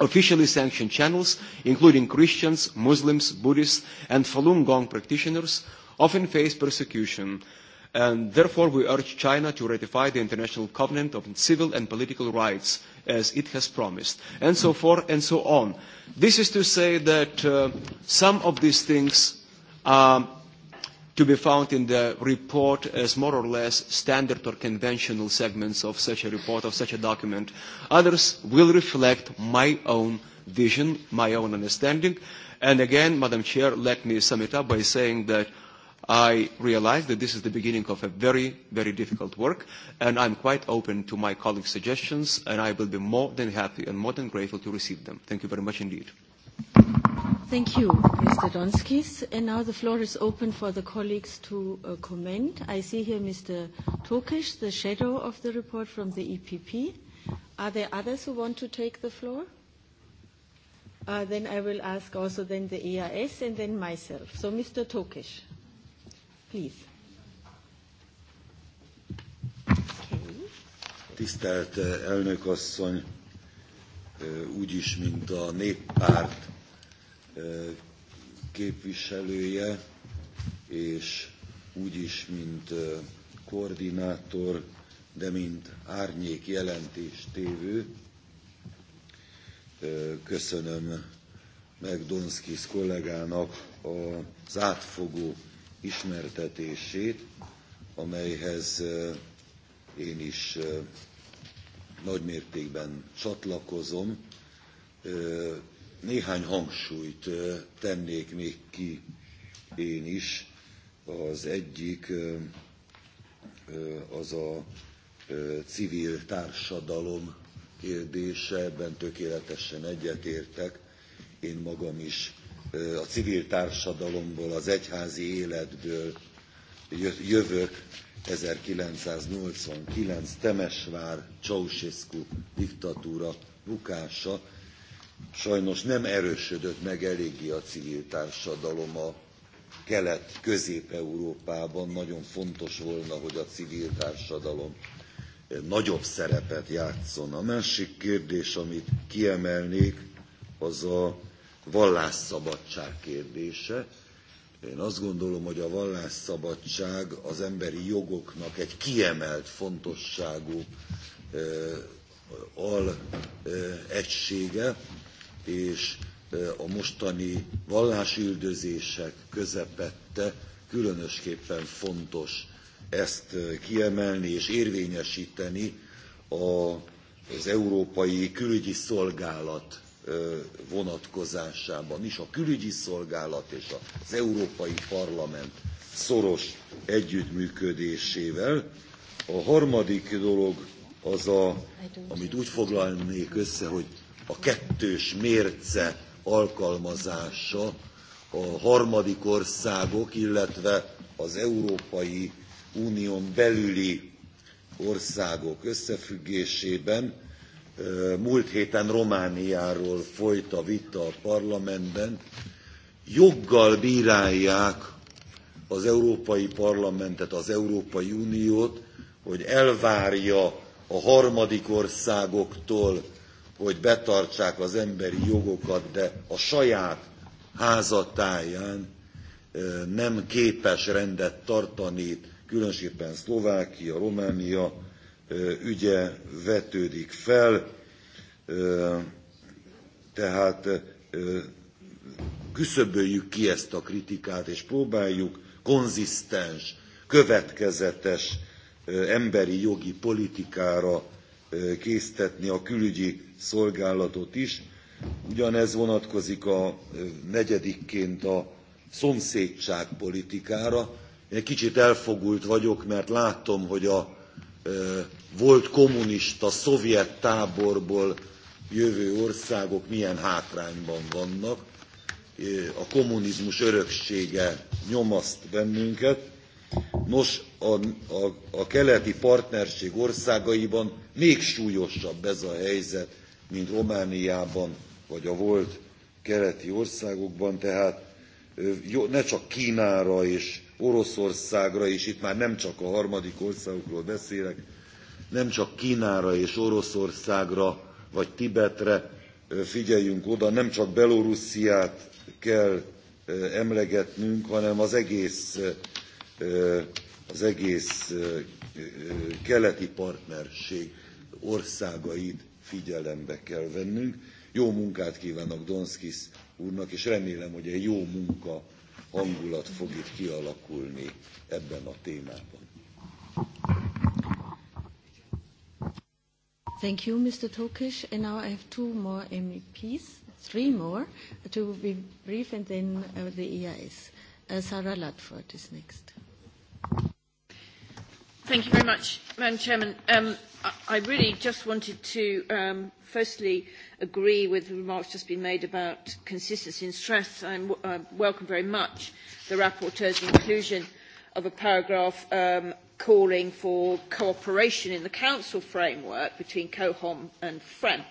officially sanctioned channels, including Christians, Muslims, Buddhists, and Falun Gong practitioners, often face persecution and therefore we urge China to ratify the International Covenant of Civil and Political Rights as it has promised, and so forth and so on. This is to say that uh, some of these things are to be found in the report as more or less standard or conventional segments of such a report, of such a document. Others will reflect my own vision, my own understanding. And again, Madam Chair, let me sum it up by saying that I realize that this is the beginning of a very, very difficult work, and I'm quite open to my colleagues' suggestions, and I will be more than happy and more than grateful to receive them. Thank you very much indeed. Thank you, Mr. Donskis. And now the floor is open for the colleagues to uh, comment. I see here Mr. Tokish, the shadow of the report from the EPP. Are there others who want to take the floor? Uh, then I will ask also then the EIS and then myself. So Mr. Tokish please. Tisztelt eh, elnök asszony, eh, úgyis, mint a néppárt eh, képviselője, és úgyis, mint koordinátor, de mint árnyék jelentéstévő, köszönöm meg Donskis kollégának az átfogó ismertetését, amelyhez én is nagy mértékben csatlakozom. Néhány hangsúlyt tennék még ki én is. Az egyik az a civil társadalom kérdése, ebben tökéletesen egyetértek. Én magam is a civil társadalomból, az egyházi életből jövök, 1989 Temesvár Ceausescu diktatúra bukása sajnos nem erősödött meg eléggé a civil társadalom a kelet-közép-európában. Nagyon fontos volna, hogy a civil társadalom nagyobb szerepet játszon. A másik kérdés, amit kiemelnék, az a vallásszabadság kérdése. Én azt gondolom, hogy a vallásszabadság az emberi jogoknak egy kiemelt fontosságú al egysége, és a mostani vallásüldözések közepette különösképpen fontos ezt kiemelni és érvényesíteni a, az Európai Külügyi Szolgálat vonatkozásában is a külügyi szolgálat és az Európai Parlament szoros együttműködésével. A harmadik dolog az, a, amit úgy foglalnék össze, hogy a kettős mérce alkalmazása a harmadik országok, illetve az Európai Unión belüli országok összefüggésében múlt héten Romániáról folyt a vita a parlamentben, joggal bírálják az Európai Parlamentet, az Európai Uniót, hogy elvárja a harmadik országoktól, hogy betartsák az emberi jogokat, de a saját házatáján nem képes rendet tartani, különösképpen Szlovákia, Románia, ügye vetődik fel, tehát küszöböljük ki ezt a kritikát, és próbáljuk konzisztens, következetes emberi jogi politikára késztetni a külügyi szolgálatot is. Ugyanez vonatkozik a negyedikként a szomszédságpolitikára. Én kicsit elfogult vagyok, mert látom, hogy a volt kommunista szovjet táborból jövő országok milyen hátrányban vannak. A kommunizmus öröksége nyomaszt bennünket. Nos, a, a, a keleti partnerség országaiban még súlyosabb ez a helyzet, mint Romániában vagy a volt keleti országokban, tehát ne csak Kínára és Oroszországra, és itt már nem csak a harmadik országokról beszélek, nem csak Kínára és Oroszországra, vagy Tibetre figyeljünk oda, nem csak Belorussziát kell emlegetnünk, hanem az egész, az egész keleti partnerség országait figyelembe kell vennünk. Jó munkát kívánok Donskis úrnak, és remélem, hogy egy jó munka hangulat fog itt kialakulni ebben a témában. Thank you, Mr. Tokish. And now I have two more MEPs, three more, to be brief, and then uh, the EIS. Uh, Sarah Ludford is next. Thank you very much, Madam Chairman. Um, I, I really just wanted to um, firstly uh, agree with the remarks just been made about consistency and stress. I'm, I welcome very much the rapporteur's inclusion of a paragraph um, calling for cooperation in the council framework between COHOM and FREM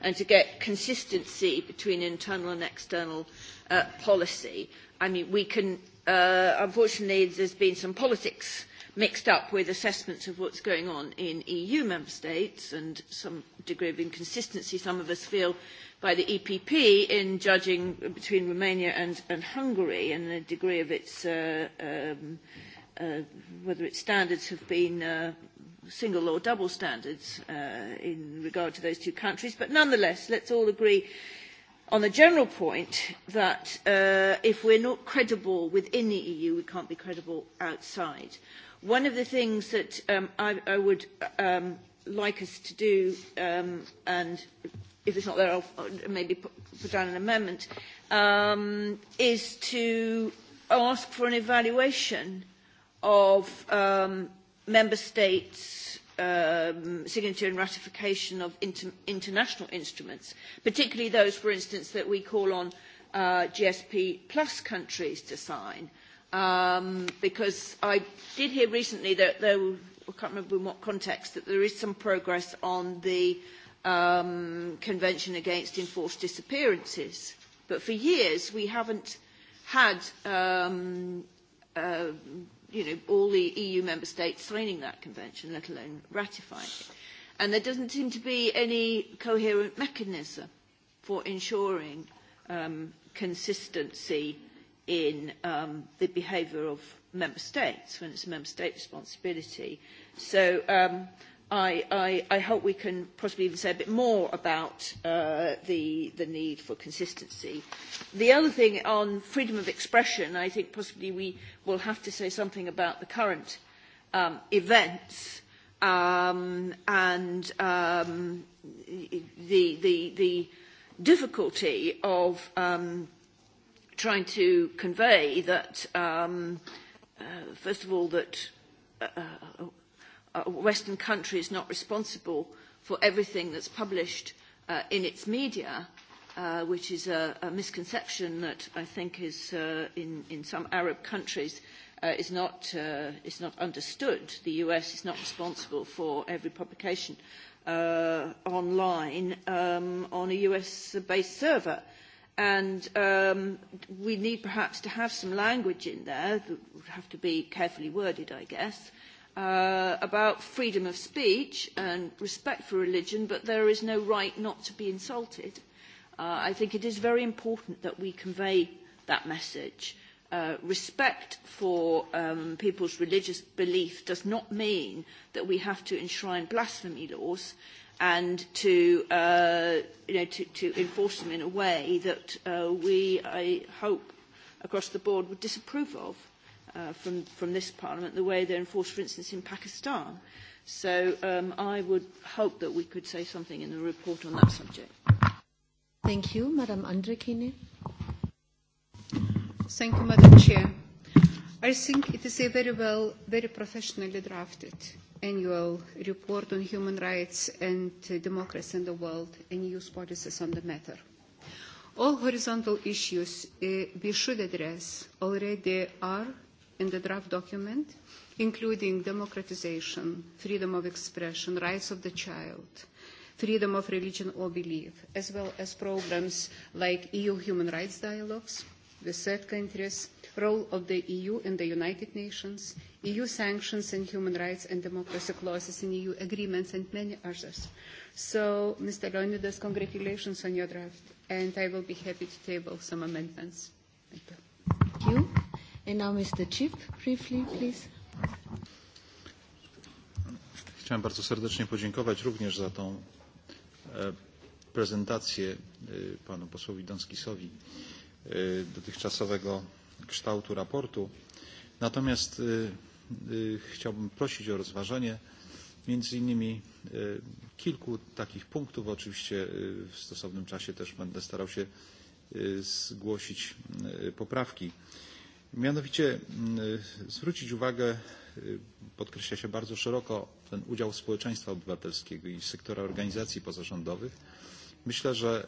and to get consistency between internal and external uh, policy. I mean, we can, uh, unfortunately, there's been some politics mixed up with assessments of what's going on in EU member states and some degree of inconsistency some of us feel by the EPP in judging between Romania and, and Hungary and the degree of its, uh, um, uh, whether its standards have been uh, single or double standards uh, in regard to those two countries. But nonetheless, let's all agree on the general point that uh, if we're not credible within the EU, we can't be credible outside. One of the things that um, I, I would um, like us to do, um, and if it's not there, I'll, I'll maybe put, put down an amendment, um, is to ask for an evaluation of um, member states' um, signature and ratification of inter international instruments, particularly those, for instance, that we call on uh, GSP plus countries to sign um, because I did hear recently that though I can't remember in what context that there is some progress on the um, Convention Against Enforced Disappearances, but for years we haven't had um, uh, you know all the EU member states signing that convention, let alone ratifying it, and there doesn't seem to be any coherent mechanism for ensuring um, consistency in um, the behaviour of member states when it's a member state responsibility. So um, I, I, I hope we can possibly even say a bit more about uh, the, the need for consistency. The other thing on freedom of expression, I think possibly we will have to say something about the current um, events um, and um, the, the, the difficulty of um, – trying to convey that, um, uh, first of all, that uh, uh, a Western country is not responsible for everything that's published uh, in its media, uh, which is a, a misconception that I think is uh, in, in some Arab countries uh, is, not, uh, is not understood. The US is not responsible for every publication uh, online um, on a US-based server. Uh, And um, we need perhaps to have some language in there that would have to be carefully worded, I guess, uh, about freedom of speech and respect for religion, but there is no right not to be insulted. Uh, I think it is very important that we convey that message. Uh, respect for um, people's religious belief does not mean that we have to enshrine blasphemy laws. Uh, and to, uh, you know, to, to enforce them in a way that uh, we, I hope, across the board would disapprove of uh, from, from this Parliament, the way they're enforced, for instance, in Pakistan. So um, I would hope that we could say something in the report on that subject. Thank you. Madam Andrekine. Thank you, Madam Chair. I think it is a very well, very professionally drafted annual report on human rights and democracy in the world and EU's policies on the matter. All horizontal issues uh, we should address already are in the draft document, including democratization, freedom of expression, rights of the child, freedom of religion or belief, as well as programs like EU human rights dialogues with third countries, role of the EU in the United Nations, EU sanctions and human rights and democracy clauses in EU agreements, and many others. So, Mr. Leonidas, congratulations on your draft, and I will be happy to table some amendments. Thank you. Thank you. And now Mr. Chip, briefly, please. Chciałem bardzo serdecznie podziękować również za tą e, prezentację e, panu posłowi Donskisowi e, dotychczasowego kształtu raportu. Natomiast chciałbym prosić o rozważenie między innymi kilku takich punktów. Oczywiście w stosownym czasie też będę starał się zgłosić poprawki. Mianowicie zwrócić uwagę, podkreśla się bardzo szeroko ten udział społeczeństwa obywatelskiego i sektora organizacji pozarządowych Myślę, że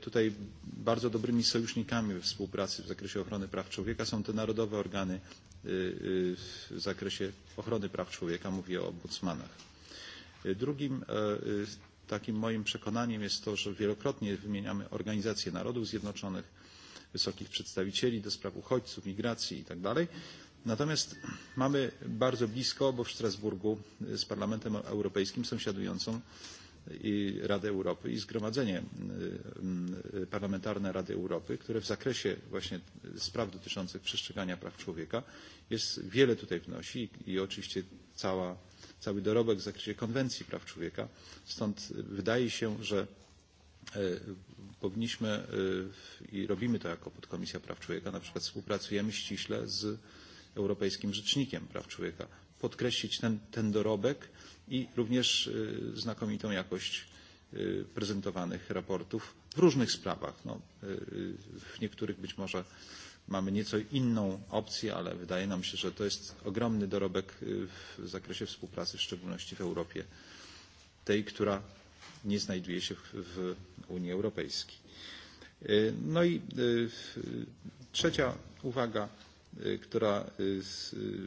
tutaj bardzo dobrymi sojusznikami we współpracy w zakresie ochrony praw człowieka są te narodowe organy w zakresie ochrony praw człowieka, mówię o ombudsmanach. Drugim e, takim moim przekonaniem jest to, że wielokrotnie wymieniamy Organizację Narodów Zjednoczonych, wysokich przedstawicieli do spraw uchodźców, migracji itd. Natomiast mamy bardzo blisko, bo w Strasburgu z Parlamentem Europejskim sąsiadującą i Rady Europy i Zgromadzenie Parlamentarne Rady Europy, które w zakresie właśnie spraw dotyczących przestrzegania praw człowieka jest wiele tutaj wnosi i, i oczywiście cała, cały dorobek w zakresie konwencji praw człowieka. Stąd wydaje się, że e, powinniśmy e, i robimy to jako podkomisja praw człowieka, na przykład współpracujemy ściśle z Europejskim Rzecznikiem Praw Człowieka, podkreślić ten, ten dorobek i również e, znakomitą jakość e, prezentowanych raportów w różnych sprawach. No, e, w niektórych być może mamy nieco inną opcję, ale wydaje nam się, że to jest ogromny dorobek w zakresie współpracy, w szczególności w Europie, tej, która nie znajduje się w Unii Europejskiej. No i trzecia uwaga, która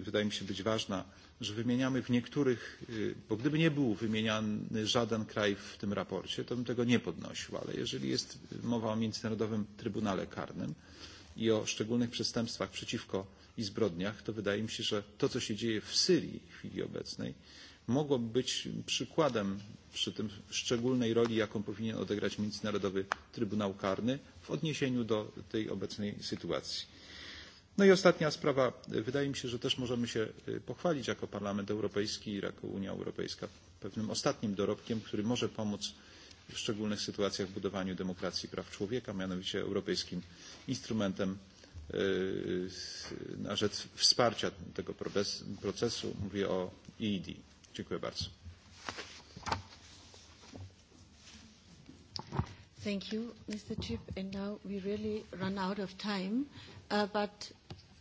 wydaje mi się być ważna, że wymieniamy w niektórych, bo gdyby nie był wymieniany żaden kraj w tym raporcie, to bym tego nie podnosił, ale jeżeli jest mowa o Międzynarodowym Trybunale Karnym i o szczególnych przestępstwach przeciwko i zbrodniach, to wydaje mi się, że to, co się dzieje w Syrii w chwili obecnej, mogłoby być przykładem przy tym szczególnej roli, jaką powinien odegrać Międzynarodowy Trybunał Karny w odniesieniu do tej obecnej sytuacji. No i ostatnia sprawa. Wydaje mi się, że też możemy się pochwalić jako Parlament Europejski i jako Unia Europejska pewnym ostatnim dorobkiem, który może pomóc w szczególnych sytuacjach w budowaniu demokracji i praw człowieka, mianowicie europejskim instrumentem na rzecz wsparcia tego procesu. Mówię o EED. Dziękuję bardzo. Thank you, Mr. Chip. And now we really run out of time, uh, but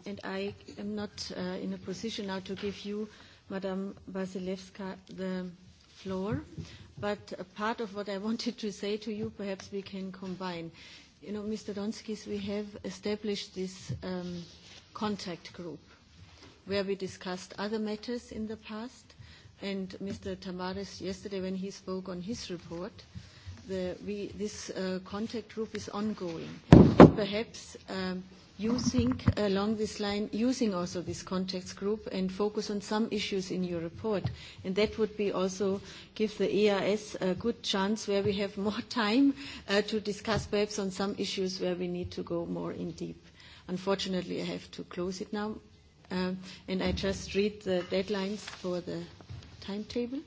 and I am not uh, in a position now to give you, Madam Wasilewska, the floor, but a part of what I wanted to say to you, perhaps we can combine. You know, Mr. Donskis, we have established this um, contact group where we discussed other matters in the past, and Mr. Tamaris, yesterday when he spoke on his report, the, we, this uh, contact group is ongoing perhaps um, you think along this line, using also this context group and focus on some issues in your report. And that would be also give the EIS a good chance where we have more time uh, to discuss perhaps on some issues where we need to go more in deep. Unfortunately, I have to close it now. Um, and I just read the deadlines for the timetable.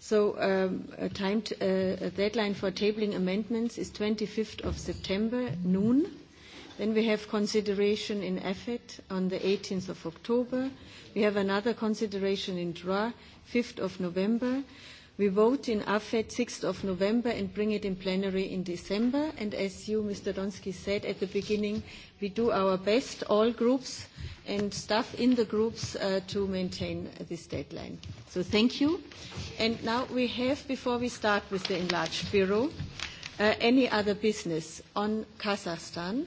So um, a time t- uh, a deadline for tabling amendments is 25th of September, noon. Then we have consideration in AFET on the 18th of October. We have another consideration in DRA, 5th of November. We vote in AFET 6th of November and bring it in plenary in December. And as you, Mr. Donsky, said at the beginning, we do our best, all groups and staff in the groups, uh, to maintain this deadline. So thank you. And now we have, before we start with the enlarged bureau, uh, any other business on Kazakhstan.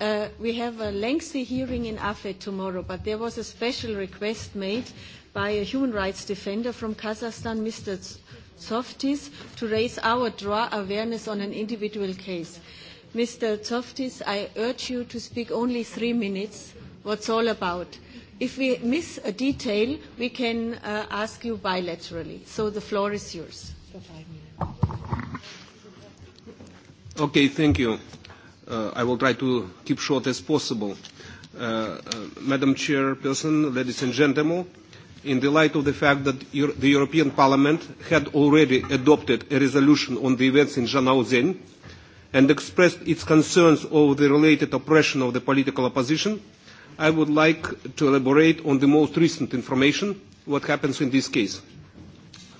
Uh, we have a lengthy hearing in AFET tomorrow, but there was a special request made by a human rights defender from Kazakhstan, Mr. Tsoftis, to raise our draw awareness on an individual case. Mr. Tsoftis, I urge you to speak only three minutes, what's all about. If we miss a detail, we can uh, ask you bilaterally. So the floor is yours. Okay, thank you. Uh, I will try to keep short as possible. Uh, uh, Madam Chairperson, ladies and gentlemen, in the light of the fact that the European Parliament had already adopted a resolution on the events in Zhanaozen and expressed its concerns over the related oppression of the political opposition, I would like to elaborate on the most recent information, what happens in this case.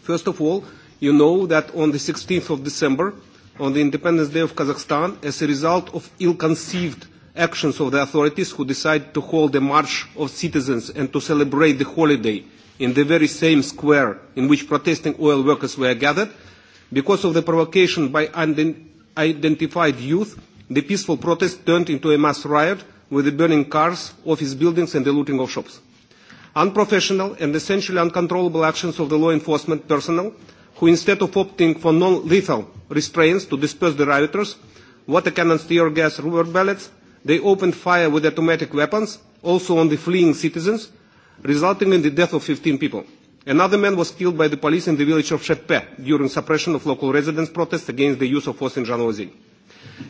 First of all, you know that on the 16th of December, on the Independence Day of Kazakhstan, as a result of ill-conceived actions of the authorities who decide to hold a march of citizens and to celebrate the holiday in the very same square in which protesting oil workers were gathered. Because of the provocation by unidentified youth, the peaceful protest turned into a mass riot with the burning cars, office buildings and the looting of shops. Unprofessional and essentially uncontrollable actions of the law enforcement personnel, who instead of opting for non-lethal restraints to disperse the rioters, water cannons, tear gas, rubber bullets, They opened fire with automatic weapons, also on the fleeing citizens, resulting in the death of 15 people. Another man was killed by the police in the village of Sheppe during suppression of local residents' protests against the use of force in Zhanozhi.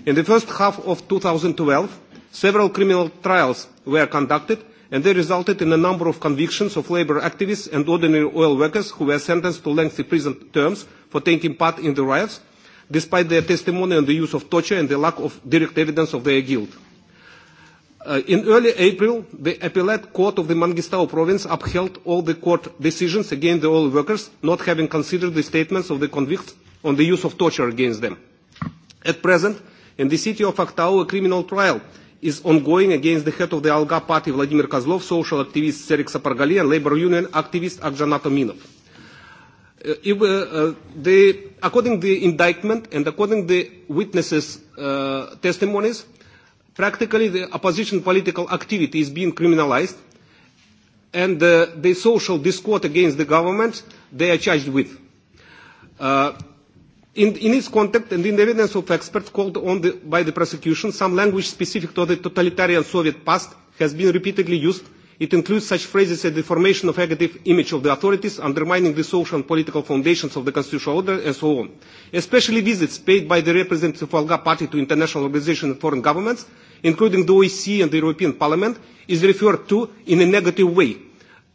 In the first half of 2012, several criminal trials were conducted and they resulted in a number of convictions of labor activists and ordinary oil workers who were sentenced to lengthy prison terms for taking part in the riots, despite their testimony on the use of torture and the lack of direct evidence of their guilt. Uh, in early April, the appellate court of the Mangistau province upheld all the court decisions against the oil workers, not having considered the statements of the convicts on the use of torture against them. At present, in the city of Aktau, a criminal trial is ongoing against the head of the Alga party, Vladimir Kozlov, social activist Serik Sapargali, and labor union activist Akjan Atominov. Uh, if, uh, uh, the, according to the indictment and according to the witnesses' uh, testimonies, Practically, the opposition political activity is being criminalized, and uh, the social discord against the government they are charged with. Uh, in, in this context, and in the evidence of experts called on the, by the prosecution, some language specific to the totalitarian Soviet past has been repeatedly used. It includes such phrases as the formation of negative image of the authorities, undermining the social and political foundations of the constitutional order, and so on. Especially visits paid by the representatives of the Volga Party to international organizations and foreign governments including the OEC and the European Parliament, is referred to in a negative way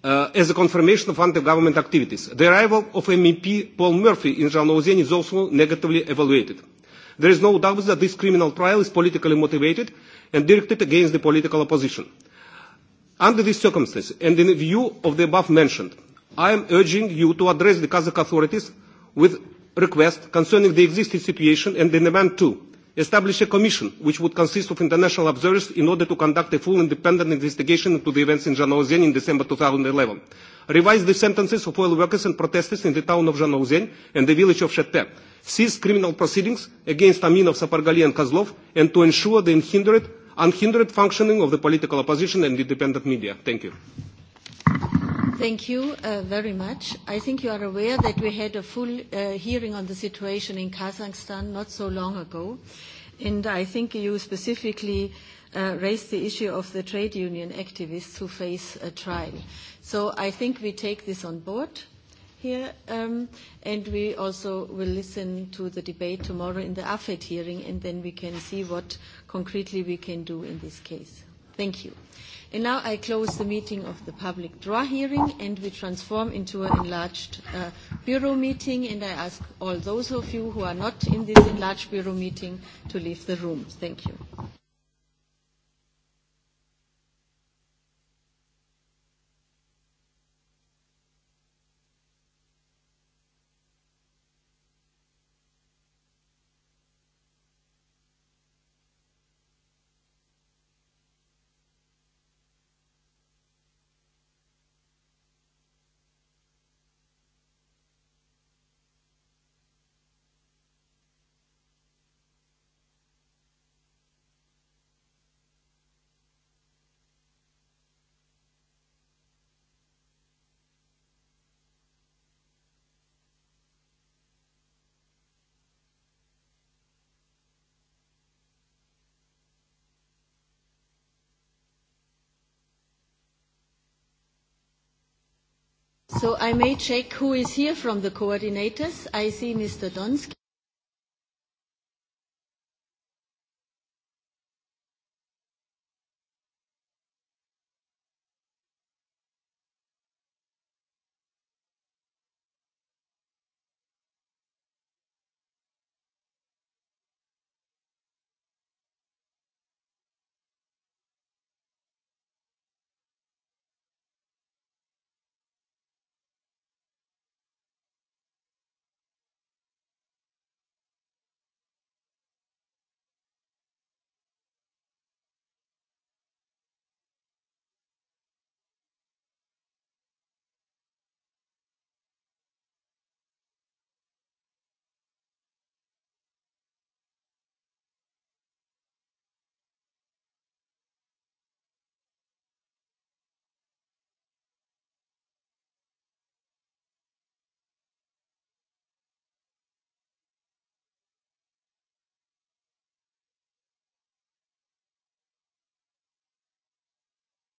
uh, as a confirmation of anti-government activities. The arrival of MEP Paul Murphy in Zhanaozen is also negatively evaluated. There is no doubt that this criminal trial is politically motivated and directed against the political opposition. Under these circumstances, and in view of the above mentioned, I am urging you to address the Kazakh authorities with request concerning the existing situation and the demand too establish a commission which would consist of international observers in order to conduct a full independent investigation into the events in Zhanaozen in December 2011, revise the sentences of oil workers and protesters in the town of Zhanaozen and the village of Shete, cease criminal proceedings against Aminov, Sapargali and Kozlov, and to ensure the unhindered, unhindered functioning of the political opposition and independent media. Thank you. Thank you uh, very much. I think you are aware that we had a full uh, hearing on the situation in Kazakhstan not so long ago, and I think you specifically uh, raised the issue of the trade union activists who face a trial. So I think we take this on board here, um, and we also will listen to the debate tomorrow in the AFET hearing, and then we can see what concretely we can do in this case. Thank you. And now I close the meeting of the public draw hearing and we transform into an enlarged uh, bureau meeting and I ask all those of you who are not in this enlarged bureau meeting to leave the room. Thank you. So I may check who is here from the coordinators. I see Mr. Donski.